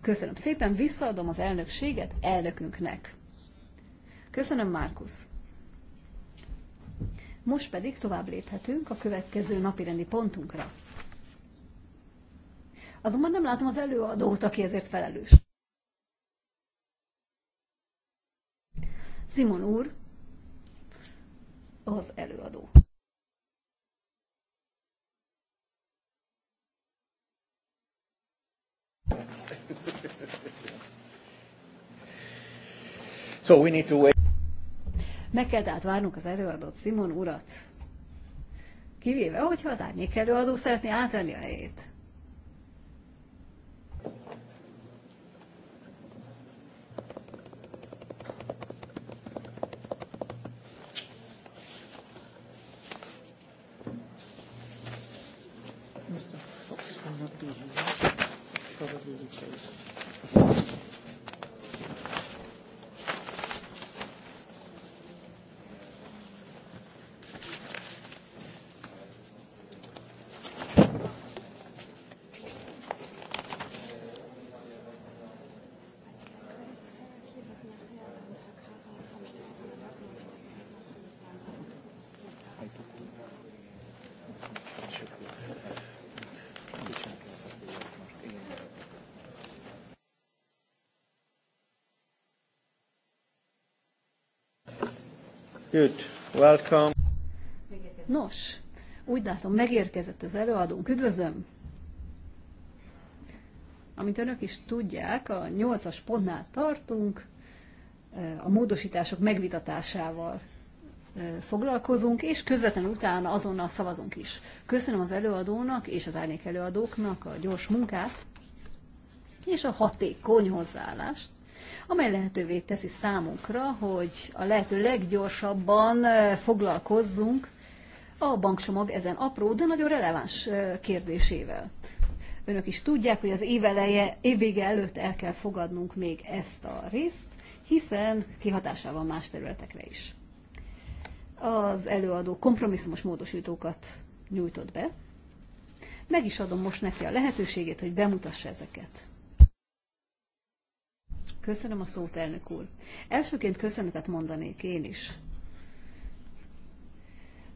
Köszönöm szépen, visszaadom az elnökséget elnökünknek. Köszönöm, Márkusz. Most pedig tovább léphetünk a következő napirendi pontunkra. Azonban nem látom az előadót, aki ezért felelős. Simon úr, az előadó. So we need to wait. Meg kell tehát várnunk az előadót, Simon urat. Kivéve, hogyha az árnyék előadó szeretné átvenni a helyét. Good. Welcome. Nos, úgy látom, megérkezett az előadónk. Üdvözlöm! Amint önök is tudják, a nyolcas pontnál tartunk, eh, a módosítások megvitatásával eh, foglalkozunk, és közvetlenül utána azonnal szavazunk is. Köszönöm az előadónak és az árnyék előadóknak a gyors munkát, és a hatékony hozzáállást amely lehetővé teszi számunkra, hogy a lehető leggyorsabban foglalkozzunk a bankcsomag ezen apró, de nagyon releváns kérdésével. Önök is tudják, hogy az éveleje, évvége előtt el kell fogadnunk még ezt a részt, hiszen kihatással van más területekre is. Az előadó kompromisszumos módosítókat nyújtott be. Meg is adom most neki a lehetőségét, hogy bemutassa ezeket. Köszönöm a szót, elnök úr. Elsőként köszönetet mondanék én is.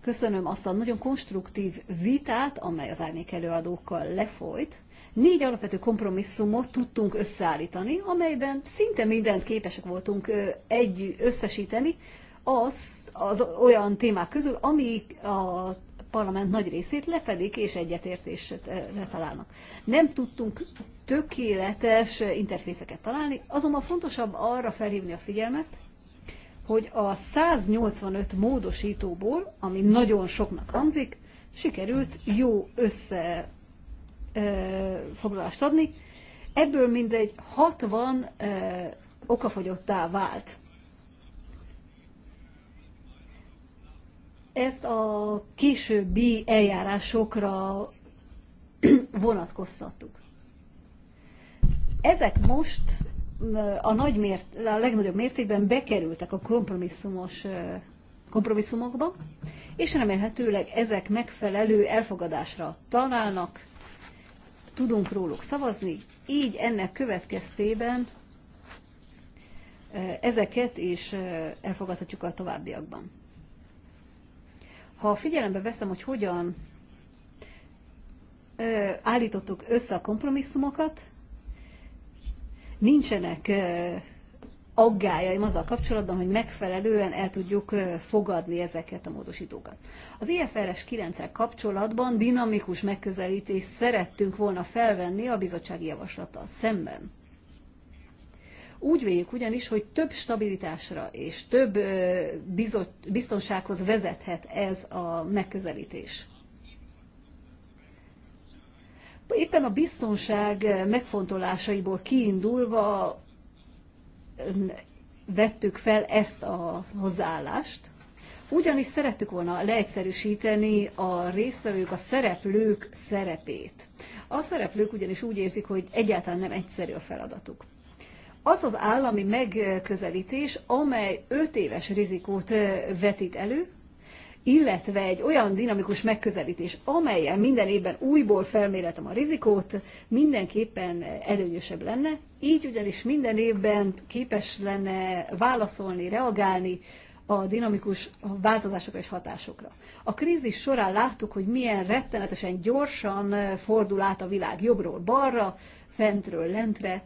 Köszönöm azt a nagyon konstruktív vitát, amely az árnyék előadókkal lefolyt. Négy alapvető kompromisszumot tudtunk összeállítani, amelyben szinte mindent képesek voltunk egy összesíteni, az, az olyan témák közül, amik a parlament nagy részét lefedik, és egyetértésre eh, találnak. Nem tudtunk tökéletes eh, interfészeket találni, azonban fontosabb arra felhívni a figyelmet, hogy a 185 módosítóból, ami nagyon soknak hangzik, sikerült jó összefoglalást eh, adni. Ebből mindegy 60 ö, okafogyottá vált. ezt a későbbi eljárásokra vonatkoztattuk. Ezek most a, nagy mért, a legnagyobb mértékben bekerültek a kompromisszumos kompromisszumokba, és remélhetőleg ezek megfelelő elfogadásra találnak, tudunk róluk szavazni, így ennek következtében ezeket is elfogadhatjuk a továbbiakban. Ha figyelembe veszem, hogy hogyan ö, állítottuk össze a kompromisszumokat, nincsenek ö, aggájaim azzal kapcsolatban, hogy megfelelően el tudjuk fogadni ezeket a módosítókat. Az IFRS 9 kapcsolatban dinamikus megközelítést szerettünk volna felvenni a bizottsági javaslata szemben. Úgy véljük ugyanis, hogy több stabilitásra és több bizot, biztonsághoz vezethet ez a megközelítés. Éppen a biztonság megfontolásaiból kiindulva vettük fel ezt a hozzáállást, ugyanis szerettük volna leegyszerűsíteni a résztvevők, a szereplők szerepét. A szereplők ugyanis úgy érzik, hogy egyáltalán nem egyszerű a feladatuk az az állami megközelítés, amely 5 éves rizikót vetít elő, illetve egy olyan dinamikus megközelítés, amelyen minden évben újból felméretem a rizikót, mindenképpen előnyösebb lenne, így ugyanis minden évben képes lenne válaszolni, reagálni a dinamikus változásokra és hatásokra. A krízis során láttuk, hogy milyen rettenetesen gyorsan fordul át a világ jobbról balra, fentről lentre,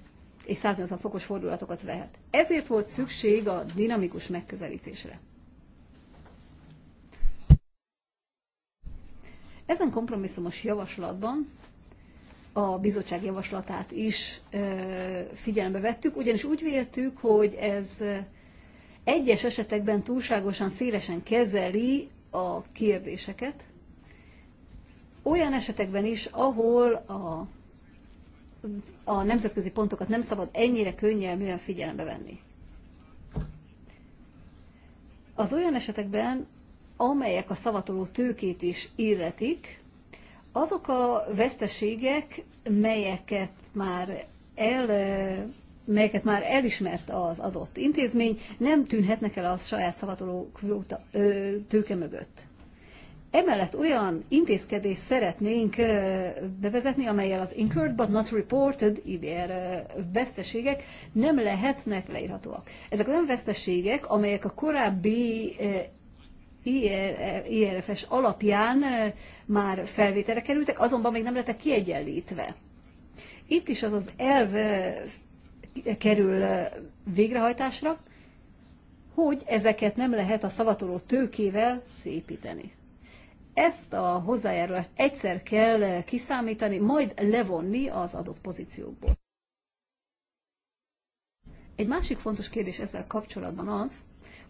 és 180 fokos fordulatokat vehet. Ezért volt szükség a dinamikus megközelítésre. Ezen kompromisszumos javaslatban a bizottság javaslatát is figyelembe vettük, ugyanis úgy véltük, hogy ez egyes esetekben túlságosan szélesen kezeli a kérdéseket, olyan esetekben is, ahol a a nemzetközi pontokat nem szabad ennyire könnyelműen figyelembe venni. Az olyan esetekben, amelyek a szavatoló tőkét is illetik, azok a veszteségek, melyeket már el melyeket már elismert az adott intézmény, nem tűnhetnek el a saját szavatoló tőke mögött. Emellett olyan intézkedést szeretnénk bevezetni, amelyel az incurred but not reported IBR veszteségek nem lehetnek leírhatóak. Ezek olyan veszteségek, amelyek a korábbi IRFS e e alapján már felvételre kerültek, azonban még nem lettek kiegyenlítve. Itt is az az elv kerül végrehajtásra, hogy ezeket nem lehet a szavatoló tőkével szépíteni ezt a hozzájárulást egyszer kell kiszámítani, majd levonni az adott pozíciókból. Egy másik fontos kérdés ezzel kapcsolatban az,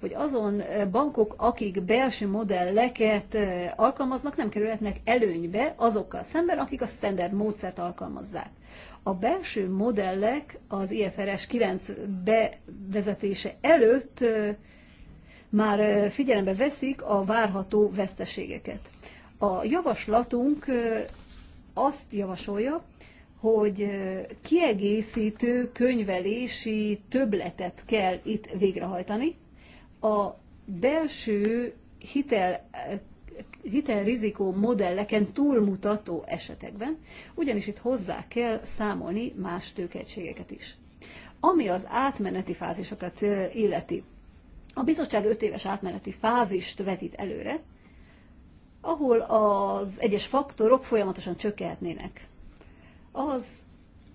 hogy azon bankok, akik belső modelleket alkalmaznak, nem kerülhetnek előnybe azokkal szemben, akik a standard módszert alkalmazzák. A belső modellek az IFRS 9 bevezetése előtt már figyelembe veszik a várható veszteségeket. A javaslatunk azt javasolja, hogy kiegészítő könyvelési töbletet kell itt végrehajtani. A belső hitel hitelrizikó modelleken túlmutató esetekben, ugyanis itt hozzá kell számolni más tőkegységeket is. Ami az átmeneti fázisokat illeti, a bizottság öt éves átmeneti fázist vetít előre, ahol az egyes faktorok folyamatosan csökkenhetnének. Az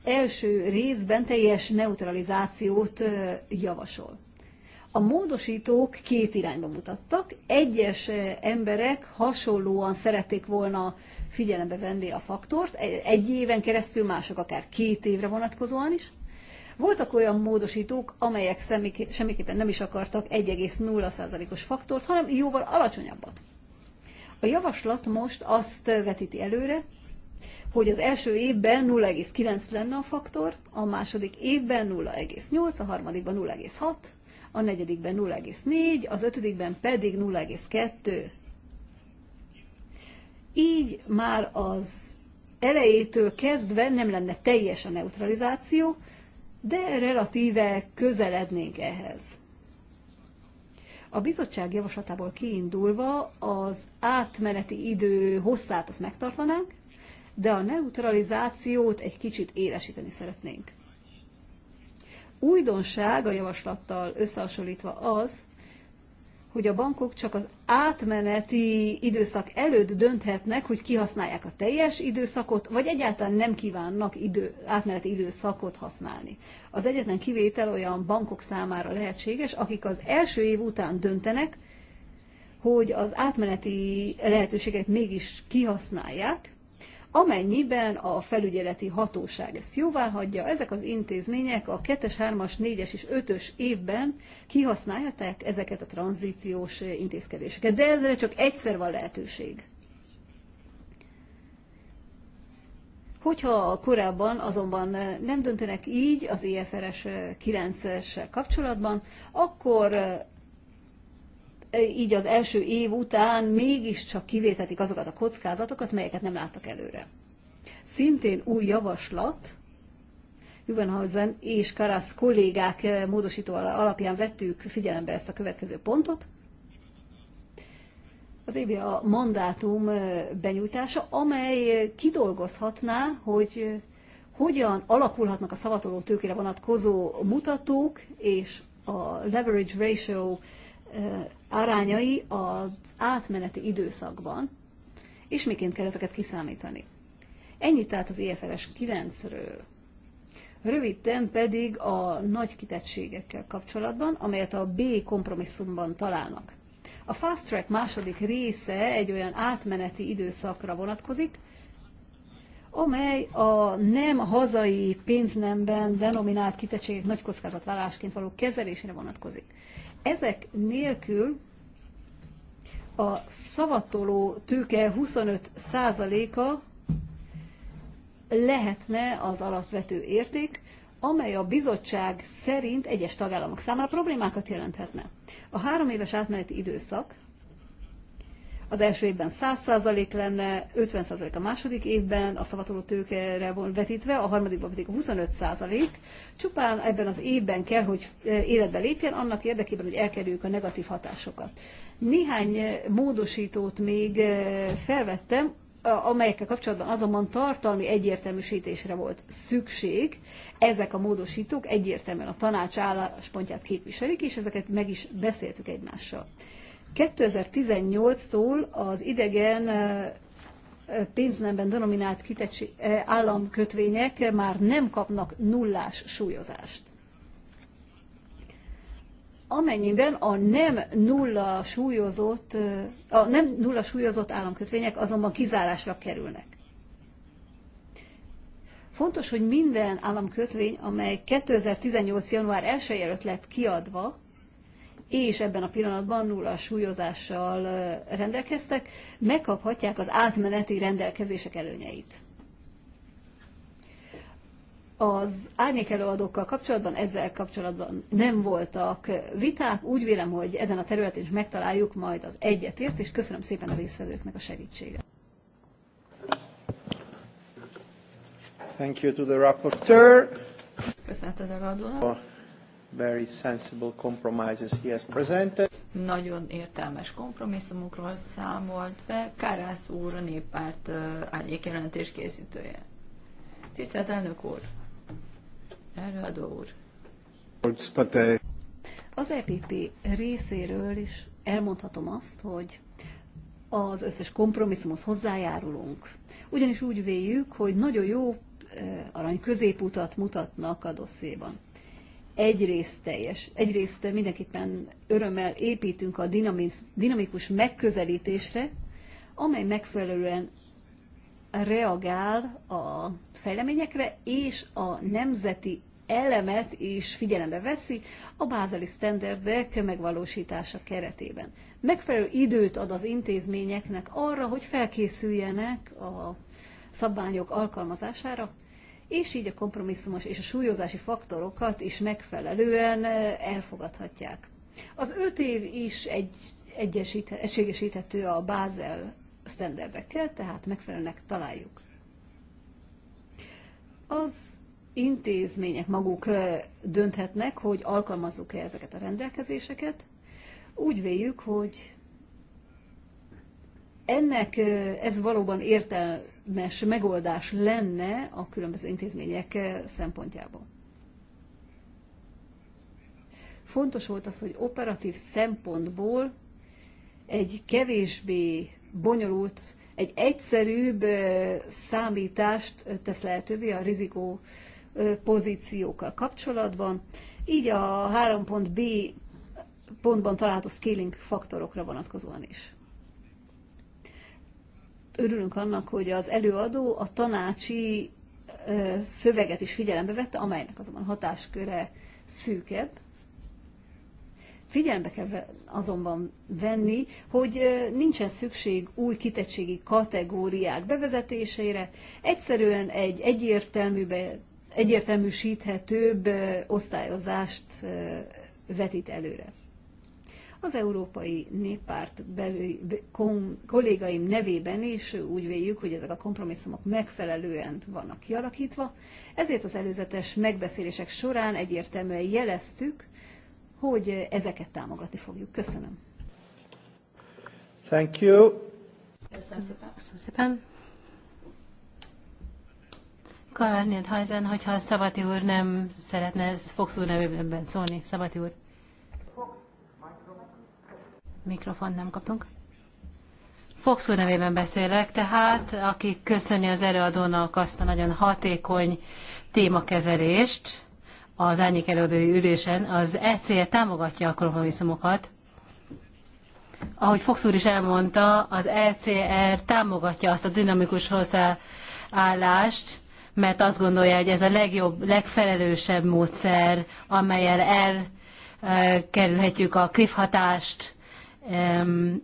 első részben teljes neutralizációt javasol. A módosítók két irányba mutattak. Egyes emberek hasonlóan szerették volna figyelembe venni a faktort, e, egy éven keresztül, mások akár két évre vonatkozóan is. Voltak olyan módosítók, amelyek semmiképpen nem is akartak 1,0%-os faktort, hanem jóval alacsonyabbat. A javaslat most azt vetíti előre, hogy az első évben 0,9 lenne a faktor, a második évben 0,8, a harmadikban 0,6, a negyedikben 0,4, az ötödikben pedig 0,2. Így már az elejétől kezdve nem lenne teljes a neutralizáció, de relatíve közelednénk ehhez. A bizottság javaslatából kiindulva az átmeneti idő hosszát azt megtartanánk, de a neutralizációt egy kicsit élesíteni szeretnénk. Újdonság a javaslattal összehasonlítva az, hogy a bankok csak az átmeneti időszak előtt dönthetnek, hogy kihasználják a teljes időszakot, vagy egyáltalán nem kívánnak idő, átmeneti időszakot használni. Az egyetlen kivétel olyan bankok számára lehetséges, akik az első év után döntenek, hogy az átmeneti lehetőséget mégis kihasználják, Amennyiben a felügyeleti hatóság ezt jóvá hagyja, ezek az intézmények a 2-es, 3-as, 4-es és 5-ös évben kihasználhatják ezeket a tranzíciós intézkedéseket. De ezre csak egyszer van lehetőség. Hogyha korábban azonban nem döntenek így az EFRS 9 es kapcsolatban, akkor így az első év után mégiscsak kivétetik azokat a kockázatokat, melyeket nem láttak előre. Szintén új javaslat, Jugendhausen és Karasz kollégák eh, módosító alapján vettük figyelembe ezt a következő pontot. Az évi a mandátum eh, benyújtása, amely eh, kidolgozhatná, hogy hogyan alakulhatnak a szavatoló tőkére vonatkozó mutatók és a leverage ratio arányai az átmeneti időszakban, és miként kell ezeket kiszámítani. Ennyit tehát az EFRS 9-ről. Röviden pedig a nagy kitettségekkel kapcsolatban, amelyet a B kompromisszumban találnak. A Fast Track második része egy olyan átmeneti időszakra vonatkozik, amely a nem hazai pénznemben denominált kitettségek nagy kockázatvállásként való kezelésére vonatkozik. Ezek nélkül a szavatoló tőke 25%-a lehetne az alapvető érték, amely a bizottság szerint egyes tagállamok számára problémákat jelenthetne. A három éves átmeneti időszak az első évben 100% lenne, 50% a második évben, a szavatoló tőkere volt vetítve, a harmadikban pedig a 25%. Csupán ebben az évben kell, hogy életbe lépjen, annak érdekében, hogy elkerüljük a negatív hatásokat. Néhány módosítót még felvettem, amelyekkel kapcsolatban azonban tartalmi egyértelműsítésre volt szükség. Ezek a módosítók egyértelműen a tanács álláspontját képviselik, és ezeket meg is beszéltük egymással. 2018-tól az idegen pénznemben denominált kitetsi, államkötvények már nem kapnak nullás súlyozást. Amennyiben a nem nulla súlyozott, a nem nulla súlyozott államkötvények azonban kizárásra kerülnek. Fontos, hogy minden államkötvény, amely 2018. január 1 előtt lett kiadva, és ebben a pillanatban nulla súlyozással rendelkeztek, megkaphatják az átmeneti rendelkezések előnyeit. Az árnyékelőadókkal kapcsolatban, ezzel kapcsolatban nem voltak viták, úgy vélem, hogy ezen a területen is megtaláljuk majd az egyetért, és köszönöm szépen a résztvevőknek a segítséget. Thank you to the rapporteur. az előadónak very sensible compromises he has presented. Nagyon értelmes kompromisszumokról számolt be Kárász úr, a néppárt árnyék jelentés készítője. Tisztelt elnök úr! Előadó úr! Az EPP részéről is elmondhatom azt, hogy az összes kompromisszumhoz hozzájárulunk. Ugyanis úgy véljük, hogy nagyon jó arany középutat mutatnak a dosszéban egyrészt teljes, egyrészt mindenképpen örömmel építünk a dinamikus megközelítésre, amely megfelelően reagál a fejleményekre, és a nemzeti elemet is figyelembe veszi a bázali standardek megvalósítása keretében. Megfelelő időt ad az intézményeknek arra, hogy felkészüljenek a szabványok alkalmazására, és így a kompromisszumos és a súlyozási faktorokat is megfelelően eh, elfogadhatják. Az öt év is egy egyesít, egységesíthető a Bázel sztenderdekkel, tehát megfelelőnek találjuk. Az intézmények maguk eh, dönthetnek, hogy alkalmazzuk-e ezeket a rendelkezéseket. Úgy véljük, hogy ennek eh, ez valóban értel, értelmes megoldás lenne a különböző intézmények eh, szempontjából. Fontos volt az, hogy operatív szempontból egy kevésbé bonyolult, egy egyszerűbb eh, számítást eh, tesz lehetővé a rizikó pozíciókkal kapcsolatban. Így a 3.b pontban található scaling faktorokra vonatkozóan is örülünk annak, hogy az előadó a tanácsi szöveget is figyelembe vette, amelynek azonban hatásköre szűkebb. Figyelembe kell azonban venni, hogy nincsen szükség új kitettségi kategóriák bevezetésére, egyszerűen egy egyértelműbe, egyértelműsíthetőbb osztályozást vetít előre. Az Európai Néppárt belül, kom, kollégáim nevében is úgy véljük, hogy ezek a kompromisszumok megfelelően vannak kialakítva, ezért az előzetes megbeszélések során egyértelműen jeleztük, hogy ezeket támogatni fogjuk. Köszönöm. Thank you. Köszönöm szépen. Köszönöm szépen. Karl Heizen, hogyha Szabati úr nem szeretne, fogsz úr nevében szólni. Szabati úr. Mikrofon nem kapunk. Fox úr nevében beszélek, tehát aki köszöni az előadónak azt a nagyon hatékony témakezelést az árnyék előadói ülésen, az ECR támogatja a kompromisszumokat. Ahogy Fox úr is elmondta, az ECR támogatja azt a dinamikus hozzáállást, mert azt gondolja, hogy ez a legjobb, legfelelősebb módszer, amelyel elkerülhetjük a cliff hatást,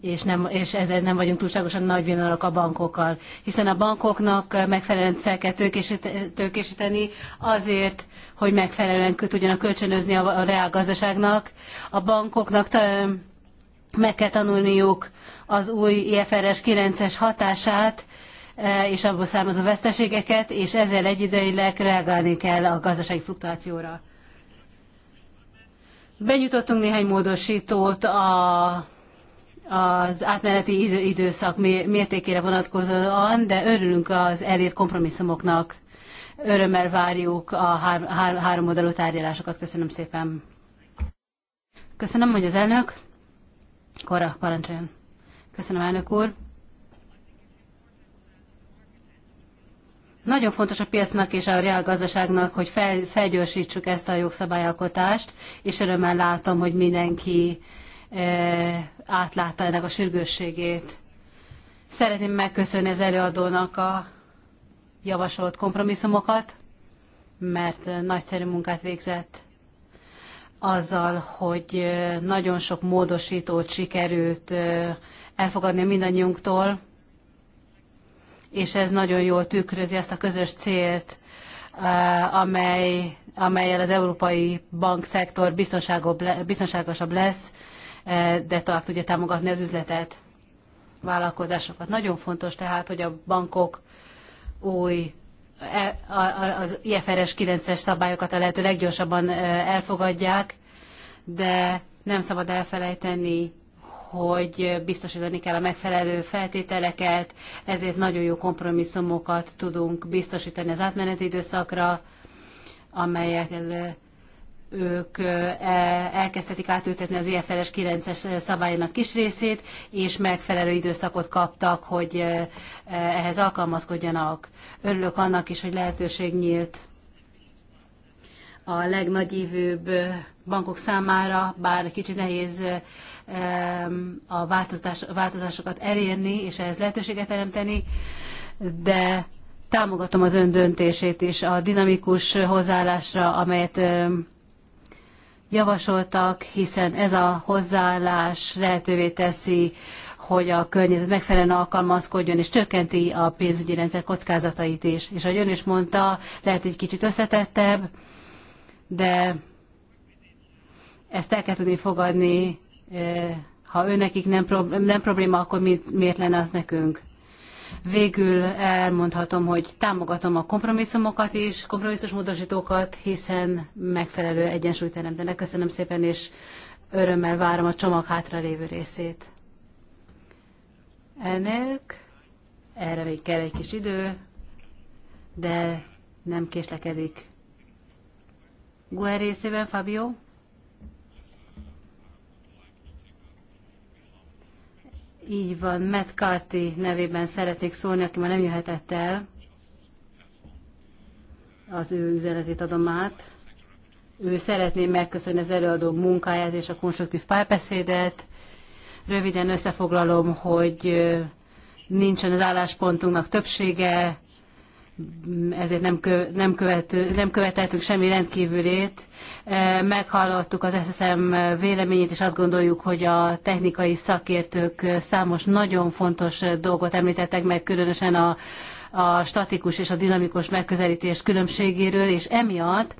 és, nem, és ezzel nem vagyunk túlságosan nagy vinalak a bankokkal, hiszen a bankoknak megfelelően fel kell tőkésíteni azért, hogy megfelelően tudjanak kölcsönözni a, a reálgazdaságnak. A bankoknak meg kell tanulniuk az új IFRS 9-es hatását, e, és abból származó veszteségeket, és ezzel egyidejűleg reagálni kell a gazdasági fluktuációra. Benyújtottunk néhány módosítót a az átmeneti időszak mértékére vonatkozóan, de örülünk az elért kompromisszumoknak. Örömmel várjuk a három oldalú tárgyalásokat. Köszönöm szépen. Köszönöm, hogy az elnök. Kora, parancsoljon. Köszönöm, elnök úr. Nagyon fontos a piacnak és a reálgazdaságnak, hogy fel, felgyorsítsuk ezt a jogszabályalkotást, és örömmel látom, hogy mindenki E, átlátta ennek a sürgősségét. Szeretném megköszönni az előadónak a javasolt kompromisszumokat, mert nagyszerű munkát végzett azzal, hogy nagyon sok módosítót sikerült e, elfogadni mindannyiunktól, és ez nagyon jól tükrözi ezt a közös célt, e, amely, amelyel az európai bankszektor biztonságosabb lesz, E, de tovább tudja támogatni az üzletet, vállalkozásokat. Nagyon fontos tehát, hogy a bankok új e, az IFRS 9-es szabályokat a lehető leggyorsabban e, elfogadják, de nem szabad elfelejteni, hogy biztosítani kell a megfelelő feltételeket, ezért nagyon jó kompromisszumokat tudunk biztosítani az átmeneti időszakra, amelyek ők e, elkezdhetik átültetni az EFRS 9-es szabályának kis részét, és megfelelő időszakot kaptak, hogy e, ehhez alkalmazkodjanak. Örülök annak is, hogy lehetőség nyílt a legnagyívőbb bankok számára, bár kicsit nehéz a változásokat elérni, és ehhez lehetőséget teremteni, de támogatom az ön döntését is a dinamikus hozzáállásra, amelyet javasoltak, hiszen ez a hozzáállás lehetővé teszi, hogy a környezet megfelelően alkalmazkodjon, és csökkenti a pénzügyi rendszer kockázatait is. És ahogy ön is mondta, lehet egy kicsit összetettebb, de ezt el kell tudni fogadni, eh, ha ő nekik nem, probléma, akkor miért lenne az nekünk? Végül elmondhatom, hogy támogatom a kompromisszumokat is, kompromisszus módosítókat, hiszen megfelelő egyensúlyt teremtenek. Köszönöm szépen, és örömmel várom a csomag hátralévő részét. Elnök, erre még kell egy kis idő, de nem késlekedik. Guer részében, Fabio? Így van, Matt Carty nevében szeretnék szólni, aki ma nem jöhetett el. Az ő üzenetét adom át. Ő szeretné megköszönni az előadó munkáját és a konstruktív párbeszédet. Röviden összefoglalom, hogy nincsen az álláspontunknak többsége, ezért nem, kö, nem, követő, nem követeltünk semmi rendkívülét. E, meghallottuk az SSM véleményét, és azt gondoljuk, hogy a technikai szakértők számos nagyon fontos dolgot említettek meg, különösen a, a statikus és a dinamikus megközelítés különbségéről, és emiatt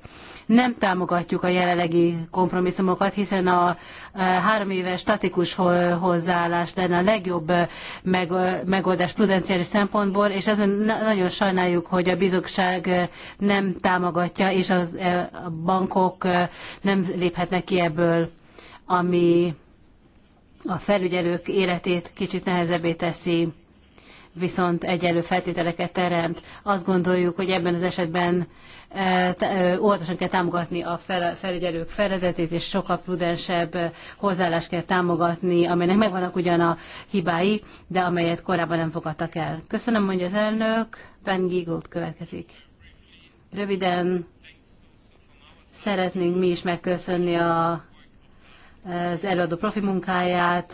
nem támogatjuk a jelenlegi kompromisszumokat, hiszen a három éves statikus hozzáállás lenne a legjobb megoldás prudenciális szempontból, és ezen nagyon sajnáljuk, hogy a bizottság nem támogatja, és a bankok nem léphetnek ki ebből, ami a felügyelők életét kicsit nehezebbé teszi viszont egyenlő feltételeket teremt. Azt gondoljuk, hogy ebben az esetben e, e, óvatosan kell támogatni a felügyelők feledetét, és sokkal prudensebb e, hozzáállást kell támogatni, amelynek megvannak ugyan a hibái, de amelyet korábban nem fogadtak el. Köszönöm, mondja az elnök. Ben Giegold következik. Röviden szeretnénk mi is megköszönni a, az előadó profi munkáját,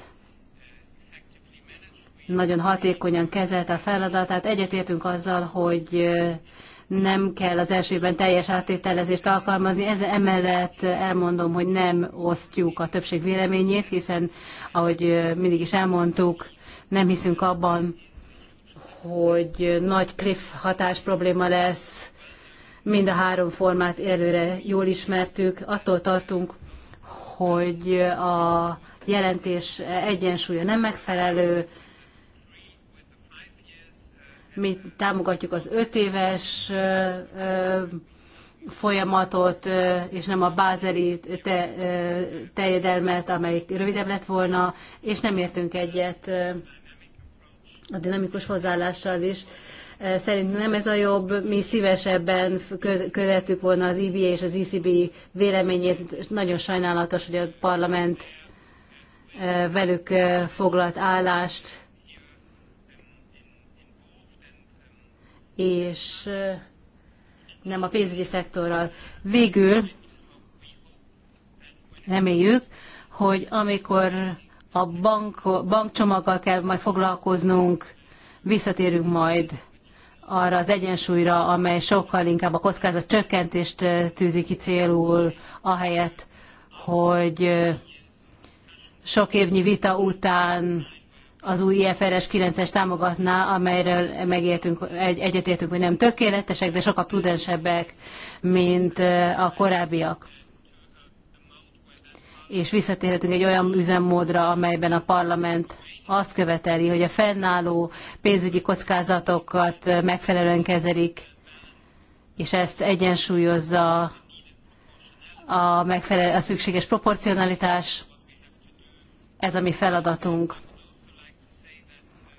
nagyon hatékonyan kezelte a feladatát. Egyetértünk azzal, hogy nem kell az elsőben teljes áttételezést alkalmazni. Ez emellett elmondom, hogy nem osztjuk a többség véleményét, hiszen, ahogy mindig is elmondtuk, nem hiszünk abban, hogy nagy cliff hatás probléma lesz. Mind a három formát előre jól ismertük. Attól tartunk, hogy a jelentés egyensúlya nem megfelelő, mi támogatjuk az öt éves folyamatot, és nem a bázeli te, teljedelmet, amely rövidebb lett volna, és nem értünk egyet a dinamikus hozzáállással is. Szerintem nem ez a jobb, mi szívesebben követtük volna az IBA e és az ICB e véleményét, nagyon sajnálatos, hogy a parlament velük foglalt állást és nem a pénzügyi szektorral. Végül reméljük, hogy amikor a bank, bankcsomaggal kell majd foglalkoznunk, visszatérünk majd arra az egyensúlyra, amely sokkal inkább a kockázat csökkentést tűzi ki célul, ahelyett, hogy sok évnyi vita után az új IFRS 9-es támogatná, amelyről megértünk, egy, egyetértünk, hogy nem tökéletesek, de sokkal prudensebbek, mint a korábbiak. És visszatérhetünk egy olyan üzemmódra, amelyben a parlament azt követeli, hogy a fennálló pénzügyi kockázatokat megfelelően kezelik, és ezt egyensúlyozza a, megfelel, a szükséges proporcionalitás. Ez a mi feladatunk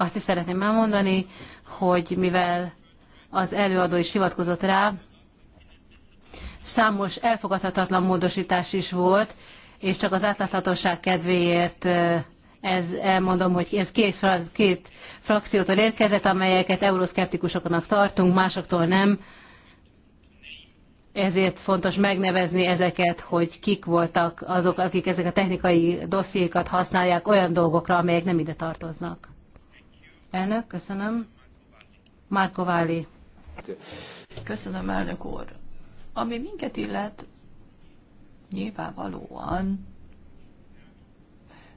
azt is szeretném elmondani, hogy mivel az előadó is hivatkozott rá, számos elfogadhatatlan módosítás is volt, és csak az átláthatóság kedvéért ez elmondom, hogy ez két, két frakciótól érkezett, amelyeket euroszkeptikusoknak tartunk, másoktól nem. Ezért fontos megnevezni ezeket, hogy kik voltak azok, akik ezek a technikai dossziékat használják olyan dolgokra, amelyek nem ide tartoznak. Elnök, köszönöm. Márko Váli. Köszönöm, elnök úr. Ami minket illet, nyilvánvalóan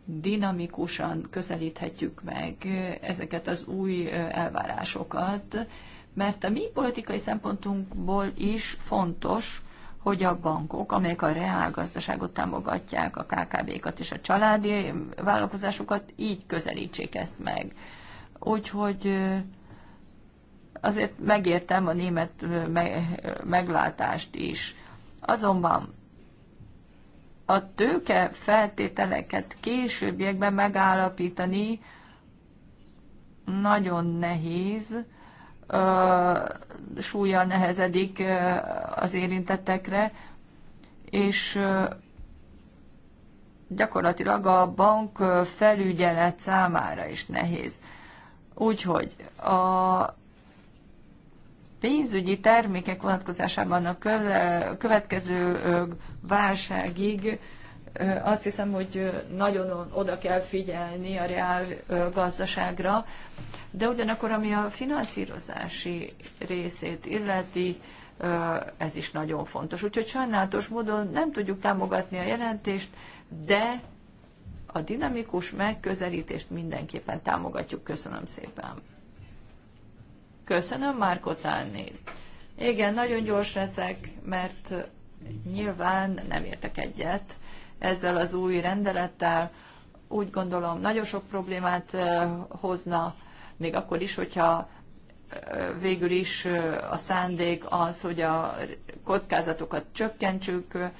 dinamikusan közelíthetjük meg ezeket az új elvárásokat, mert a mi politikai szempontunkból is fontos, hogy a bankok, amelyek a reálgazdaságot támogatják, a KKV-kat és a családi vállalkozásokat, így közelítsék ezt meg. Úgyhogy azért megértem a német meglátást is. Azonban a tőke feltételeket későbbiekben megállapítani nagyon nehéz, súlya nehezedik az érintettekre, és gyakorlatilag a bank felügyelet számára is nehéz. Úgyhogy a pénzügyi termékek vonatkozásában a következő válságig azt hiszem, hogy nagyon oda kell figyelni a reál gazdaságra, de ugyanakkor, ami a finanszírozási részét illeti, ez is nagyon fontos. Úgyhogy sajnálatos módon nem tudjuk támogatni a jelentést, de a dinamikus megközelítést mindenképpen támogatjuk. Köszönöm szépen. Köszönöm, Márko Cálné. Igen, nagyon gyors leszek, mert nyilván nem értek egyet ezzel az új rendelettel. Úgy gondolom, nagyon sok problémát hozna, még akkor is, hogyha végül is a szándék az, hogy a kockázatokat csökkentsük,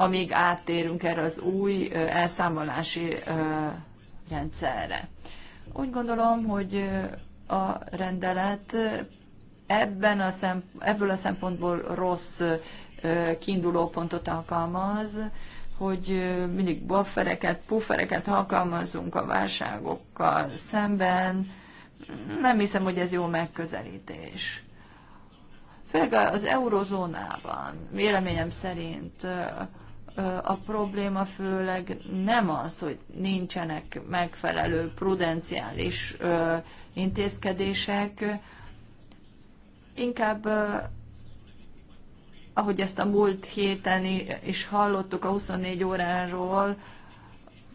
amíg áttérünk erre az új elszámolási rendszerre. Úgy gondolom, hogy a rendelet ebben a szemp- ebből a szempontból rossz pontot alkalmaz, hogy mindig buffereket, puffereket alkalmazunk a válságokkal szemben. Nem hiszem, hogy ez jó megközelítés. Főleg az eurozónában, véleményem szerint a probléma főleg nem az, hogy nincsenek megfelelő prudenciális intézkedések, inkább ahogy ezt a múlt héten is hallottuk a 24 óráról,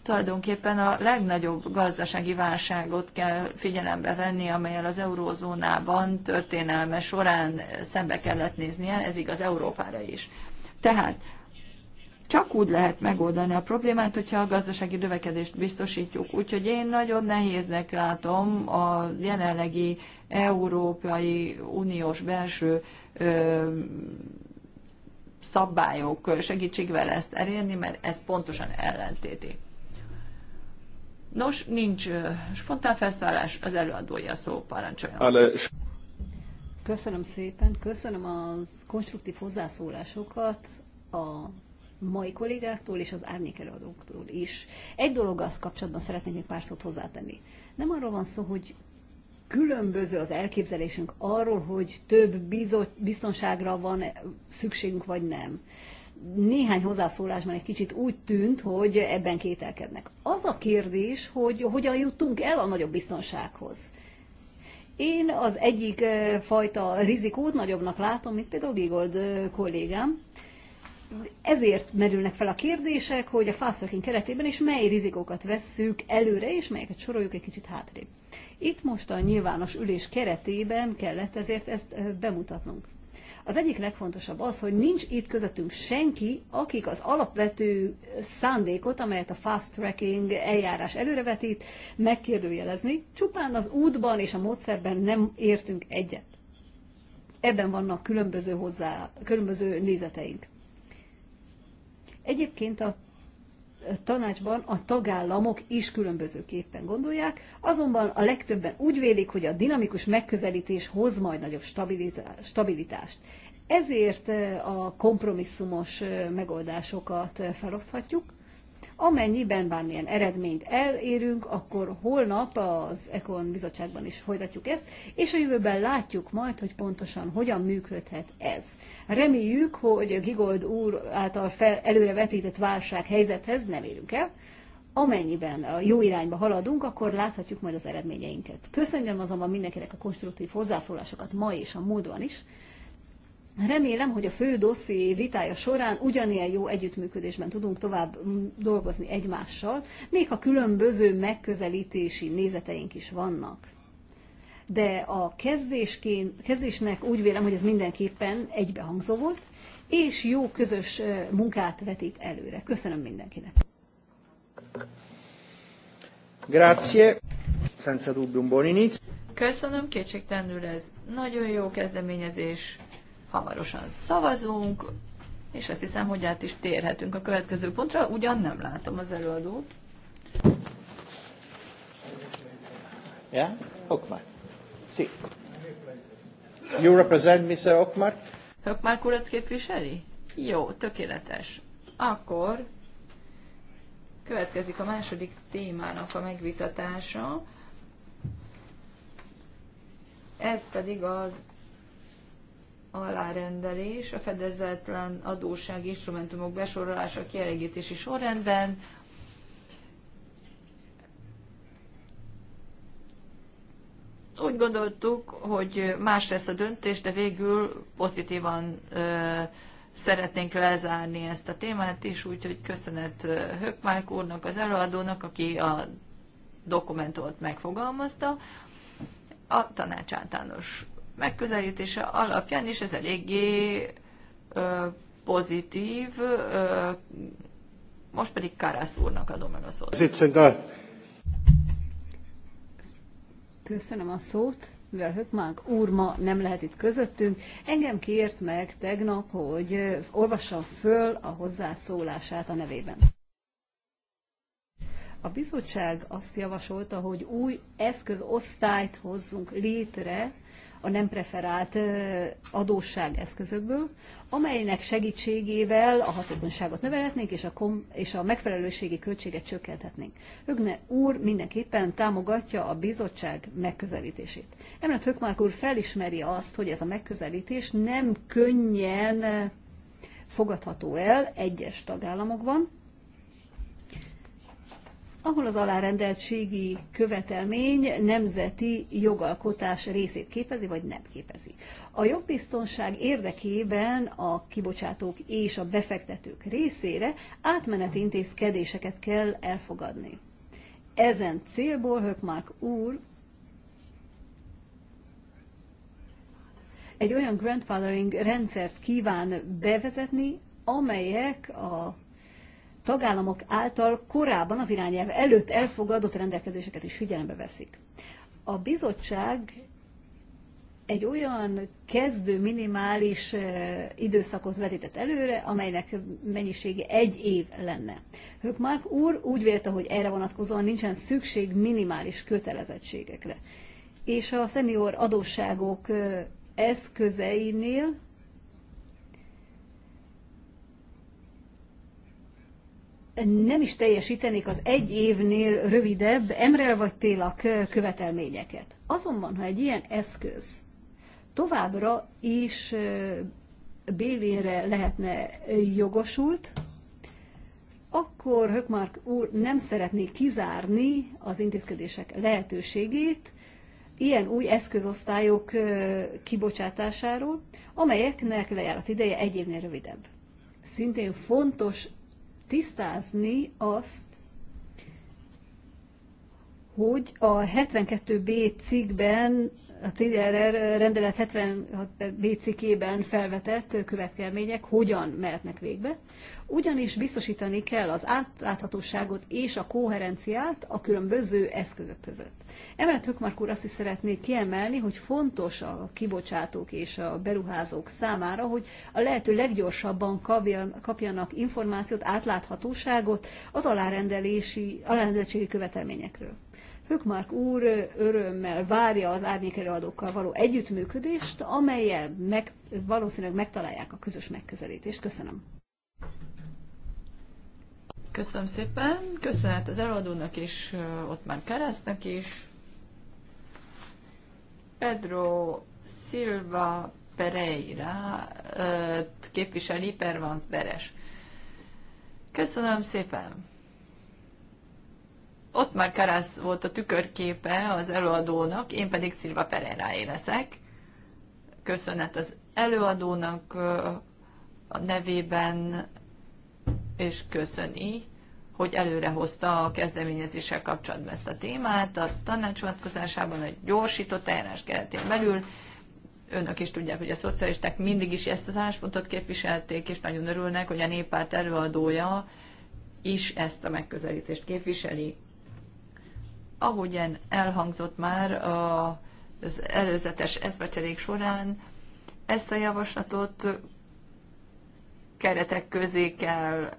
tulajdonképpen a legnagyobb gazdasági válságot kell figyelembe venni, amelyel az eurózónában történelme során szembe kellett néznie, ez igaz Európára is. Tehát csak úgy lehet megoldani a problémát, hogyha a gazdasági növekedést biztosítjuk. Úgyhogy én nagyon nehéznek látom a jelenlegi Európai Uniós belső ö, szabályok segítségvel ezt elérni, mert ez pontosan ellentéti. Nos, nincs spontán felszállás, az előadója szó parancsolja. Köszönöm szépen, köszönöm az konstruktív hozzászólásokat, a mai kollégáktól és az árnyék előadóktól is. Egy dolog az kapcsolatban szeretnék még pár szót hozzátenni. Nem arról van szó, hogy különböző az elképzelésünk arról, hogy több biztonságra van szükségünk, vagy nem. Néhány hozzászólásban egy kicsit úgy tűnt, hogy ebben kételkednek. Az a kérdés, hogy hogyan jutunk el a nagyobb biztonsághoz. Én az egyik eh, fajta rizikót nagyobbnak látom, mint például Gigold eh, kollégám, ezért merülnek fel a kérdések, hogy a fast keretében is mely rizikókat vesszük előre, és melyeket soroljuk egy kicsit hátrébb. Itt most a nyilvános ülés keretében kellett ezért ezt bemutatnunk. Az egyik legfontosabb az, hogy nincs itt közöttünk senki, akik az alapvető szándékot, amelyet a fast tracking eljárás előrevetít, megkérdőjelezni, csupán az útban és a módszerben nem értünk egyet. Ebben vannak különböző, hozzá, különböző nézeteink. Egyébként a tanácsban a tagállamok is különbözőképpen gondolják, azonban a legtöbben úgy vélik, hogy a dinamikus megközelítés hoz majd nagyobb stabilitást. Ezért eh, a kompromisszumos eh, megoldásokat eh, feloszthatjuk, Amennyiben bármilyen eredményt elérünk, akkor holnap az Ekon bizottságban is folytatjuk ezt, és a jövőben látjuk majd, hogy pontosan hogyan működhet ez. Reméljük, hogy Gigold úr által fel, előre vetített válság helyzethez nem érünk el, amennyiben a jó irányba haladunk, akkor láthatjuk majd az eredményeinket. Köszönöm azonban mindenkinek a konstruktív hozzászólásokat ma és a múltban is. Remélem, hogy a fő dosszié vitája során ugyanilyen jó együttműködésben tudunk tovább mm, dolgozni egymással, még ha különböző megközelítési nézeteink is vannak. De a kezdésnek úgy vélem, hogy ez mindenképpen egybehangzó volt, és jó közös munkát vetít előre. Köszönöm mindenkinek. Grazie. Senza dubbio un buon inizio. Köszönöm, kétségtelenül ez nagyon jó kezdeményezés hamarosan szavazunk, és azt hiszem, hogy át is térhetünk a következő pontra, ugyan nem látom az előadót. Yeah? Okmar. Sí. You represent Mr. Okmar? Okmar urat képviseli? Jó, tökéletes. Akkor következik a második témának a megvitatása. Ez pedig az alárendelés a fedezetlen adósság instrumentumok besorolása kielégítési sorrendben. Úgy gondoltuk, hogy más lesz a döntés, de végül pozitívan ö, szeretnénk lezárni ezt a témát is, úgyhogy köszönet Hökmárk úrnak, az előadónak, aki a dokumentumot megfogalmazta. A tanács általános megközelítése alapján, is ez eléggé ö, pozitív. Ö, most pedig Karász úrnak adom meg a szót. Köszönöm a szót, mivel Hökmánk úr ma nem lehet itt közöttünk. Engem kért meg tegnap, hogy olvassam föl a hozzászólását a nevében. A bizottság azt javasolta, hogy új eszközosztályt hozzunk létre a nem preferált eszközökből, amelynek segítségével a hatékonyságot növelhetnénk, és a, kom- és a megfelelőségi költséget csökkenthetnénk. Ögne úr mindenképpen támogatja a bizottság megközelítését. Emlet Hökmark úr felismeri azt, hogy ez a megközelítés nem könnyen fogadható el egyes tagállamokban, ahol az alárendeltségi követelmény nemzeti jogalkotás részét képezi, vagy nem képezi. A jogbiztonság érdekében a kibocsátók és a befektetők részére átmeneti intézkedéseket kell elfogadni. Ezen célból Hökmark úr egy olyan grandfathering rendszert kíván bevezetni, amelyek a tagállamok által korábban az irányelv előtt elfogadott rendelkezéseket is figyelembe veszik. A bizottság egy olyan kezdő minimális eh, időszakot vetített előre, amelynek mennyisége egy év lenne. Mark úr úgy vélte, hogy erre vonatkozóan nincsen szükség minimális kötelezettségekre. És a szenior adósságok eh, eszközeinél nem is teljesítenék az egy évnél rövidebb emrel vagy télak követelményeket. Azonban, ha egy ilyen eszköz továbbra is bélinre lehetne jogosult, akkor Hökmark úr nem szeretné kizárni az intézkedések lehetőségét ilyen új eszközosztályok kibocsátásáról, amelyeknek lejárat ideje egy évnél rövidebb. Szintén fontos tisztázni azt, hogy a 72B cikkben a CDRR rendelet 76 B cikkében felvetett követkelmények hogyan mehetnek végbe, ugyanis biztosítani kell az átláthatóságot és a koherenciát a különböző eszközök között. Emellett Hökmark úr azt is szeretné kiemelni, hogy fontos a kibocsátók és a beruházók számára, hogy a lehető leggyorsabban kapjanak információt, átláthatóságot az alárendelési, alárendeltségi követelményekről. Hökmark úr örömmel várja az árnyékelőadókkal való együttműködést, amelyel meg, valószínűleg megtalálják a közös megközelítést. Köszönöm. Köszönöm szépen. Köszönet az előadónak is, ott már Keresztnek is. Pedro Silva Pereira képviseli Pervans Beres. Köszönöm szépen! Ott már Karász volt a tükörképe az előadónak, én pedig Szilva Pereira leszek. Köszönet az előadónak a nevében, és köszöni, hogy előre hozta a kezdeményezéssel kapcsolatban ezt a témát. A tanácsvonatkozásában egy gyorsított eljárás keretén belül önök is tudják, hogy a szocialisták mindig is ezt az álláspontot képviselték, és nagyon örülnek, hogy a néppárt előadója is ezt a megközelítést képviseli ahogyan elhangzott már az előzetes eszbecserék során, ezt a javaslatot keretek közé kell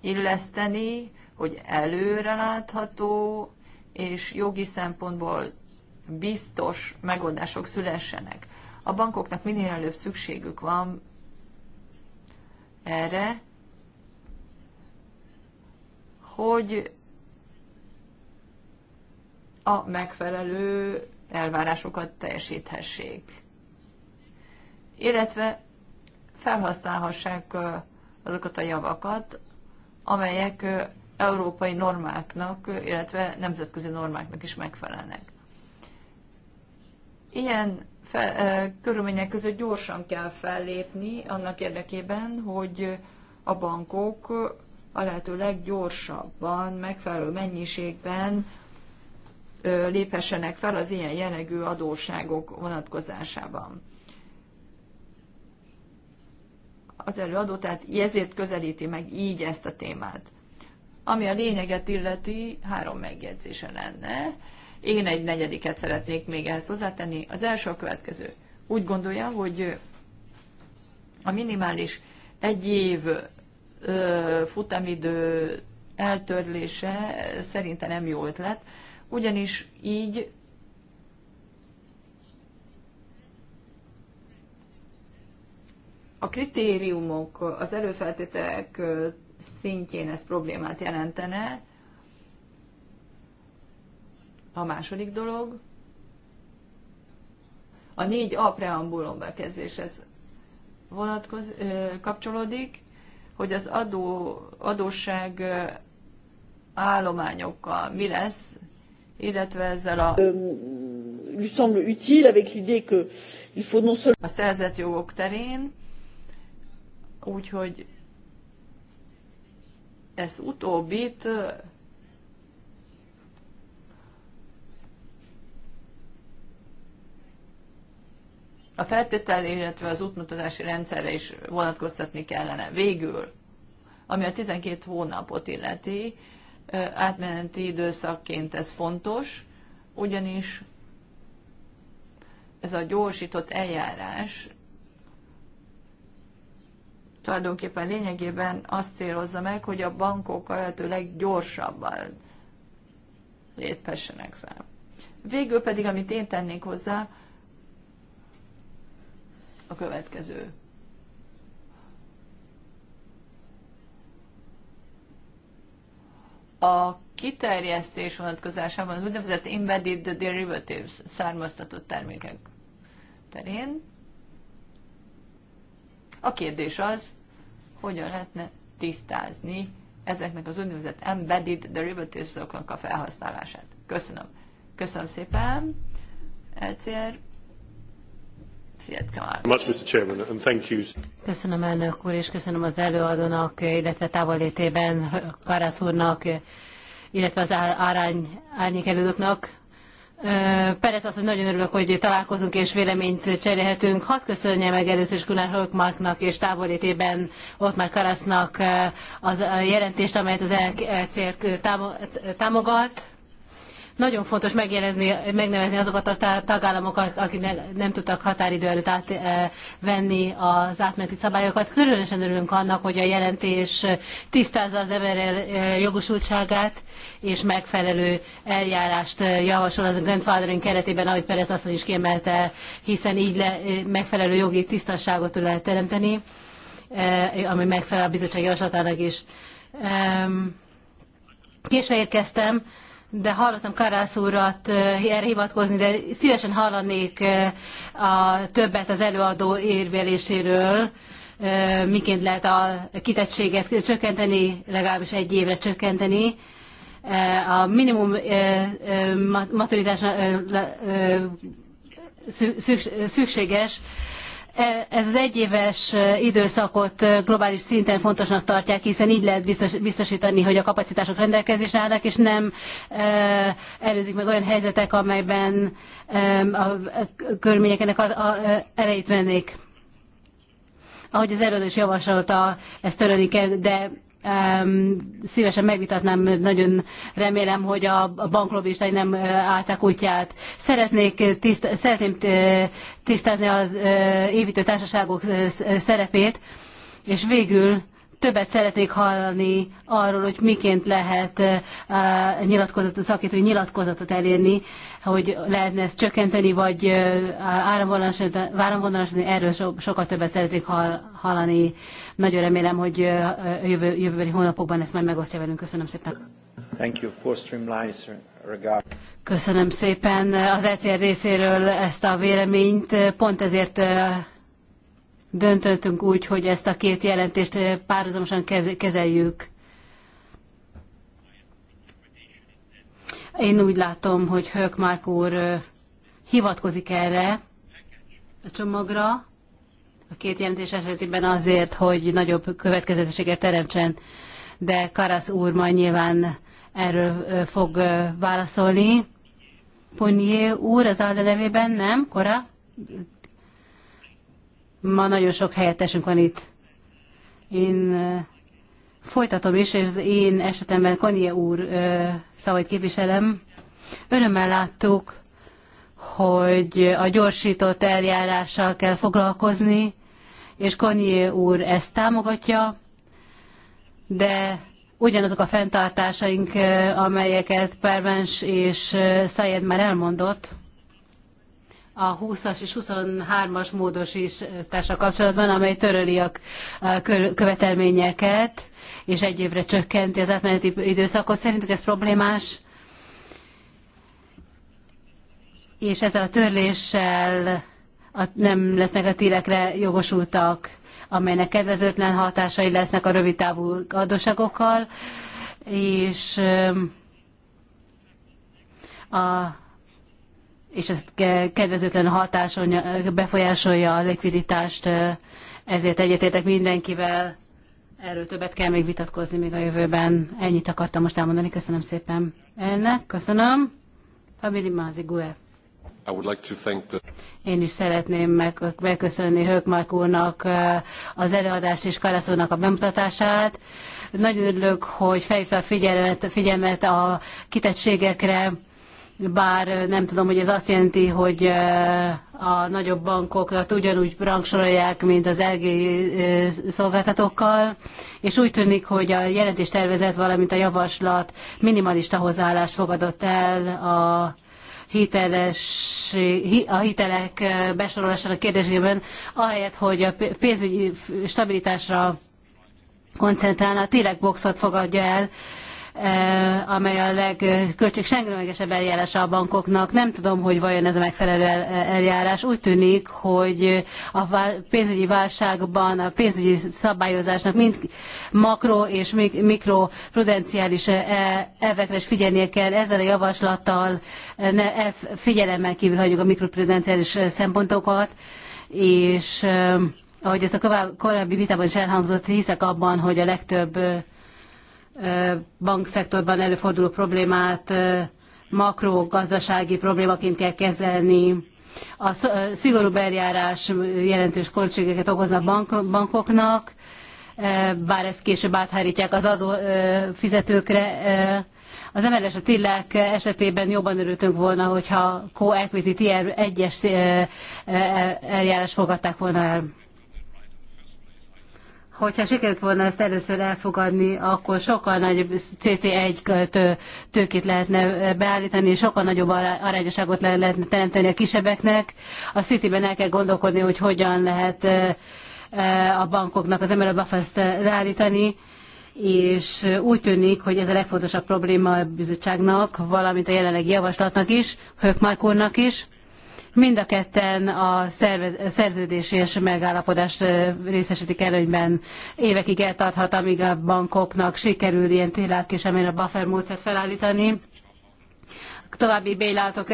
illeszteni, hogy előrelátható és jogi szempontból biztos megoldások szülessenek. A bankoknak minél előbb szükségük van erre, hogy a megfelelő elvárásokat teljesíthessék. Illetve felhasználhassák azokat a javakat, amelyek európai normáknak, illetve nemzetközi normáknak is megfelelnek. Ilyen fel, e, körülmények között gyorsan kell fellépni annak érdekében, hogy a bankok a lehető leggyorsabban, megfelelő mennyiségben léphessenek fel az ilyen jellegű adósságok vonatkozásában. Az előadó tehát ezért közelíti meg így ezt a témát. Ami a lényeget illeti, három megjegyzése lenne. Én egy negyediket szeretnék még ehhez hozzátenni. Az első a következő. Úgy gondolja, hogy a minimális egy év futamidő eltörlése szerintem nem jó ötlet, ugyanis így a kritériumok, az előfeltételek szintjén ez problémát jelentene. A második dolog, a négy A preambulum bekezdéshez vonatkoz, kapcsolódik, hogy az adó, adósság állományokkal mi lesz, illetve ezzel a lui semble utile avec l'idée que il faut non seulement a szerzett jogok terén, úgyhogy ez utóbbit a feltétel, illetve az útmutatási rendszerre is vonatkoztatni kellene. Végül, ami a 12 hónapot illeti, átmeneti időszakként ez fontos, ugyanis ez a gyorsított eljárás tulajdonképpen lényegében azt célozza meg, hogy a bankok a lehető leggyorsabban léphessenek fel. Végül pedig, amit én tennék hozzá, a következő. a kiterjesztés vonatkozásában az úgynevezett embedded derivatives származtatott termékek terén. A kérdés az, hogyan lehetne tisztázni ezeknek az úgynevezett embedded derivatives a felhasználását. Köszönöm. Köszönöm szépen. ECR Mr. Chairman, Köszönöm elnök úr, és köszönöm az előadónak, illetve távolétében Karász úrnak, illetve az árány, árnyék előadóknak. Perez azt, hogy nagyon örülök, hogy találkozunk és véleményt cserélhetünk. Hadd köszönje meg először is Gunnar Hölkmarknak és távolétében ott már Karasznak az jelentést, amelyet az ECR támogat. Nagyon fontos megnevezni azokat a tagállamokat, akik nem tudtak határidő előtt átvenni eh, az átmeneti szabályokat. Különösen örülünk annak, hogy a jelentés tisztázza az ember eh, jogosultságát, és megfelelő eljárást eh, javasol az a grandfathering keretében, ahogy Perez asszony is kiemelte, hiszen így le, megfelelő jogi tisztasságot lehet teremteni, ami megfelel a bizottság javaslatának is. Késve érkeztem, de hallottam Karász úrat eh, erre hivatkozni, de szívesen hallanék eh, a többet az előadó érveléséről, eh, miként lehet a kitettséget csökkenteni, legalábbis egy évre csökkenteni. A minimum maturitás szükséges, E, ez az egyéves e, időszakot e, globális szinten fontosnak tartják, hiszen így lehet biztosítani, hogy a kapacitások rendelkezésre állnak, és nem előzik meg olyan helyzetek, amelyben a körülmények ennek a, erejét vennék. Ahogy az előadó is javasolta, ezt törölni kell, de szívesen megvitatnám, nagyon remélem, hogy a banklobistai nem állták útját. Szeretnék tiszt, szeretném tisztázni az építő társaságok szerepét, és végül többet szeretnék hallani arról, hogy miként lehet eh, nyilatkozatot, szakítói nyilatkozatot elérni, hogy lehetne ezt csökkenteni, vagy eh, áramvonalasítani, erről so, sokkal többet szeretnék hallani. Nagyon remélem, hogy eh, jövő, jövőbeli hónapokban ezt majd megosztja velünk. Köszönöm szépen. Thank you for streamlines regard. Köszönöm szépen az ECR részéről ezt a véleményt. Pont ezért döntöttünk úgy, hogy ezt a két jelentést eh, párhuzamosan kezeljük. Én úgy látom, hogy Hökmák úr eh, hivatkozik erre a csomagra, a két jelentés esetében azért, hogy nagyobb következetességet teremtsen, de Karasz úr majd nyilván erről eh, fog válaszolni. Ponyé úr az Alde nevében, nem? Kora? Ma nagyon sok helyettesünk van itt. Én folytatom is, és én esetemben Konie úr szavait képviselem. Örömmel láttuk, hogy a gyorsított eljárással kell foglalkozni, és Konyé úr ezt támogatja, de ugyanazok a fenntartásaink, amelyeket Pervens és Sayed már elmondott, a 20-as és 23-as módosítása kapcsolatban, amely töröli a követelményeket, és egy évre csökkenti az átmeneti időszakot. Szerintük ez problémás, és ezzel a törléssel nem lesznek a tírekre jogosultak, amelynek kedvezőtlen hatásai lesznek a rövidtávú adósságokkal, és a és ez kedvezőtlen hatáson befolyásolja a likviditást, ezért egyetértek mindenkivel. Erről többet kell még vitatkozni még a jövőben. Ennyit akartam most elmondani. Köszönöm szépen ennek. Köszönöm. Fabili Mázi Gue. Én is szeretném meg, megköszönni Hökmark úrnak az előadást és Kalaszónak a bemutatását. Nagyon örülök, hogy fejfel figyelmet, figyelmet a kitettségekre bár nem tudom, hogy ez azt jelenti, hogy a nagyobb bankokat ugyanúgy rangsorolják, mint az LG szolgáltatókkal, és úgy tűnik, hogy a jelentés tervezet, valamint a javaslat minimalista hozzáállást fogadott el a hiteles, a hitelek besorolásának kérdésében, ahelyett, hogy a pénzügyi stabilitásra koncentrálna, tényleg boxot fogadja el, Eh, amely a legköltségsemlegesebb eh, eljárása a bankoknak. Nem tudom, hogy vajon ez a megfelelő eh, eljárás. Úgy tűnik, hogy a pénzügyi válságban a pénzügyi szabályozásnak mind makro és mikroprudenciális elvekre is figyelnie kell. Ezzel a javaslattal e, figyelemmel kívül hagyjuk a mikroprudenciális szempontokat, és ahogy ezt a korábbi vitában is elhangzott, hiszek abban, hogy a legtöbb bankszektorban előforduló problémát makrogazdasági problémaként kell kezelni. A szigorú eljárás jelentős költségeket okoz a bank, bankoknak, bár ezt később áthárítják az adófizetőkre. Az MLS a Tillák e esetében jobban örültünk volna, hogyha Co-Equity Tier 1-es eljárás fogadták volna el. Hogyha sikerült volna ezt először elfogadni, akkor sokkal nagyobb CT1 tőkét lehetne beállítani, sokkal nagyobb arányoságot lehetne teremteni a kisebbeknek. A City-ben el kell gondolkodni, hogy hogyan lehet a bankoknak az MLA buffers leállítani, és úgy tűnik, hogy ez a legfontosabb probléma a bizottságnak, valamint a jelenlegi javaslatnak is, Hökmark úrnak is Mind a ketten a szerződési és megállapodás részesítik előnyben. Évekig eltarthat, amíg a bankoknak sikerül ilyen télárkésemén a buffer módszert felállítani további bélátok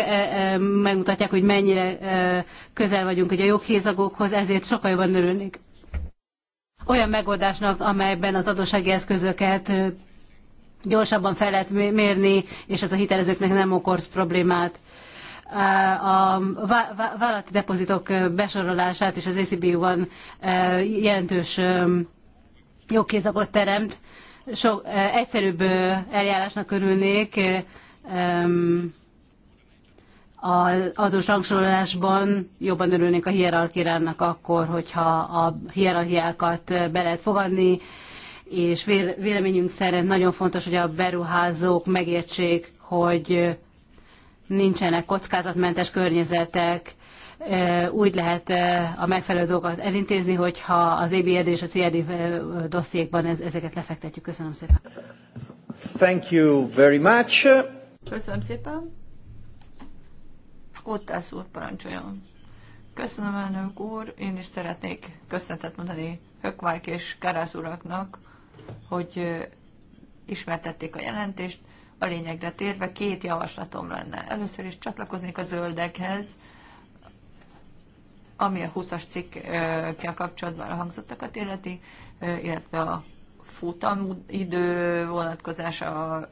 megmutatják, hogy mennyire közel vagyunk ugye a joghézagokhoz, ezért sokkal jobban örülnék olyan megoldásnak, amelyben az adóssági eszközöket gyorsabban fel lehet mérni, és ez a hitelezőknek nem okoz problémát a vállalati depozitok besorolását és az ecb ban jelentős jogkézakot teremt. Sok egyszerűbb eljárásnak örülnék az adós rangsorolásban jobban örülnék a hierarchiának akkor, hogyha a hierarchiákat be lehet fogadni, és véleményünk szerint nagyon fontos, hogy a beruházók megértsék, hogy nincsenek kockázatmentes környezetek, úgy lehet a megfelelő dolgokat elintézni, hogyha az EBRD és a CRD dossziékban ezeket lefektetjük. Köszönöm szépen. Thank you very much. Köszönöm szépen. Kottász úr, parancsoljon. Köszönöm, elnök úr. Én is szeretnék köszönetet mondani Hökvárk és Karász uraknak, hogy ismertették a jelentést. A lényegre térve két javaslatom lenne. Először is csatlakoznék a zöldekhez, ami a 20-as cikkkel kapcsolatban hangzottakat illeti, illetve a futamidő vonatkozása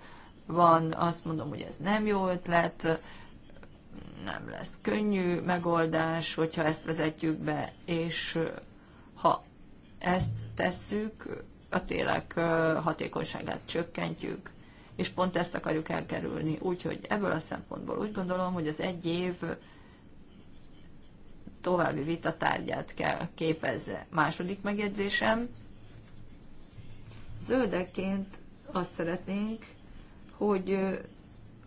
van, azt mondom, hogy ez nem jó ötlet, nem lesz könnyű megoldás, hogyha ezt vezetjük be, és ha ezt tesszük, a télek hatékonyságát csökkentjük és pont ezt akarjuk elkerülni. Úgyhogy ebből a szempontból úgy gondolom, hogy az egy év további vitatárgyát kell képezze. Második megjegyzésem, Zöldekként azt szeretnénk, hogy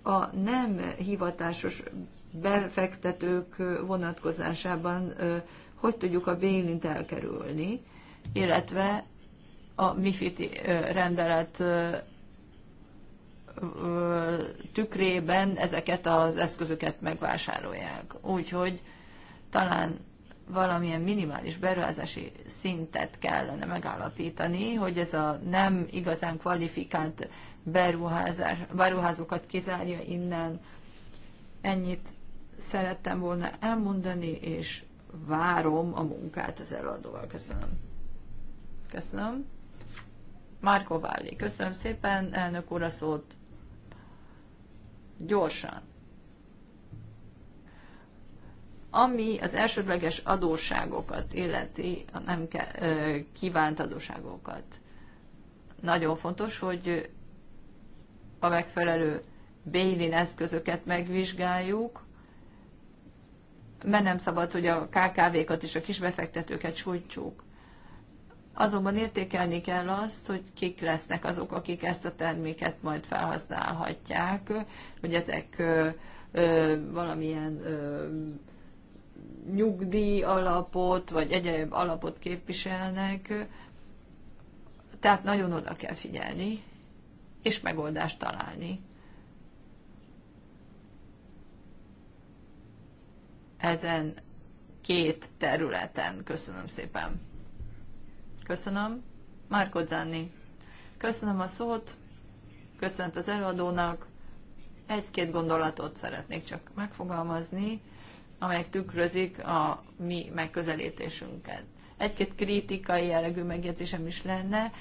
a nem hivatásos befektetők vonatkozásában hogy tudjuk a bélint elkerülni, illetve a MIFIT rendelet tükrében ezeket az eszközöket megvásárolják. Úgyhogy talán valamilyen minimális beruházási szintet kellene megállapítani, hogy ez a nem igazán kvalifikált beruházás, beruházókat kizárja innen. Ennyit szerettem volna elmondani, és várom a munkát az előadóval. Köszönöm. Köszönöm. Márko Válli. Köszönöm szépen, elnök úr, a szót gyorsan. Ami az elsődleges adósságokat illeti, a nem kívánt adósságokat. Nagyon fontos, hogy a megfelelő bail eszközöket megvizsgáljuk, mert nem szabad, hogy a KKV-kat és a kisbefektetőket sújtsuk. Azonban értékelni kell azt, hogy kik lesznek azok, akik ezt a terméket majd felhasználhatják, hogy ezek valamilyen nyugdíj alapot, vagy egyéb alapot képviselnek. Tehát nagyon oda kell figyelni, és megoldást találni. Ezen két területen. Köszönöm szépen! Köszönöm. Márko Zanni. Köszönöm a szót, köszönt az előadónak. Egy-két gondolatot szeretnék csak megfogalmazni, amelyek tükrözik a mi megközelítésünket. Egy-két kritikai jellegű megjegyzésem is lenne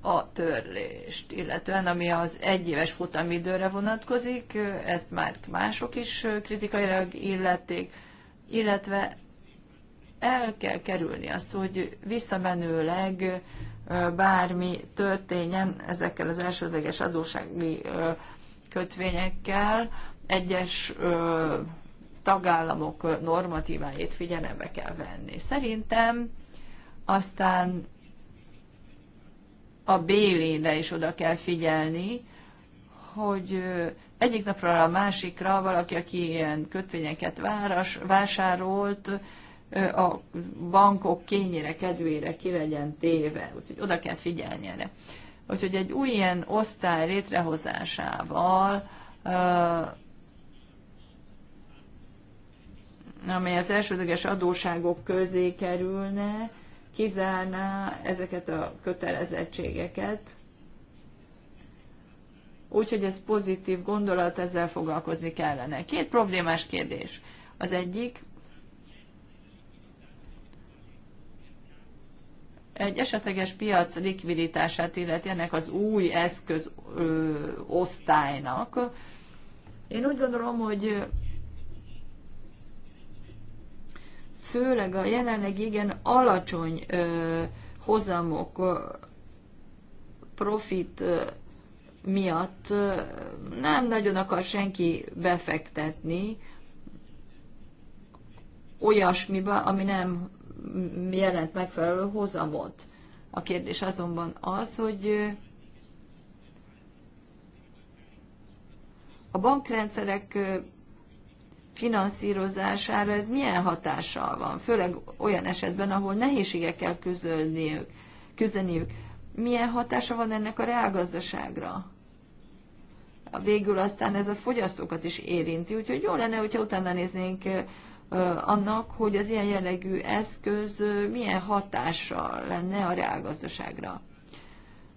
a törlést, illetően ami az egyéves futamidőre vonatkozik, ezt már mások is kritikailag illették, illetve el kell kerülni azt, hogy visszamenőleg bármi történjen ezekkel az elsődleges adósági kötvényekkel, egyes tagállamok normatíváit figyelembe kell venni. Szerintem aztán a bélénre is oda kell figyelni, hogy egyik napról a másikra valaki, aki ilyen kötvényeket váras, vásárolt, a bankok kényére, kedvére ki legyen téve. Úgyhogy oda kell figyelni erre. Úgyhogy egy új ilyen osztály létrehozásával, amely az elsődleges adóságok közé kerülne, kizárná ezeket a kötelezettségeket. Úgyhogy ez pozitív gondolat, ezzel foglalkozni kellene. Két problémás kérdés. Az egyik, egy esetleges piac likviditását illeti ennek az új eszköz ö, osztálynak. Én úgy gondolom, hogy főleg a jelenleg igen alacsony ö, hozamok, ö, profit ö, miatt ö, nem nagyon akar senki befektetni olyasmiba, ami nem jelent megfelelő hozamot. A kérdés azonban az, hogy a bankrendszerek finanszírozására ez milyen hatással van, főleg olyan esetben, ahol nehézségekkel küzdeniük, küzdeniük. Milyen hatása van ennek a reálgazdaságra? Végül aztán ez a fogyasztókat is érinti, úgyhogy jó lenne, hogyha utána néznénk annak, hogy az ilyen jellegű eszköz milyen hatással lenne a reálgazdaságra.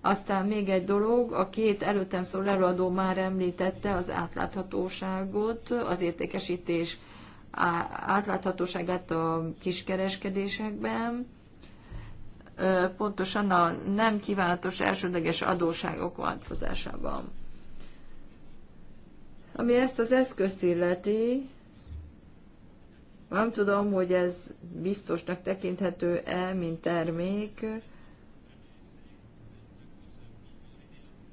Aztán még egy dolog, a két előttem szóló előadó már említette az átláthatóságot, az értékesítés átláthatóságát a kiskereskedésekben, pontosan a nem kívánatos elsődleges adóságok változásában. Ami ezt az eszközt illeti, nem tudom, hogy ez biztosnak tekinthető-e, mint termék.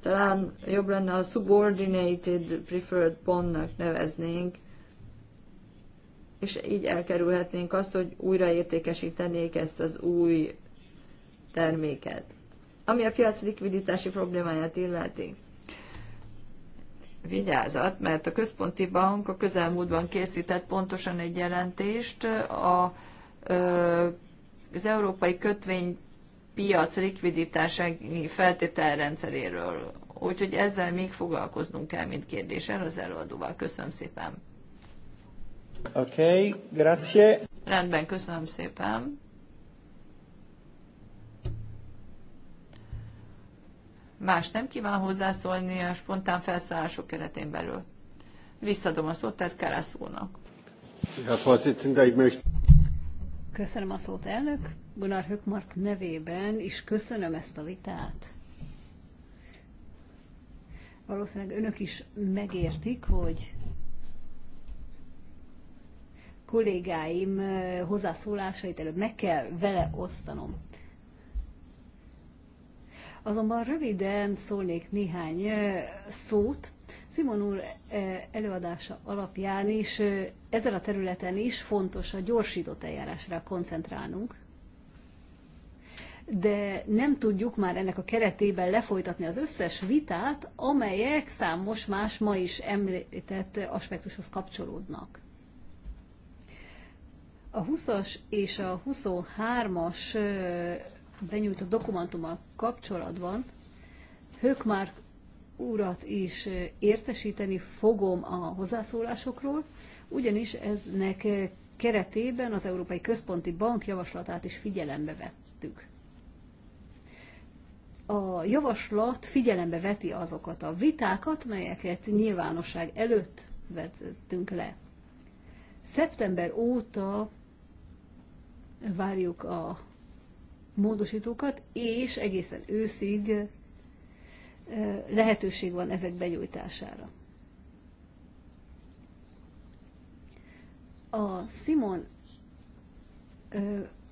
Talán jobb lenne a subordinated preferred bondnak neveznénk, és így elkerülhetnénk azt, hogy újraértékesítenék ezt az új terméket. Ami a piac likviditási problémáját illeti vigyázat, mert a központi bank a közelmúltban készített pontosan egy jelentést a, az európai kötvénypiac likviditási feltételrendszeréről. Úgyhogy ezzel még foglalkoznunk kell, mint kérdéssel az előadóval. Köszönöm szépen. Oké, okay, grazie. Rendben, köszönöm szépen. Más nem kíván hozzászólni a spontán felszállások keretén belül. Visszadom a szót, tehát Kárász úrnak. Köszönöm a szót, elnök. Gunnar Hökmark nevében is köszönöm ezt a vitát. Valószínűleg önök is megértik, hogy kollégáim eh, hozzászólásait előbb meg kell vele osztanom. Azonban röviden szólnék néhány szót. Simon úr előadása alapján is ezen a területen is fontos a gyorsított eljárásra koncentrálnunk, de nem tudjuk már ennek a keretében lefolytatni az összes vitát, amelyek számos más ma is említett aspektushoz kapcsolódnak. A 20-as és a 23-as benyújtott dokumentummal kapcsolatban Hökmár úrat is eh, értesíteni fogom a hozzászólásokról, ugyanis eznek eh, keretében az Európai Központi Bank javaslatát is figyelembe vettük. A javaslat figyelembe veti azokat a vitákat, melyeket nyilvánosság előtt vettünk le. Szeptember óta várjuk a módosítókat, és egészen őszig lehetőség van ezek begyújtására. A Simon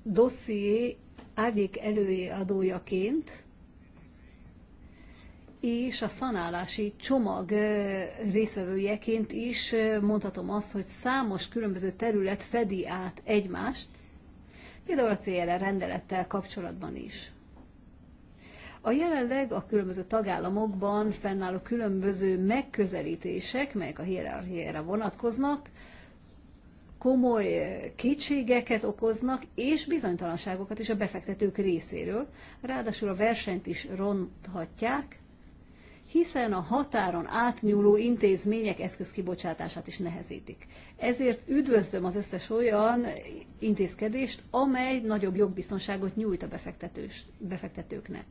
dosszié árnyék előadójaként és a szanálási csomag részvevőjeként is mondhatom azt, hogy számos különböző terület fedi át egymást, például a CLR rendelettel kapcsolatban is. A jelenleg a különböző tagállamokban fennálló különböző megközelítések, melyek a hierarchiára vonatkoznak, komoly eh, kétségeket okoznak, és bizonytalanságokat is a befektetők részéről. Ráadásul a versenyt is ronthatják, hiszen a határon átnyúló intézmények eszközkibocsátását is nehezítik. Ezért üdvözlöm az összes olyan intézkedést, amely nagyobb jogbiztonságot nyújt a befektetőknek.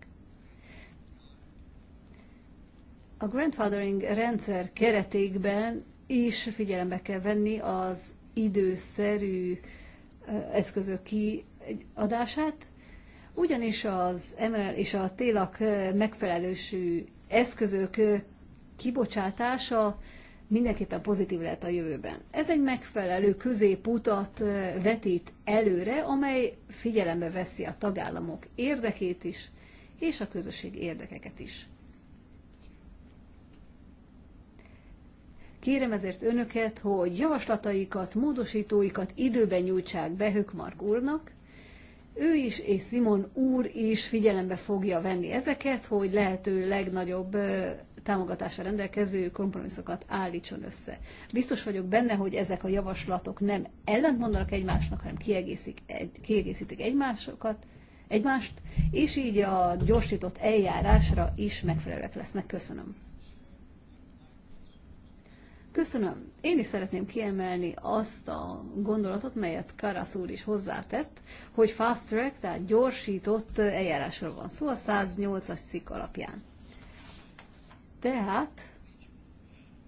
A grandfathering rendszer keretékben is figyelembe kell venni az időszerű eszközök kiadását, ugyanis az ML és a télak megfelelősű eszközök kibocsátása mindenképpen pozitív lehet a jövőben. Ez egy megfelelő középutat vetít előre, amely figyelembe veszi a tagállamok érdekét is, és a közösség érdekeket is. Kérem ezért önöket, hogy javaslataikat, módosítóikat időben nyújtsák be Hökmark úrnak, ő is és Simon úr is figyelembe fogja venni ezeket, hogy lehető legnagyobb támogatásra rendelkező kompromisszokat állítson össze. Biztos vagyok benne, hogy ezek a javaslatok nem ellentmondanak egymásnak, hanem kiegészik, egy, kiegészítik egymásokat, egymást, és így a gyorsított eljárásra is megfelelőek lesznek. Köszönöm. Köszönöm. Én is szeretném kiemelni azt a gondolatot, melyet Karasz úr is hozzátett, hogy fast track, tehát gyorsított eljárásról van szó a 108-as cikk alapján. Tehát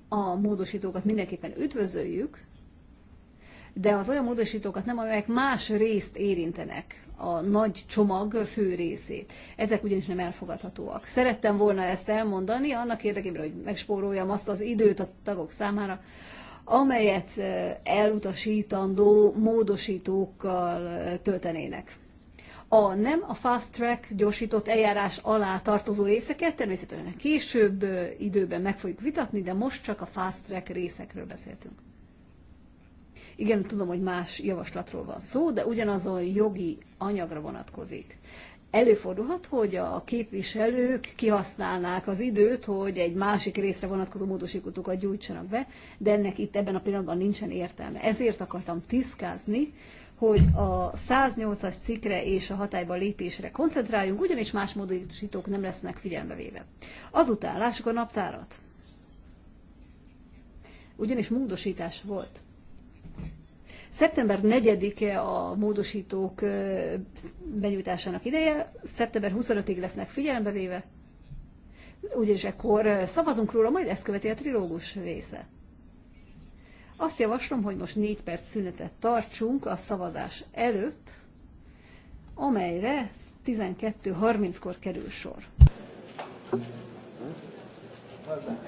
a módosítókat mindenképpen üdvözöljük, de az olyan módosítókat nem, amelyek más részt érintenek a nagy csomag fő részét. Ezek ugyanis nem elfogadhatóak. Szerettem volna ezt elmondani, annak érdekében, hogy megspóroljam azt az időt a tagok számára, amelyet elutasítandó módosítókkal töltenének. A nem a fast track gyorsított eljárás alá tartozó részeket természetesen később időben meg fogjuk vitatni, de most csak a fast track részekről beszéltünk. Igen, tudom, hogy más javaslatról van szó, de ugyanazon jogi anyagra vonatkozik. Előfordulhat, hogy a képviselők kihasználnák az időt, hogy egy másik részre vonatkozó módosítókat gyújtsanak be, de ennek itt ebben a pillanatban nincsen értelme. Ezért akartam tisztázni, hogy a 108-as cikkre és a hatályba lépésre koncentráljunk, ugyanis más módosítók nem lesznek figyelembe véve. Azután lássuk a naptárat. Ugyanis módosítás volt. Szeptember 4-e a módosítók benyújtásának ideje, szeptember 25-ig lesznek figyelembe véve, úgyis akkor szavazunk róla, majd ezt követi a trilógus része. Azt javaslom, hogy most négy perc szünetet tartsunk a szavazás előtt, amelyre 12.30-kor kerül sor. Hozzá.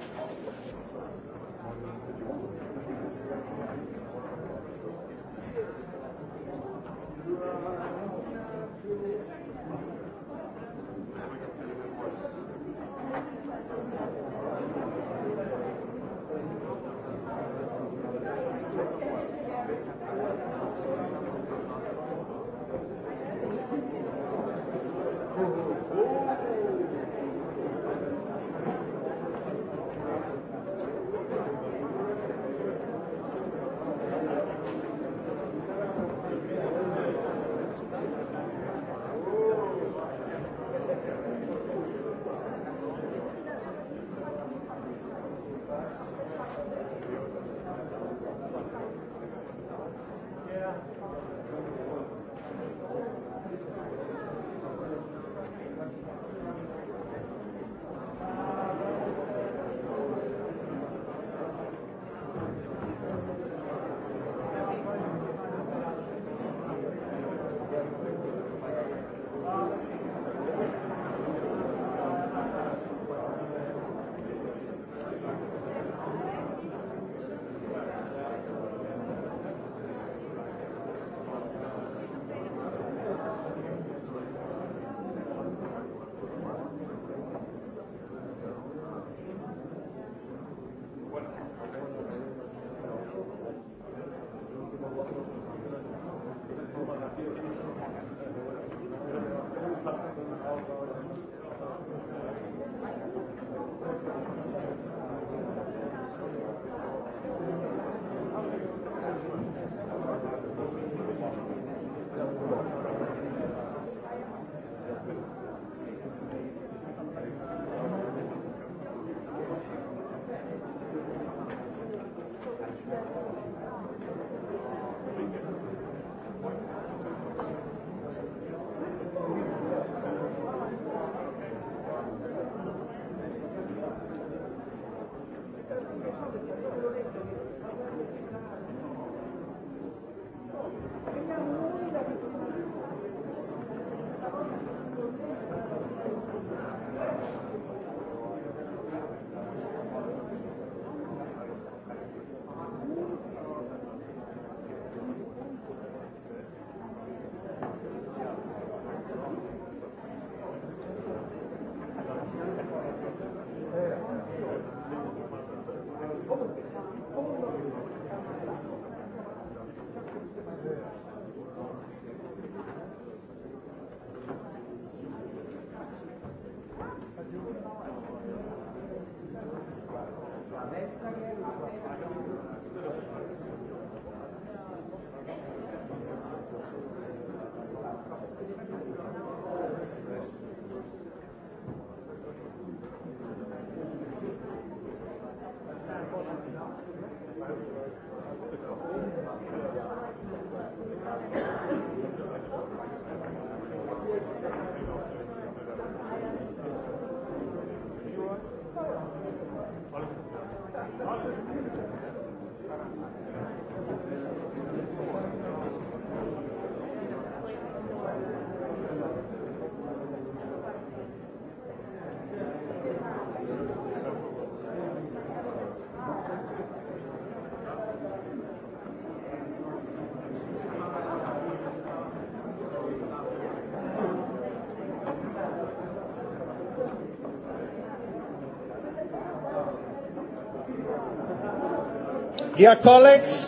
Dear colleagues!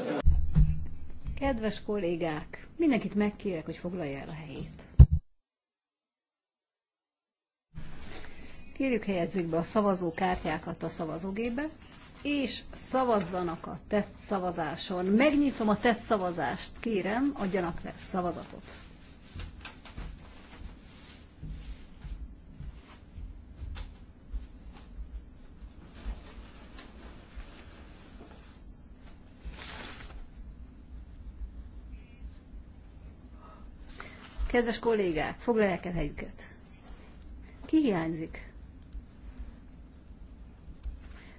Kedves kollégák, mindenkit megkérek, hogy foglalja el a helyét. Kérjük helyezzük be a szavazókártyákat a szavazógépbe, és szavazzanak a teszt szavazáson. Megnyitom a teszt szavazást, kérem, adjanak le szavazatot. Kedves kollégák, foglalják el helyüket. Ki hiányzik?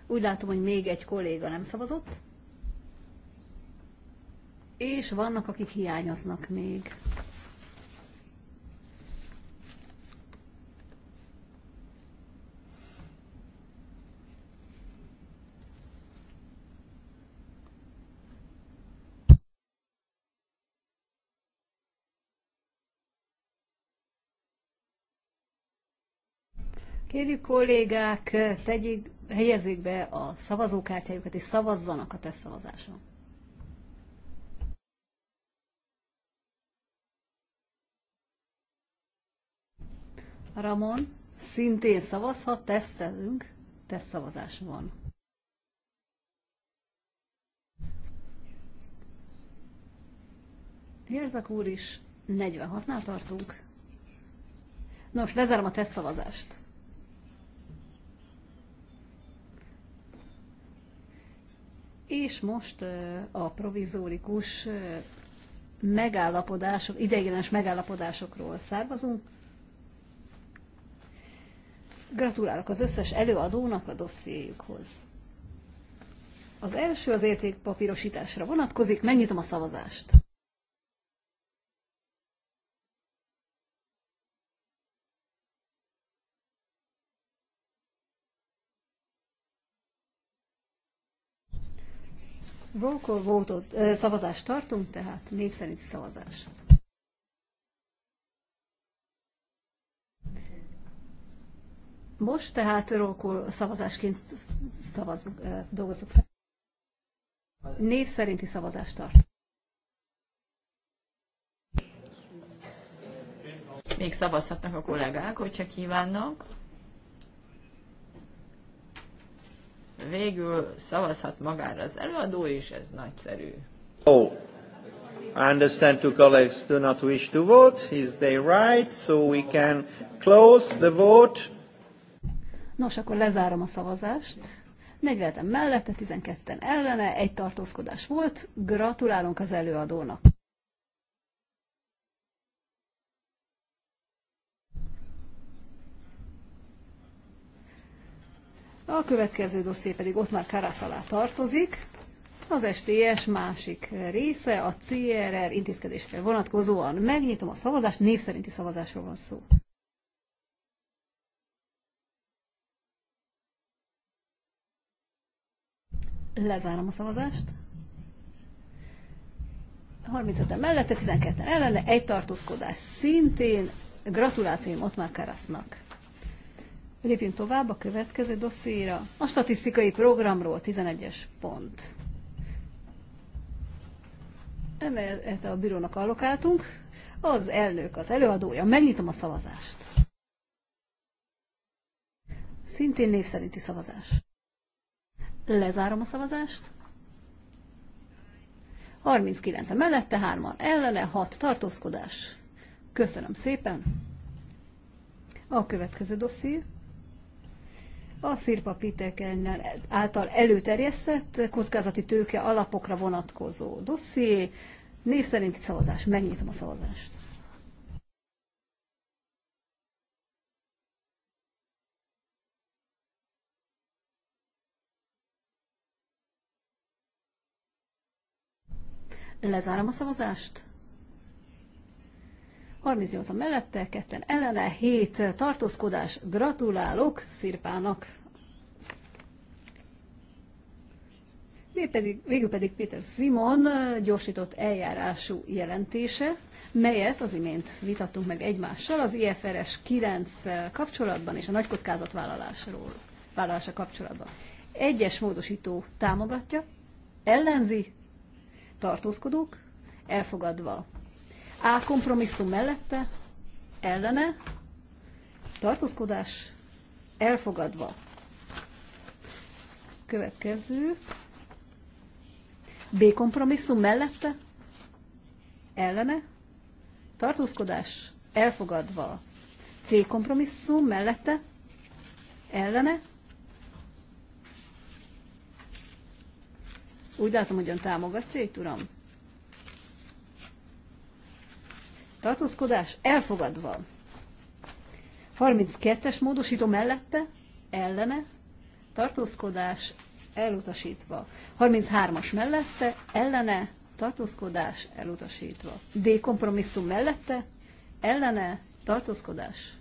Úgy látom, hogy még egy kolléga nem szavazott. És vannak, akik hiányoznak még. Kérjük kollégák, tegyék, helyezzék be a szavazókártyájukat, és szavazzanak a szavazáson. Ramon szintén szavazhat, tesztelünk, szavazás van. Érzek úr is, 46-nál tartunk. Nos, lezárom a szavazást. és most a provizórikus megállapodások, ideiglenes megállapodásokról származunk. Gratulálok az összes előadónak a dossziéjukhoz. Az első az értékpapírosításra vonatkozik, megnyitom a szavazást. Roll call szavazást tartunk, tehát népszerinti szavazás. Most tehát roll szavazásként szavazunk, dolgozunk fel. Név szerinti szavazást tart. Még szavazhatnak a kollégák, hogyha kívánnak. végül szavazhat magára az előadó is, ez nagyszerű. Oh. I understand two colleagues do not wish to vote. Is they right? So we can close the vote. Nos, akkor lezárom a szavazást. 40-en mellette, 12-en ellene, egy tartózkodás volt. Gratulálunk az előadónak! A következő dosszé pedig ott már Karász alá tartozik. Az STS másik része, a CRR intézkedésre vonatkozóan. Megnyitom a szavazást, név szerinti szavazásról van szó. Lezárom a szavazást. 35 mellette, 12 ellene, egy tartózkodás szintén. Gratulációm Otmar Karasznak. Lépjünk tovább a következő dosszéra. A statisztikai programról 11-es pont. Emellett a bírónak allokáltunk. Az elnök, az előadója. Megnyitom a szavazást. Szintén név szerinti szavazás. Lezárom a szavazást. 39 mellette, 3-an ellene, 6 tartózkodás. Köszönöm szépen. A következő dosszié a Szirpa Pitekennel által előterjesztett kockázati tőke alapokra vonatkozó dosszié. Név szerinti szavazás. Megnyitom a szavazást. Lezárom a szavazást. 38 a mellette, ketten ellene, 7 tartózkodás. Gratulálok Szirpának! Pedig, végül pedig Péter Simon gyorsított eljárású jelentése, melyet az imént vitattunk meg egymással az IFRS 9 kapcsolatban és a nagy kockázatvállalásról vállalása kapcsolatban. Egyes módosító támogatja, ellenzi, tartózkodók, elfogadva a kompromisszum mellette, ellene, tartózkodás elfogadva. Következő. B kompromisszum mellette, ellene, tartózkodás elfogadva. C kompromisszum mellette, ellene. Úgy látom, hogy ön támogatja, itt uram. tartózkodás elfogadva. 32-es módosító mellette, ellene, tartózkodás elutasítva. 33-as mellette, ellene, tartózkodás elutasítva. D kompromisszum mellette, ellene, tartózkodás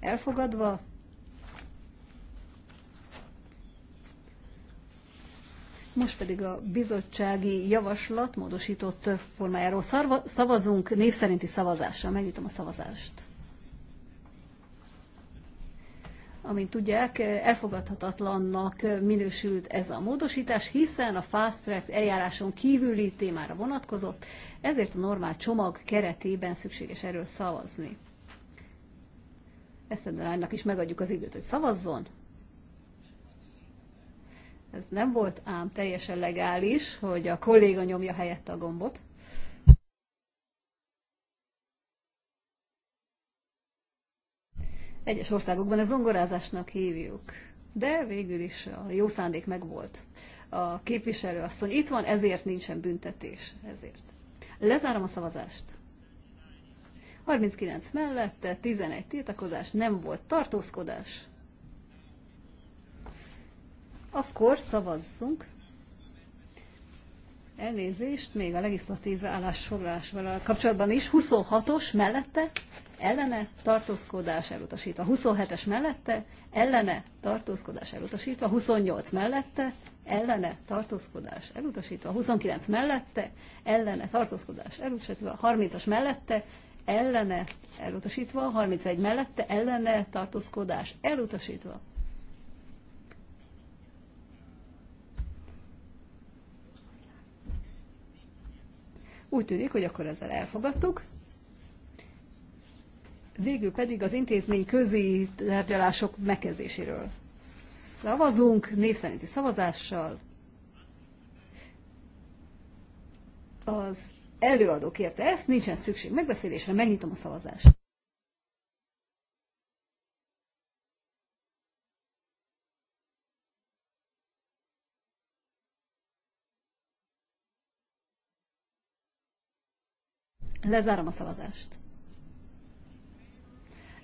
elfogadva. Most pedig a bizottsági javaslat módosított formájáról szavazunk név szerinti szavazással. Megnyitom a szavazást. Amint tudják, elfogadhatatlannak minősült ez a módosítás, hiszen a fast track eljáráson kívüli témára vonatkozott, ezért a normál csomag keretében szükséges erről szavazni. Eszendelánynak is megadjuk az időt, hogy szavazzon. Ez nem volt ám teljesen legális, hogy a kolléga nyomja helyett a gombot. Egyes országokban ez zongorázásnak hívjuk, de végül is a jó szándék megvolt. A képviselő asszony itt van, ezért nincsen büntetés. Ezért. Lezárom a szavazást. 39 mellette, 11 tiltakozás, nem volt tartózkodás. Akkor szavazzunk. Elnézést, még a legislatív állásfoglalásval kapcsolatban is. 26-os mellette ellene tartózkodás elutasítva. 27-es mellette ellene tartózkodás elutasítva. 28 mellette ellene tartózkodás elutasítva. 29 mellette ellene tartózkodás elutasítva. 30-as mellette ellene elutasítva. 31 mellette ellene tartózkodás elutasítva. Úgy tűnik, hogy akkor ezzel elfogadtuk. Végül pedig az intézmény közi tárgyalások megkezdéséről. Szavazunk név szerinti szavazással. Az előadók érte ezt, nincsen szükség megbeszélésre, megnyitom a szavazást. Lezárom a szavazást.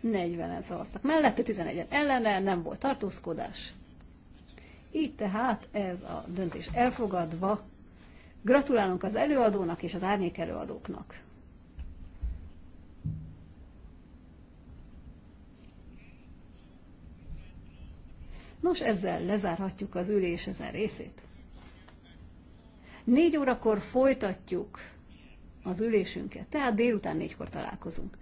40-en szavaztak mellette, 11-en ellene, nem volt tartózkodás. Így tehát ez a döntés elfogadva. Gratulálunk az előadónak és az árnyék előadóknak. Nos, ezzel lezárhatjuk az ülés ezen részét. Négy órakor folytatjuk az ülésünket. Tehát délután négykor találkozunk.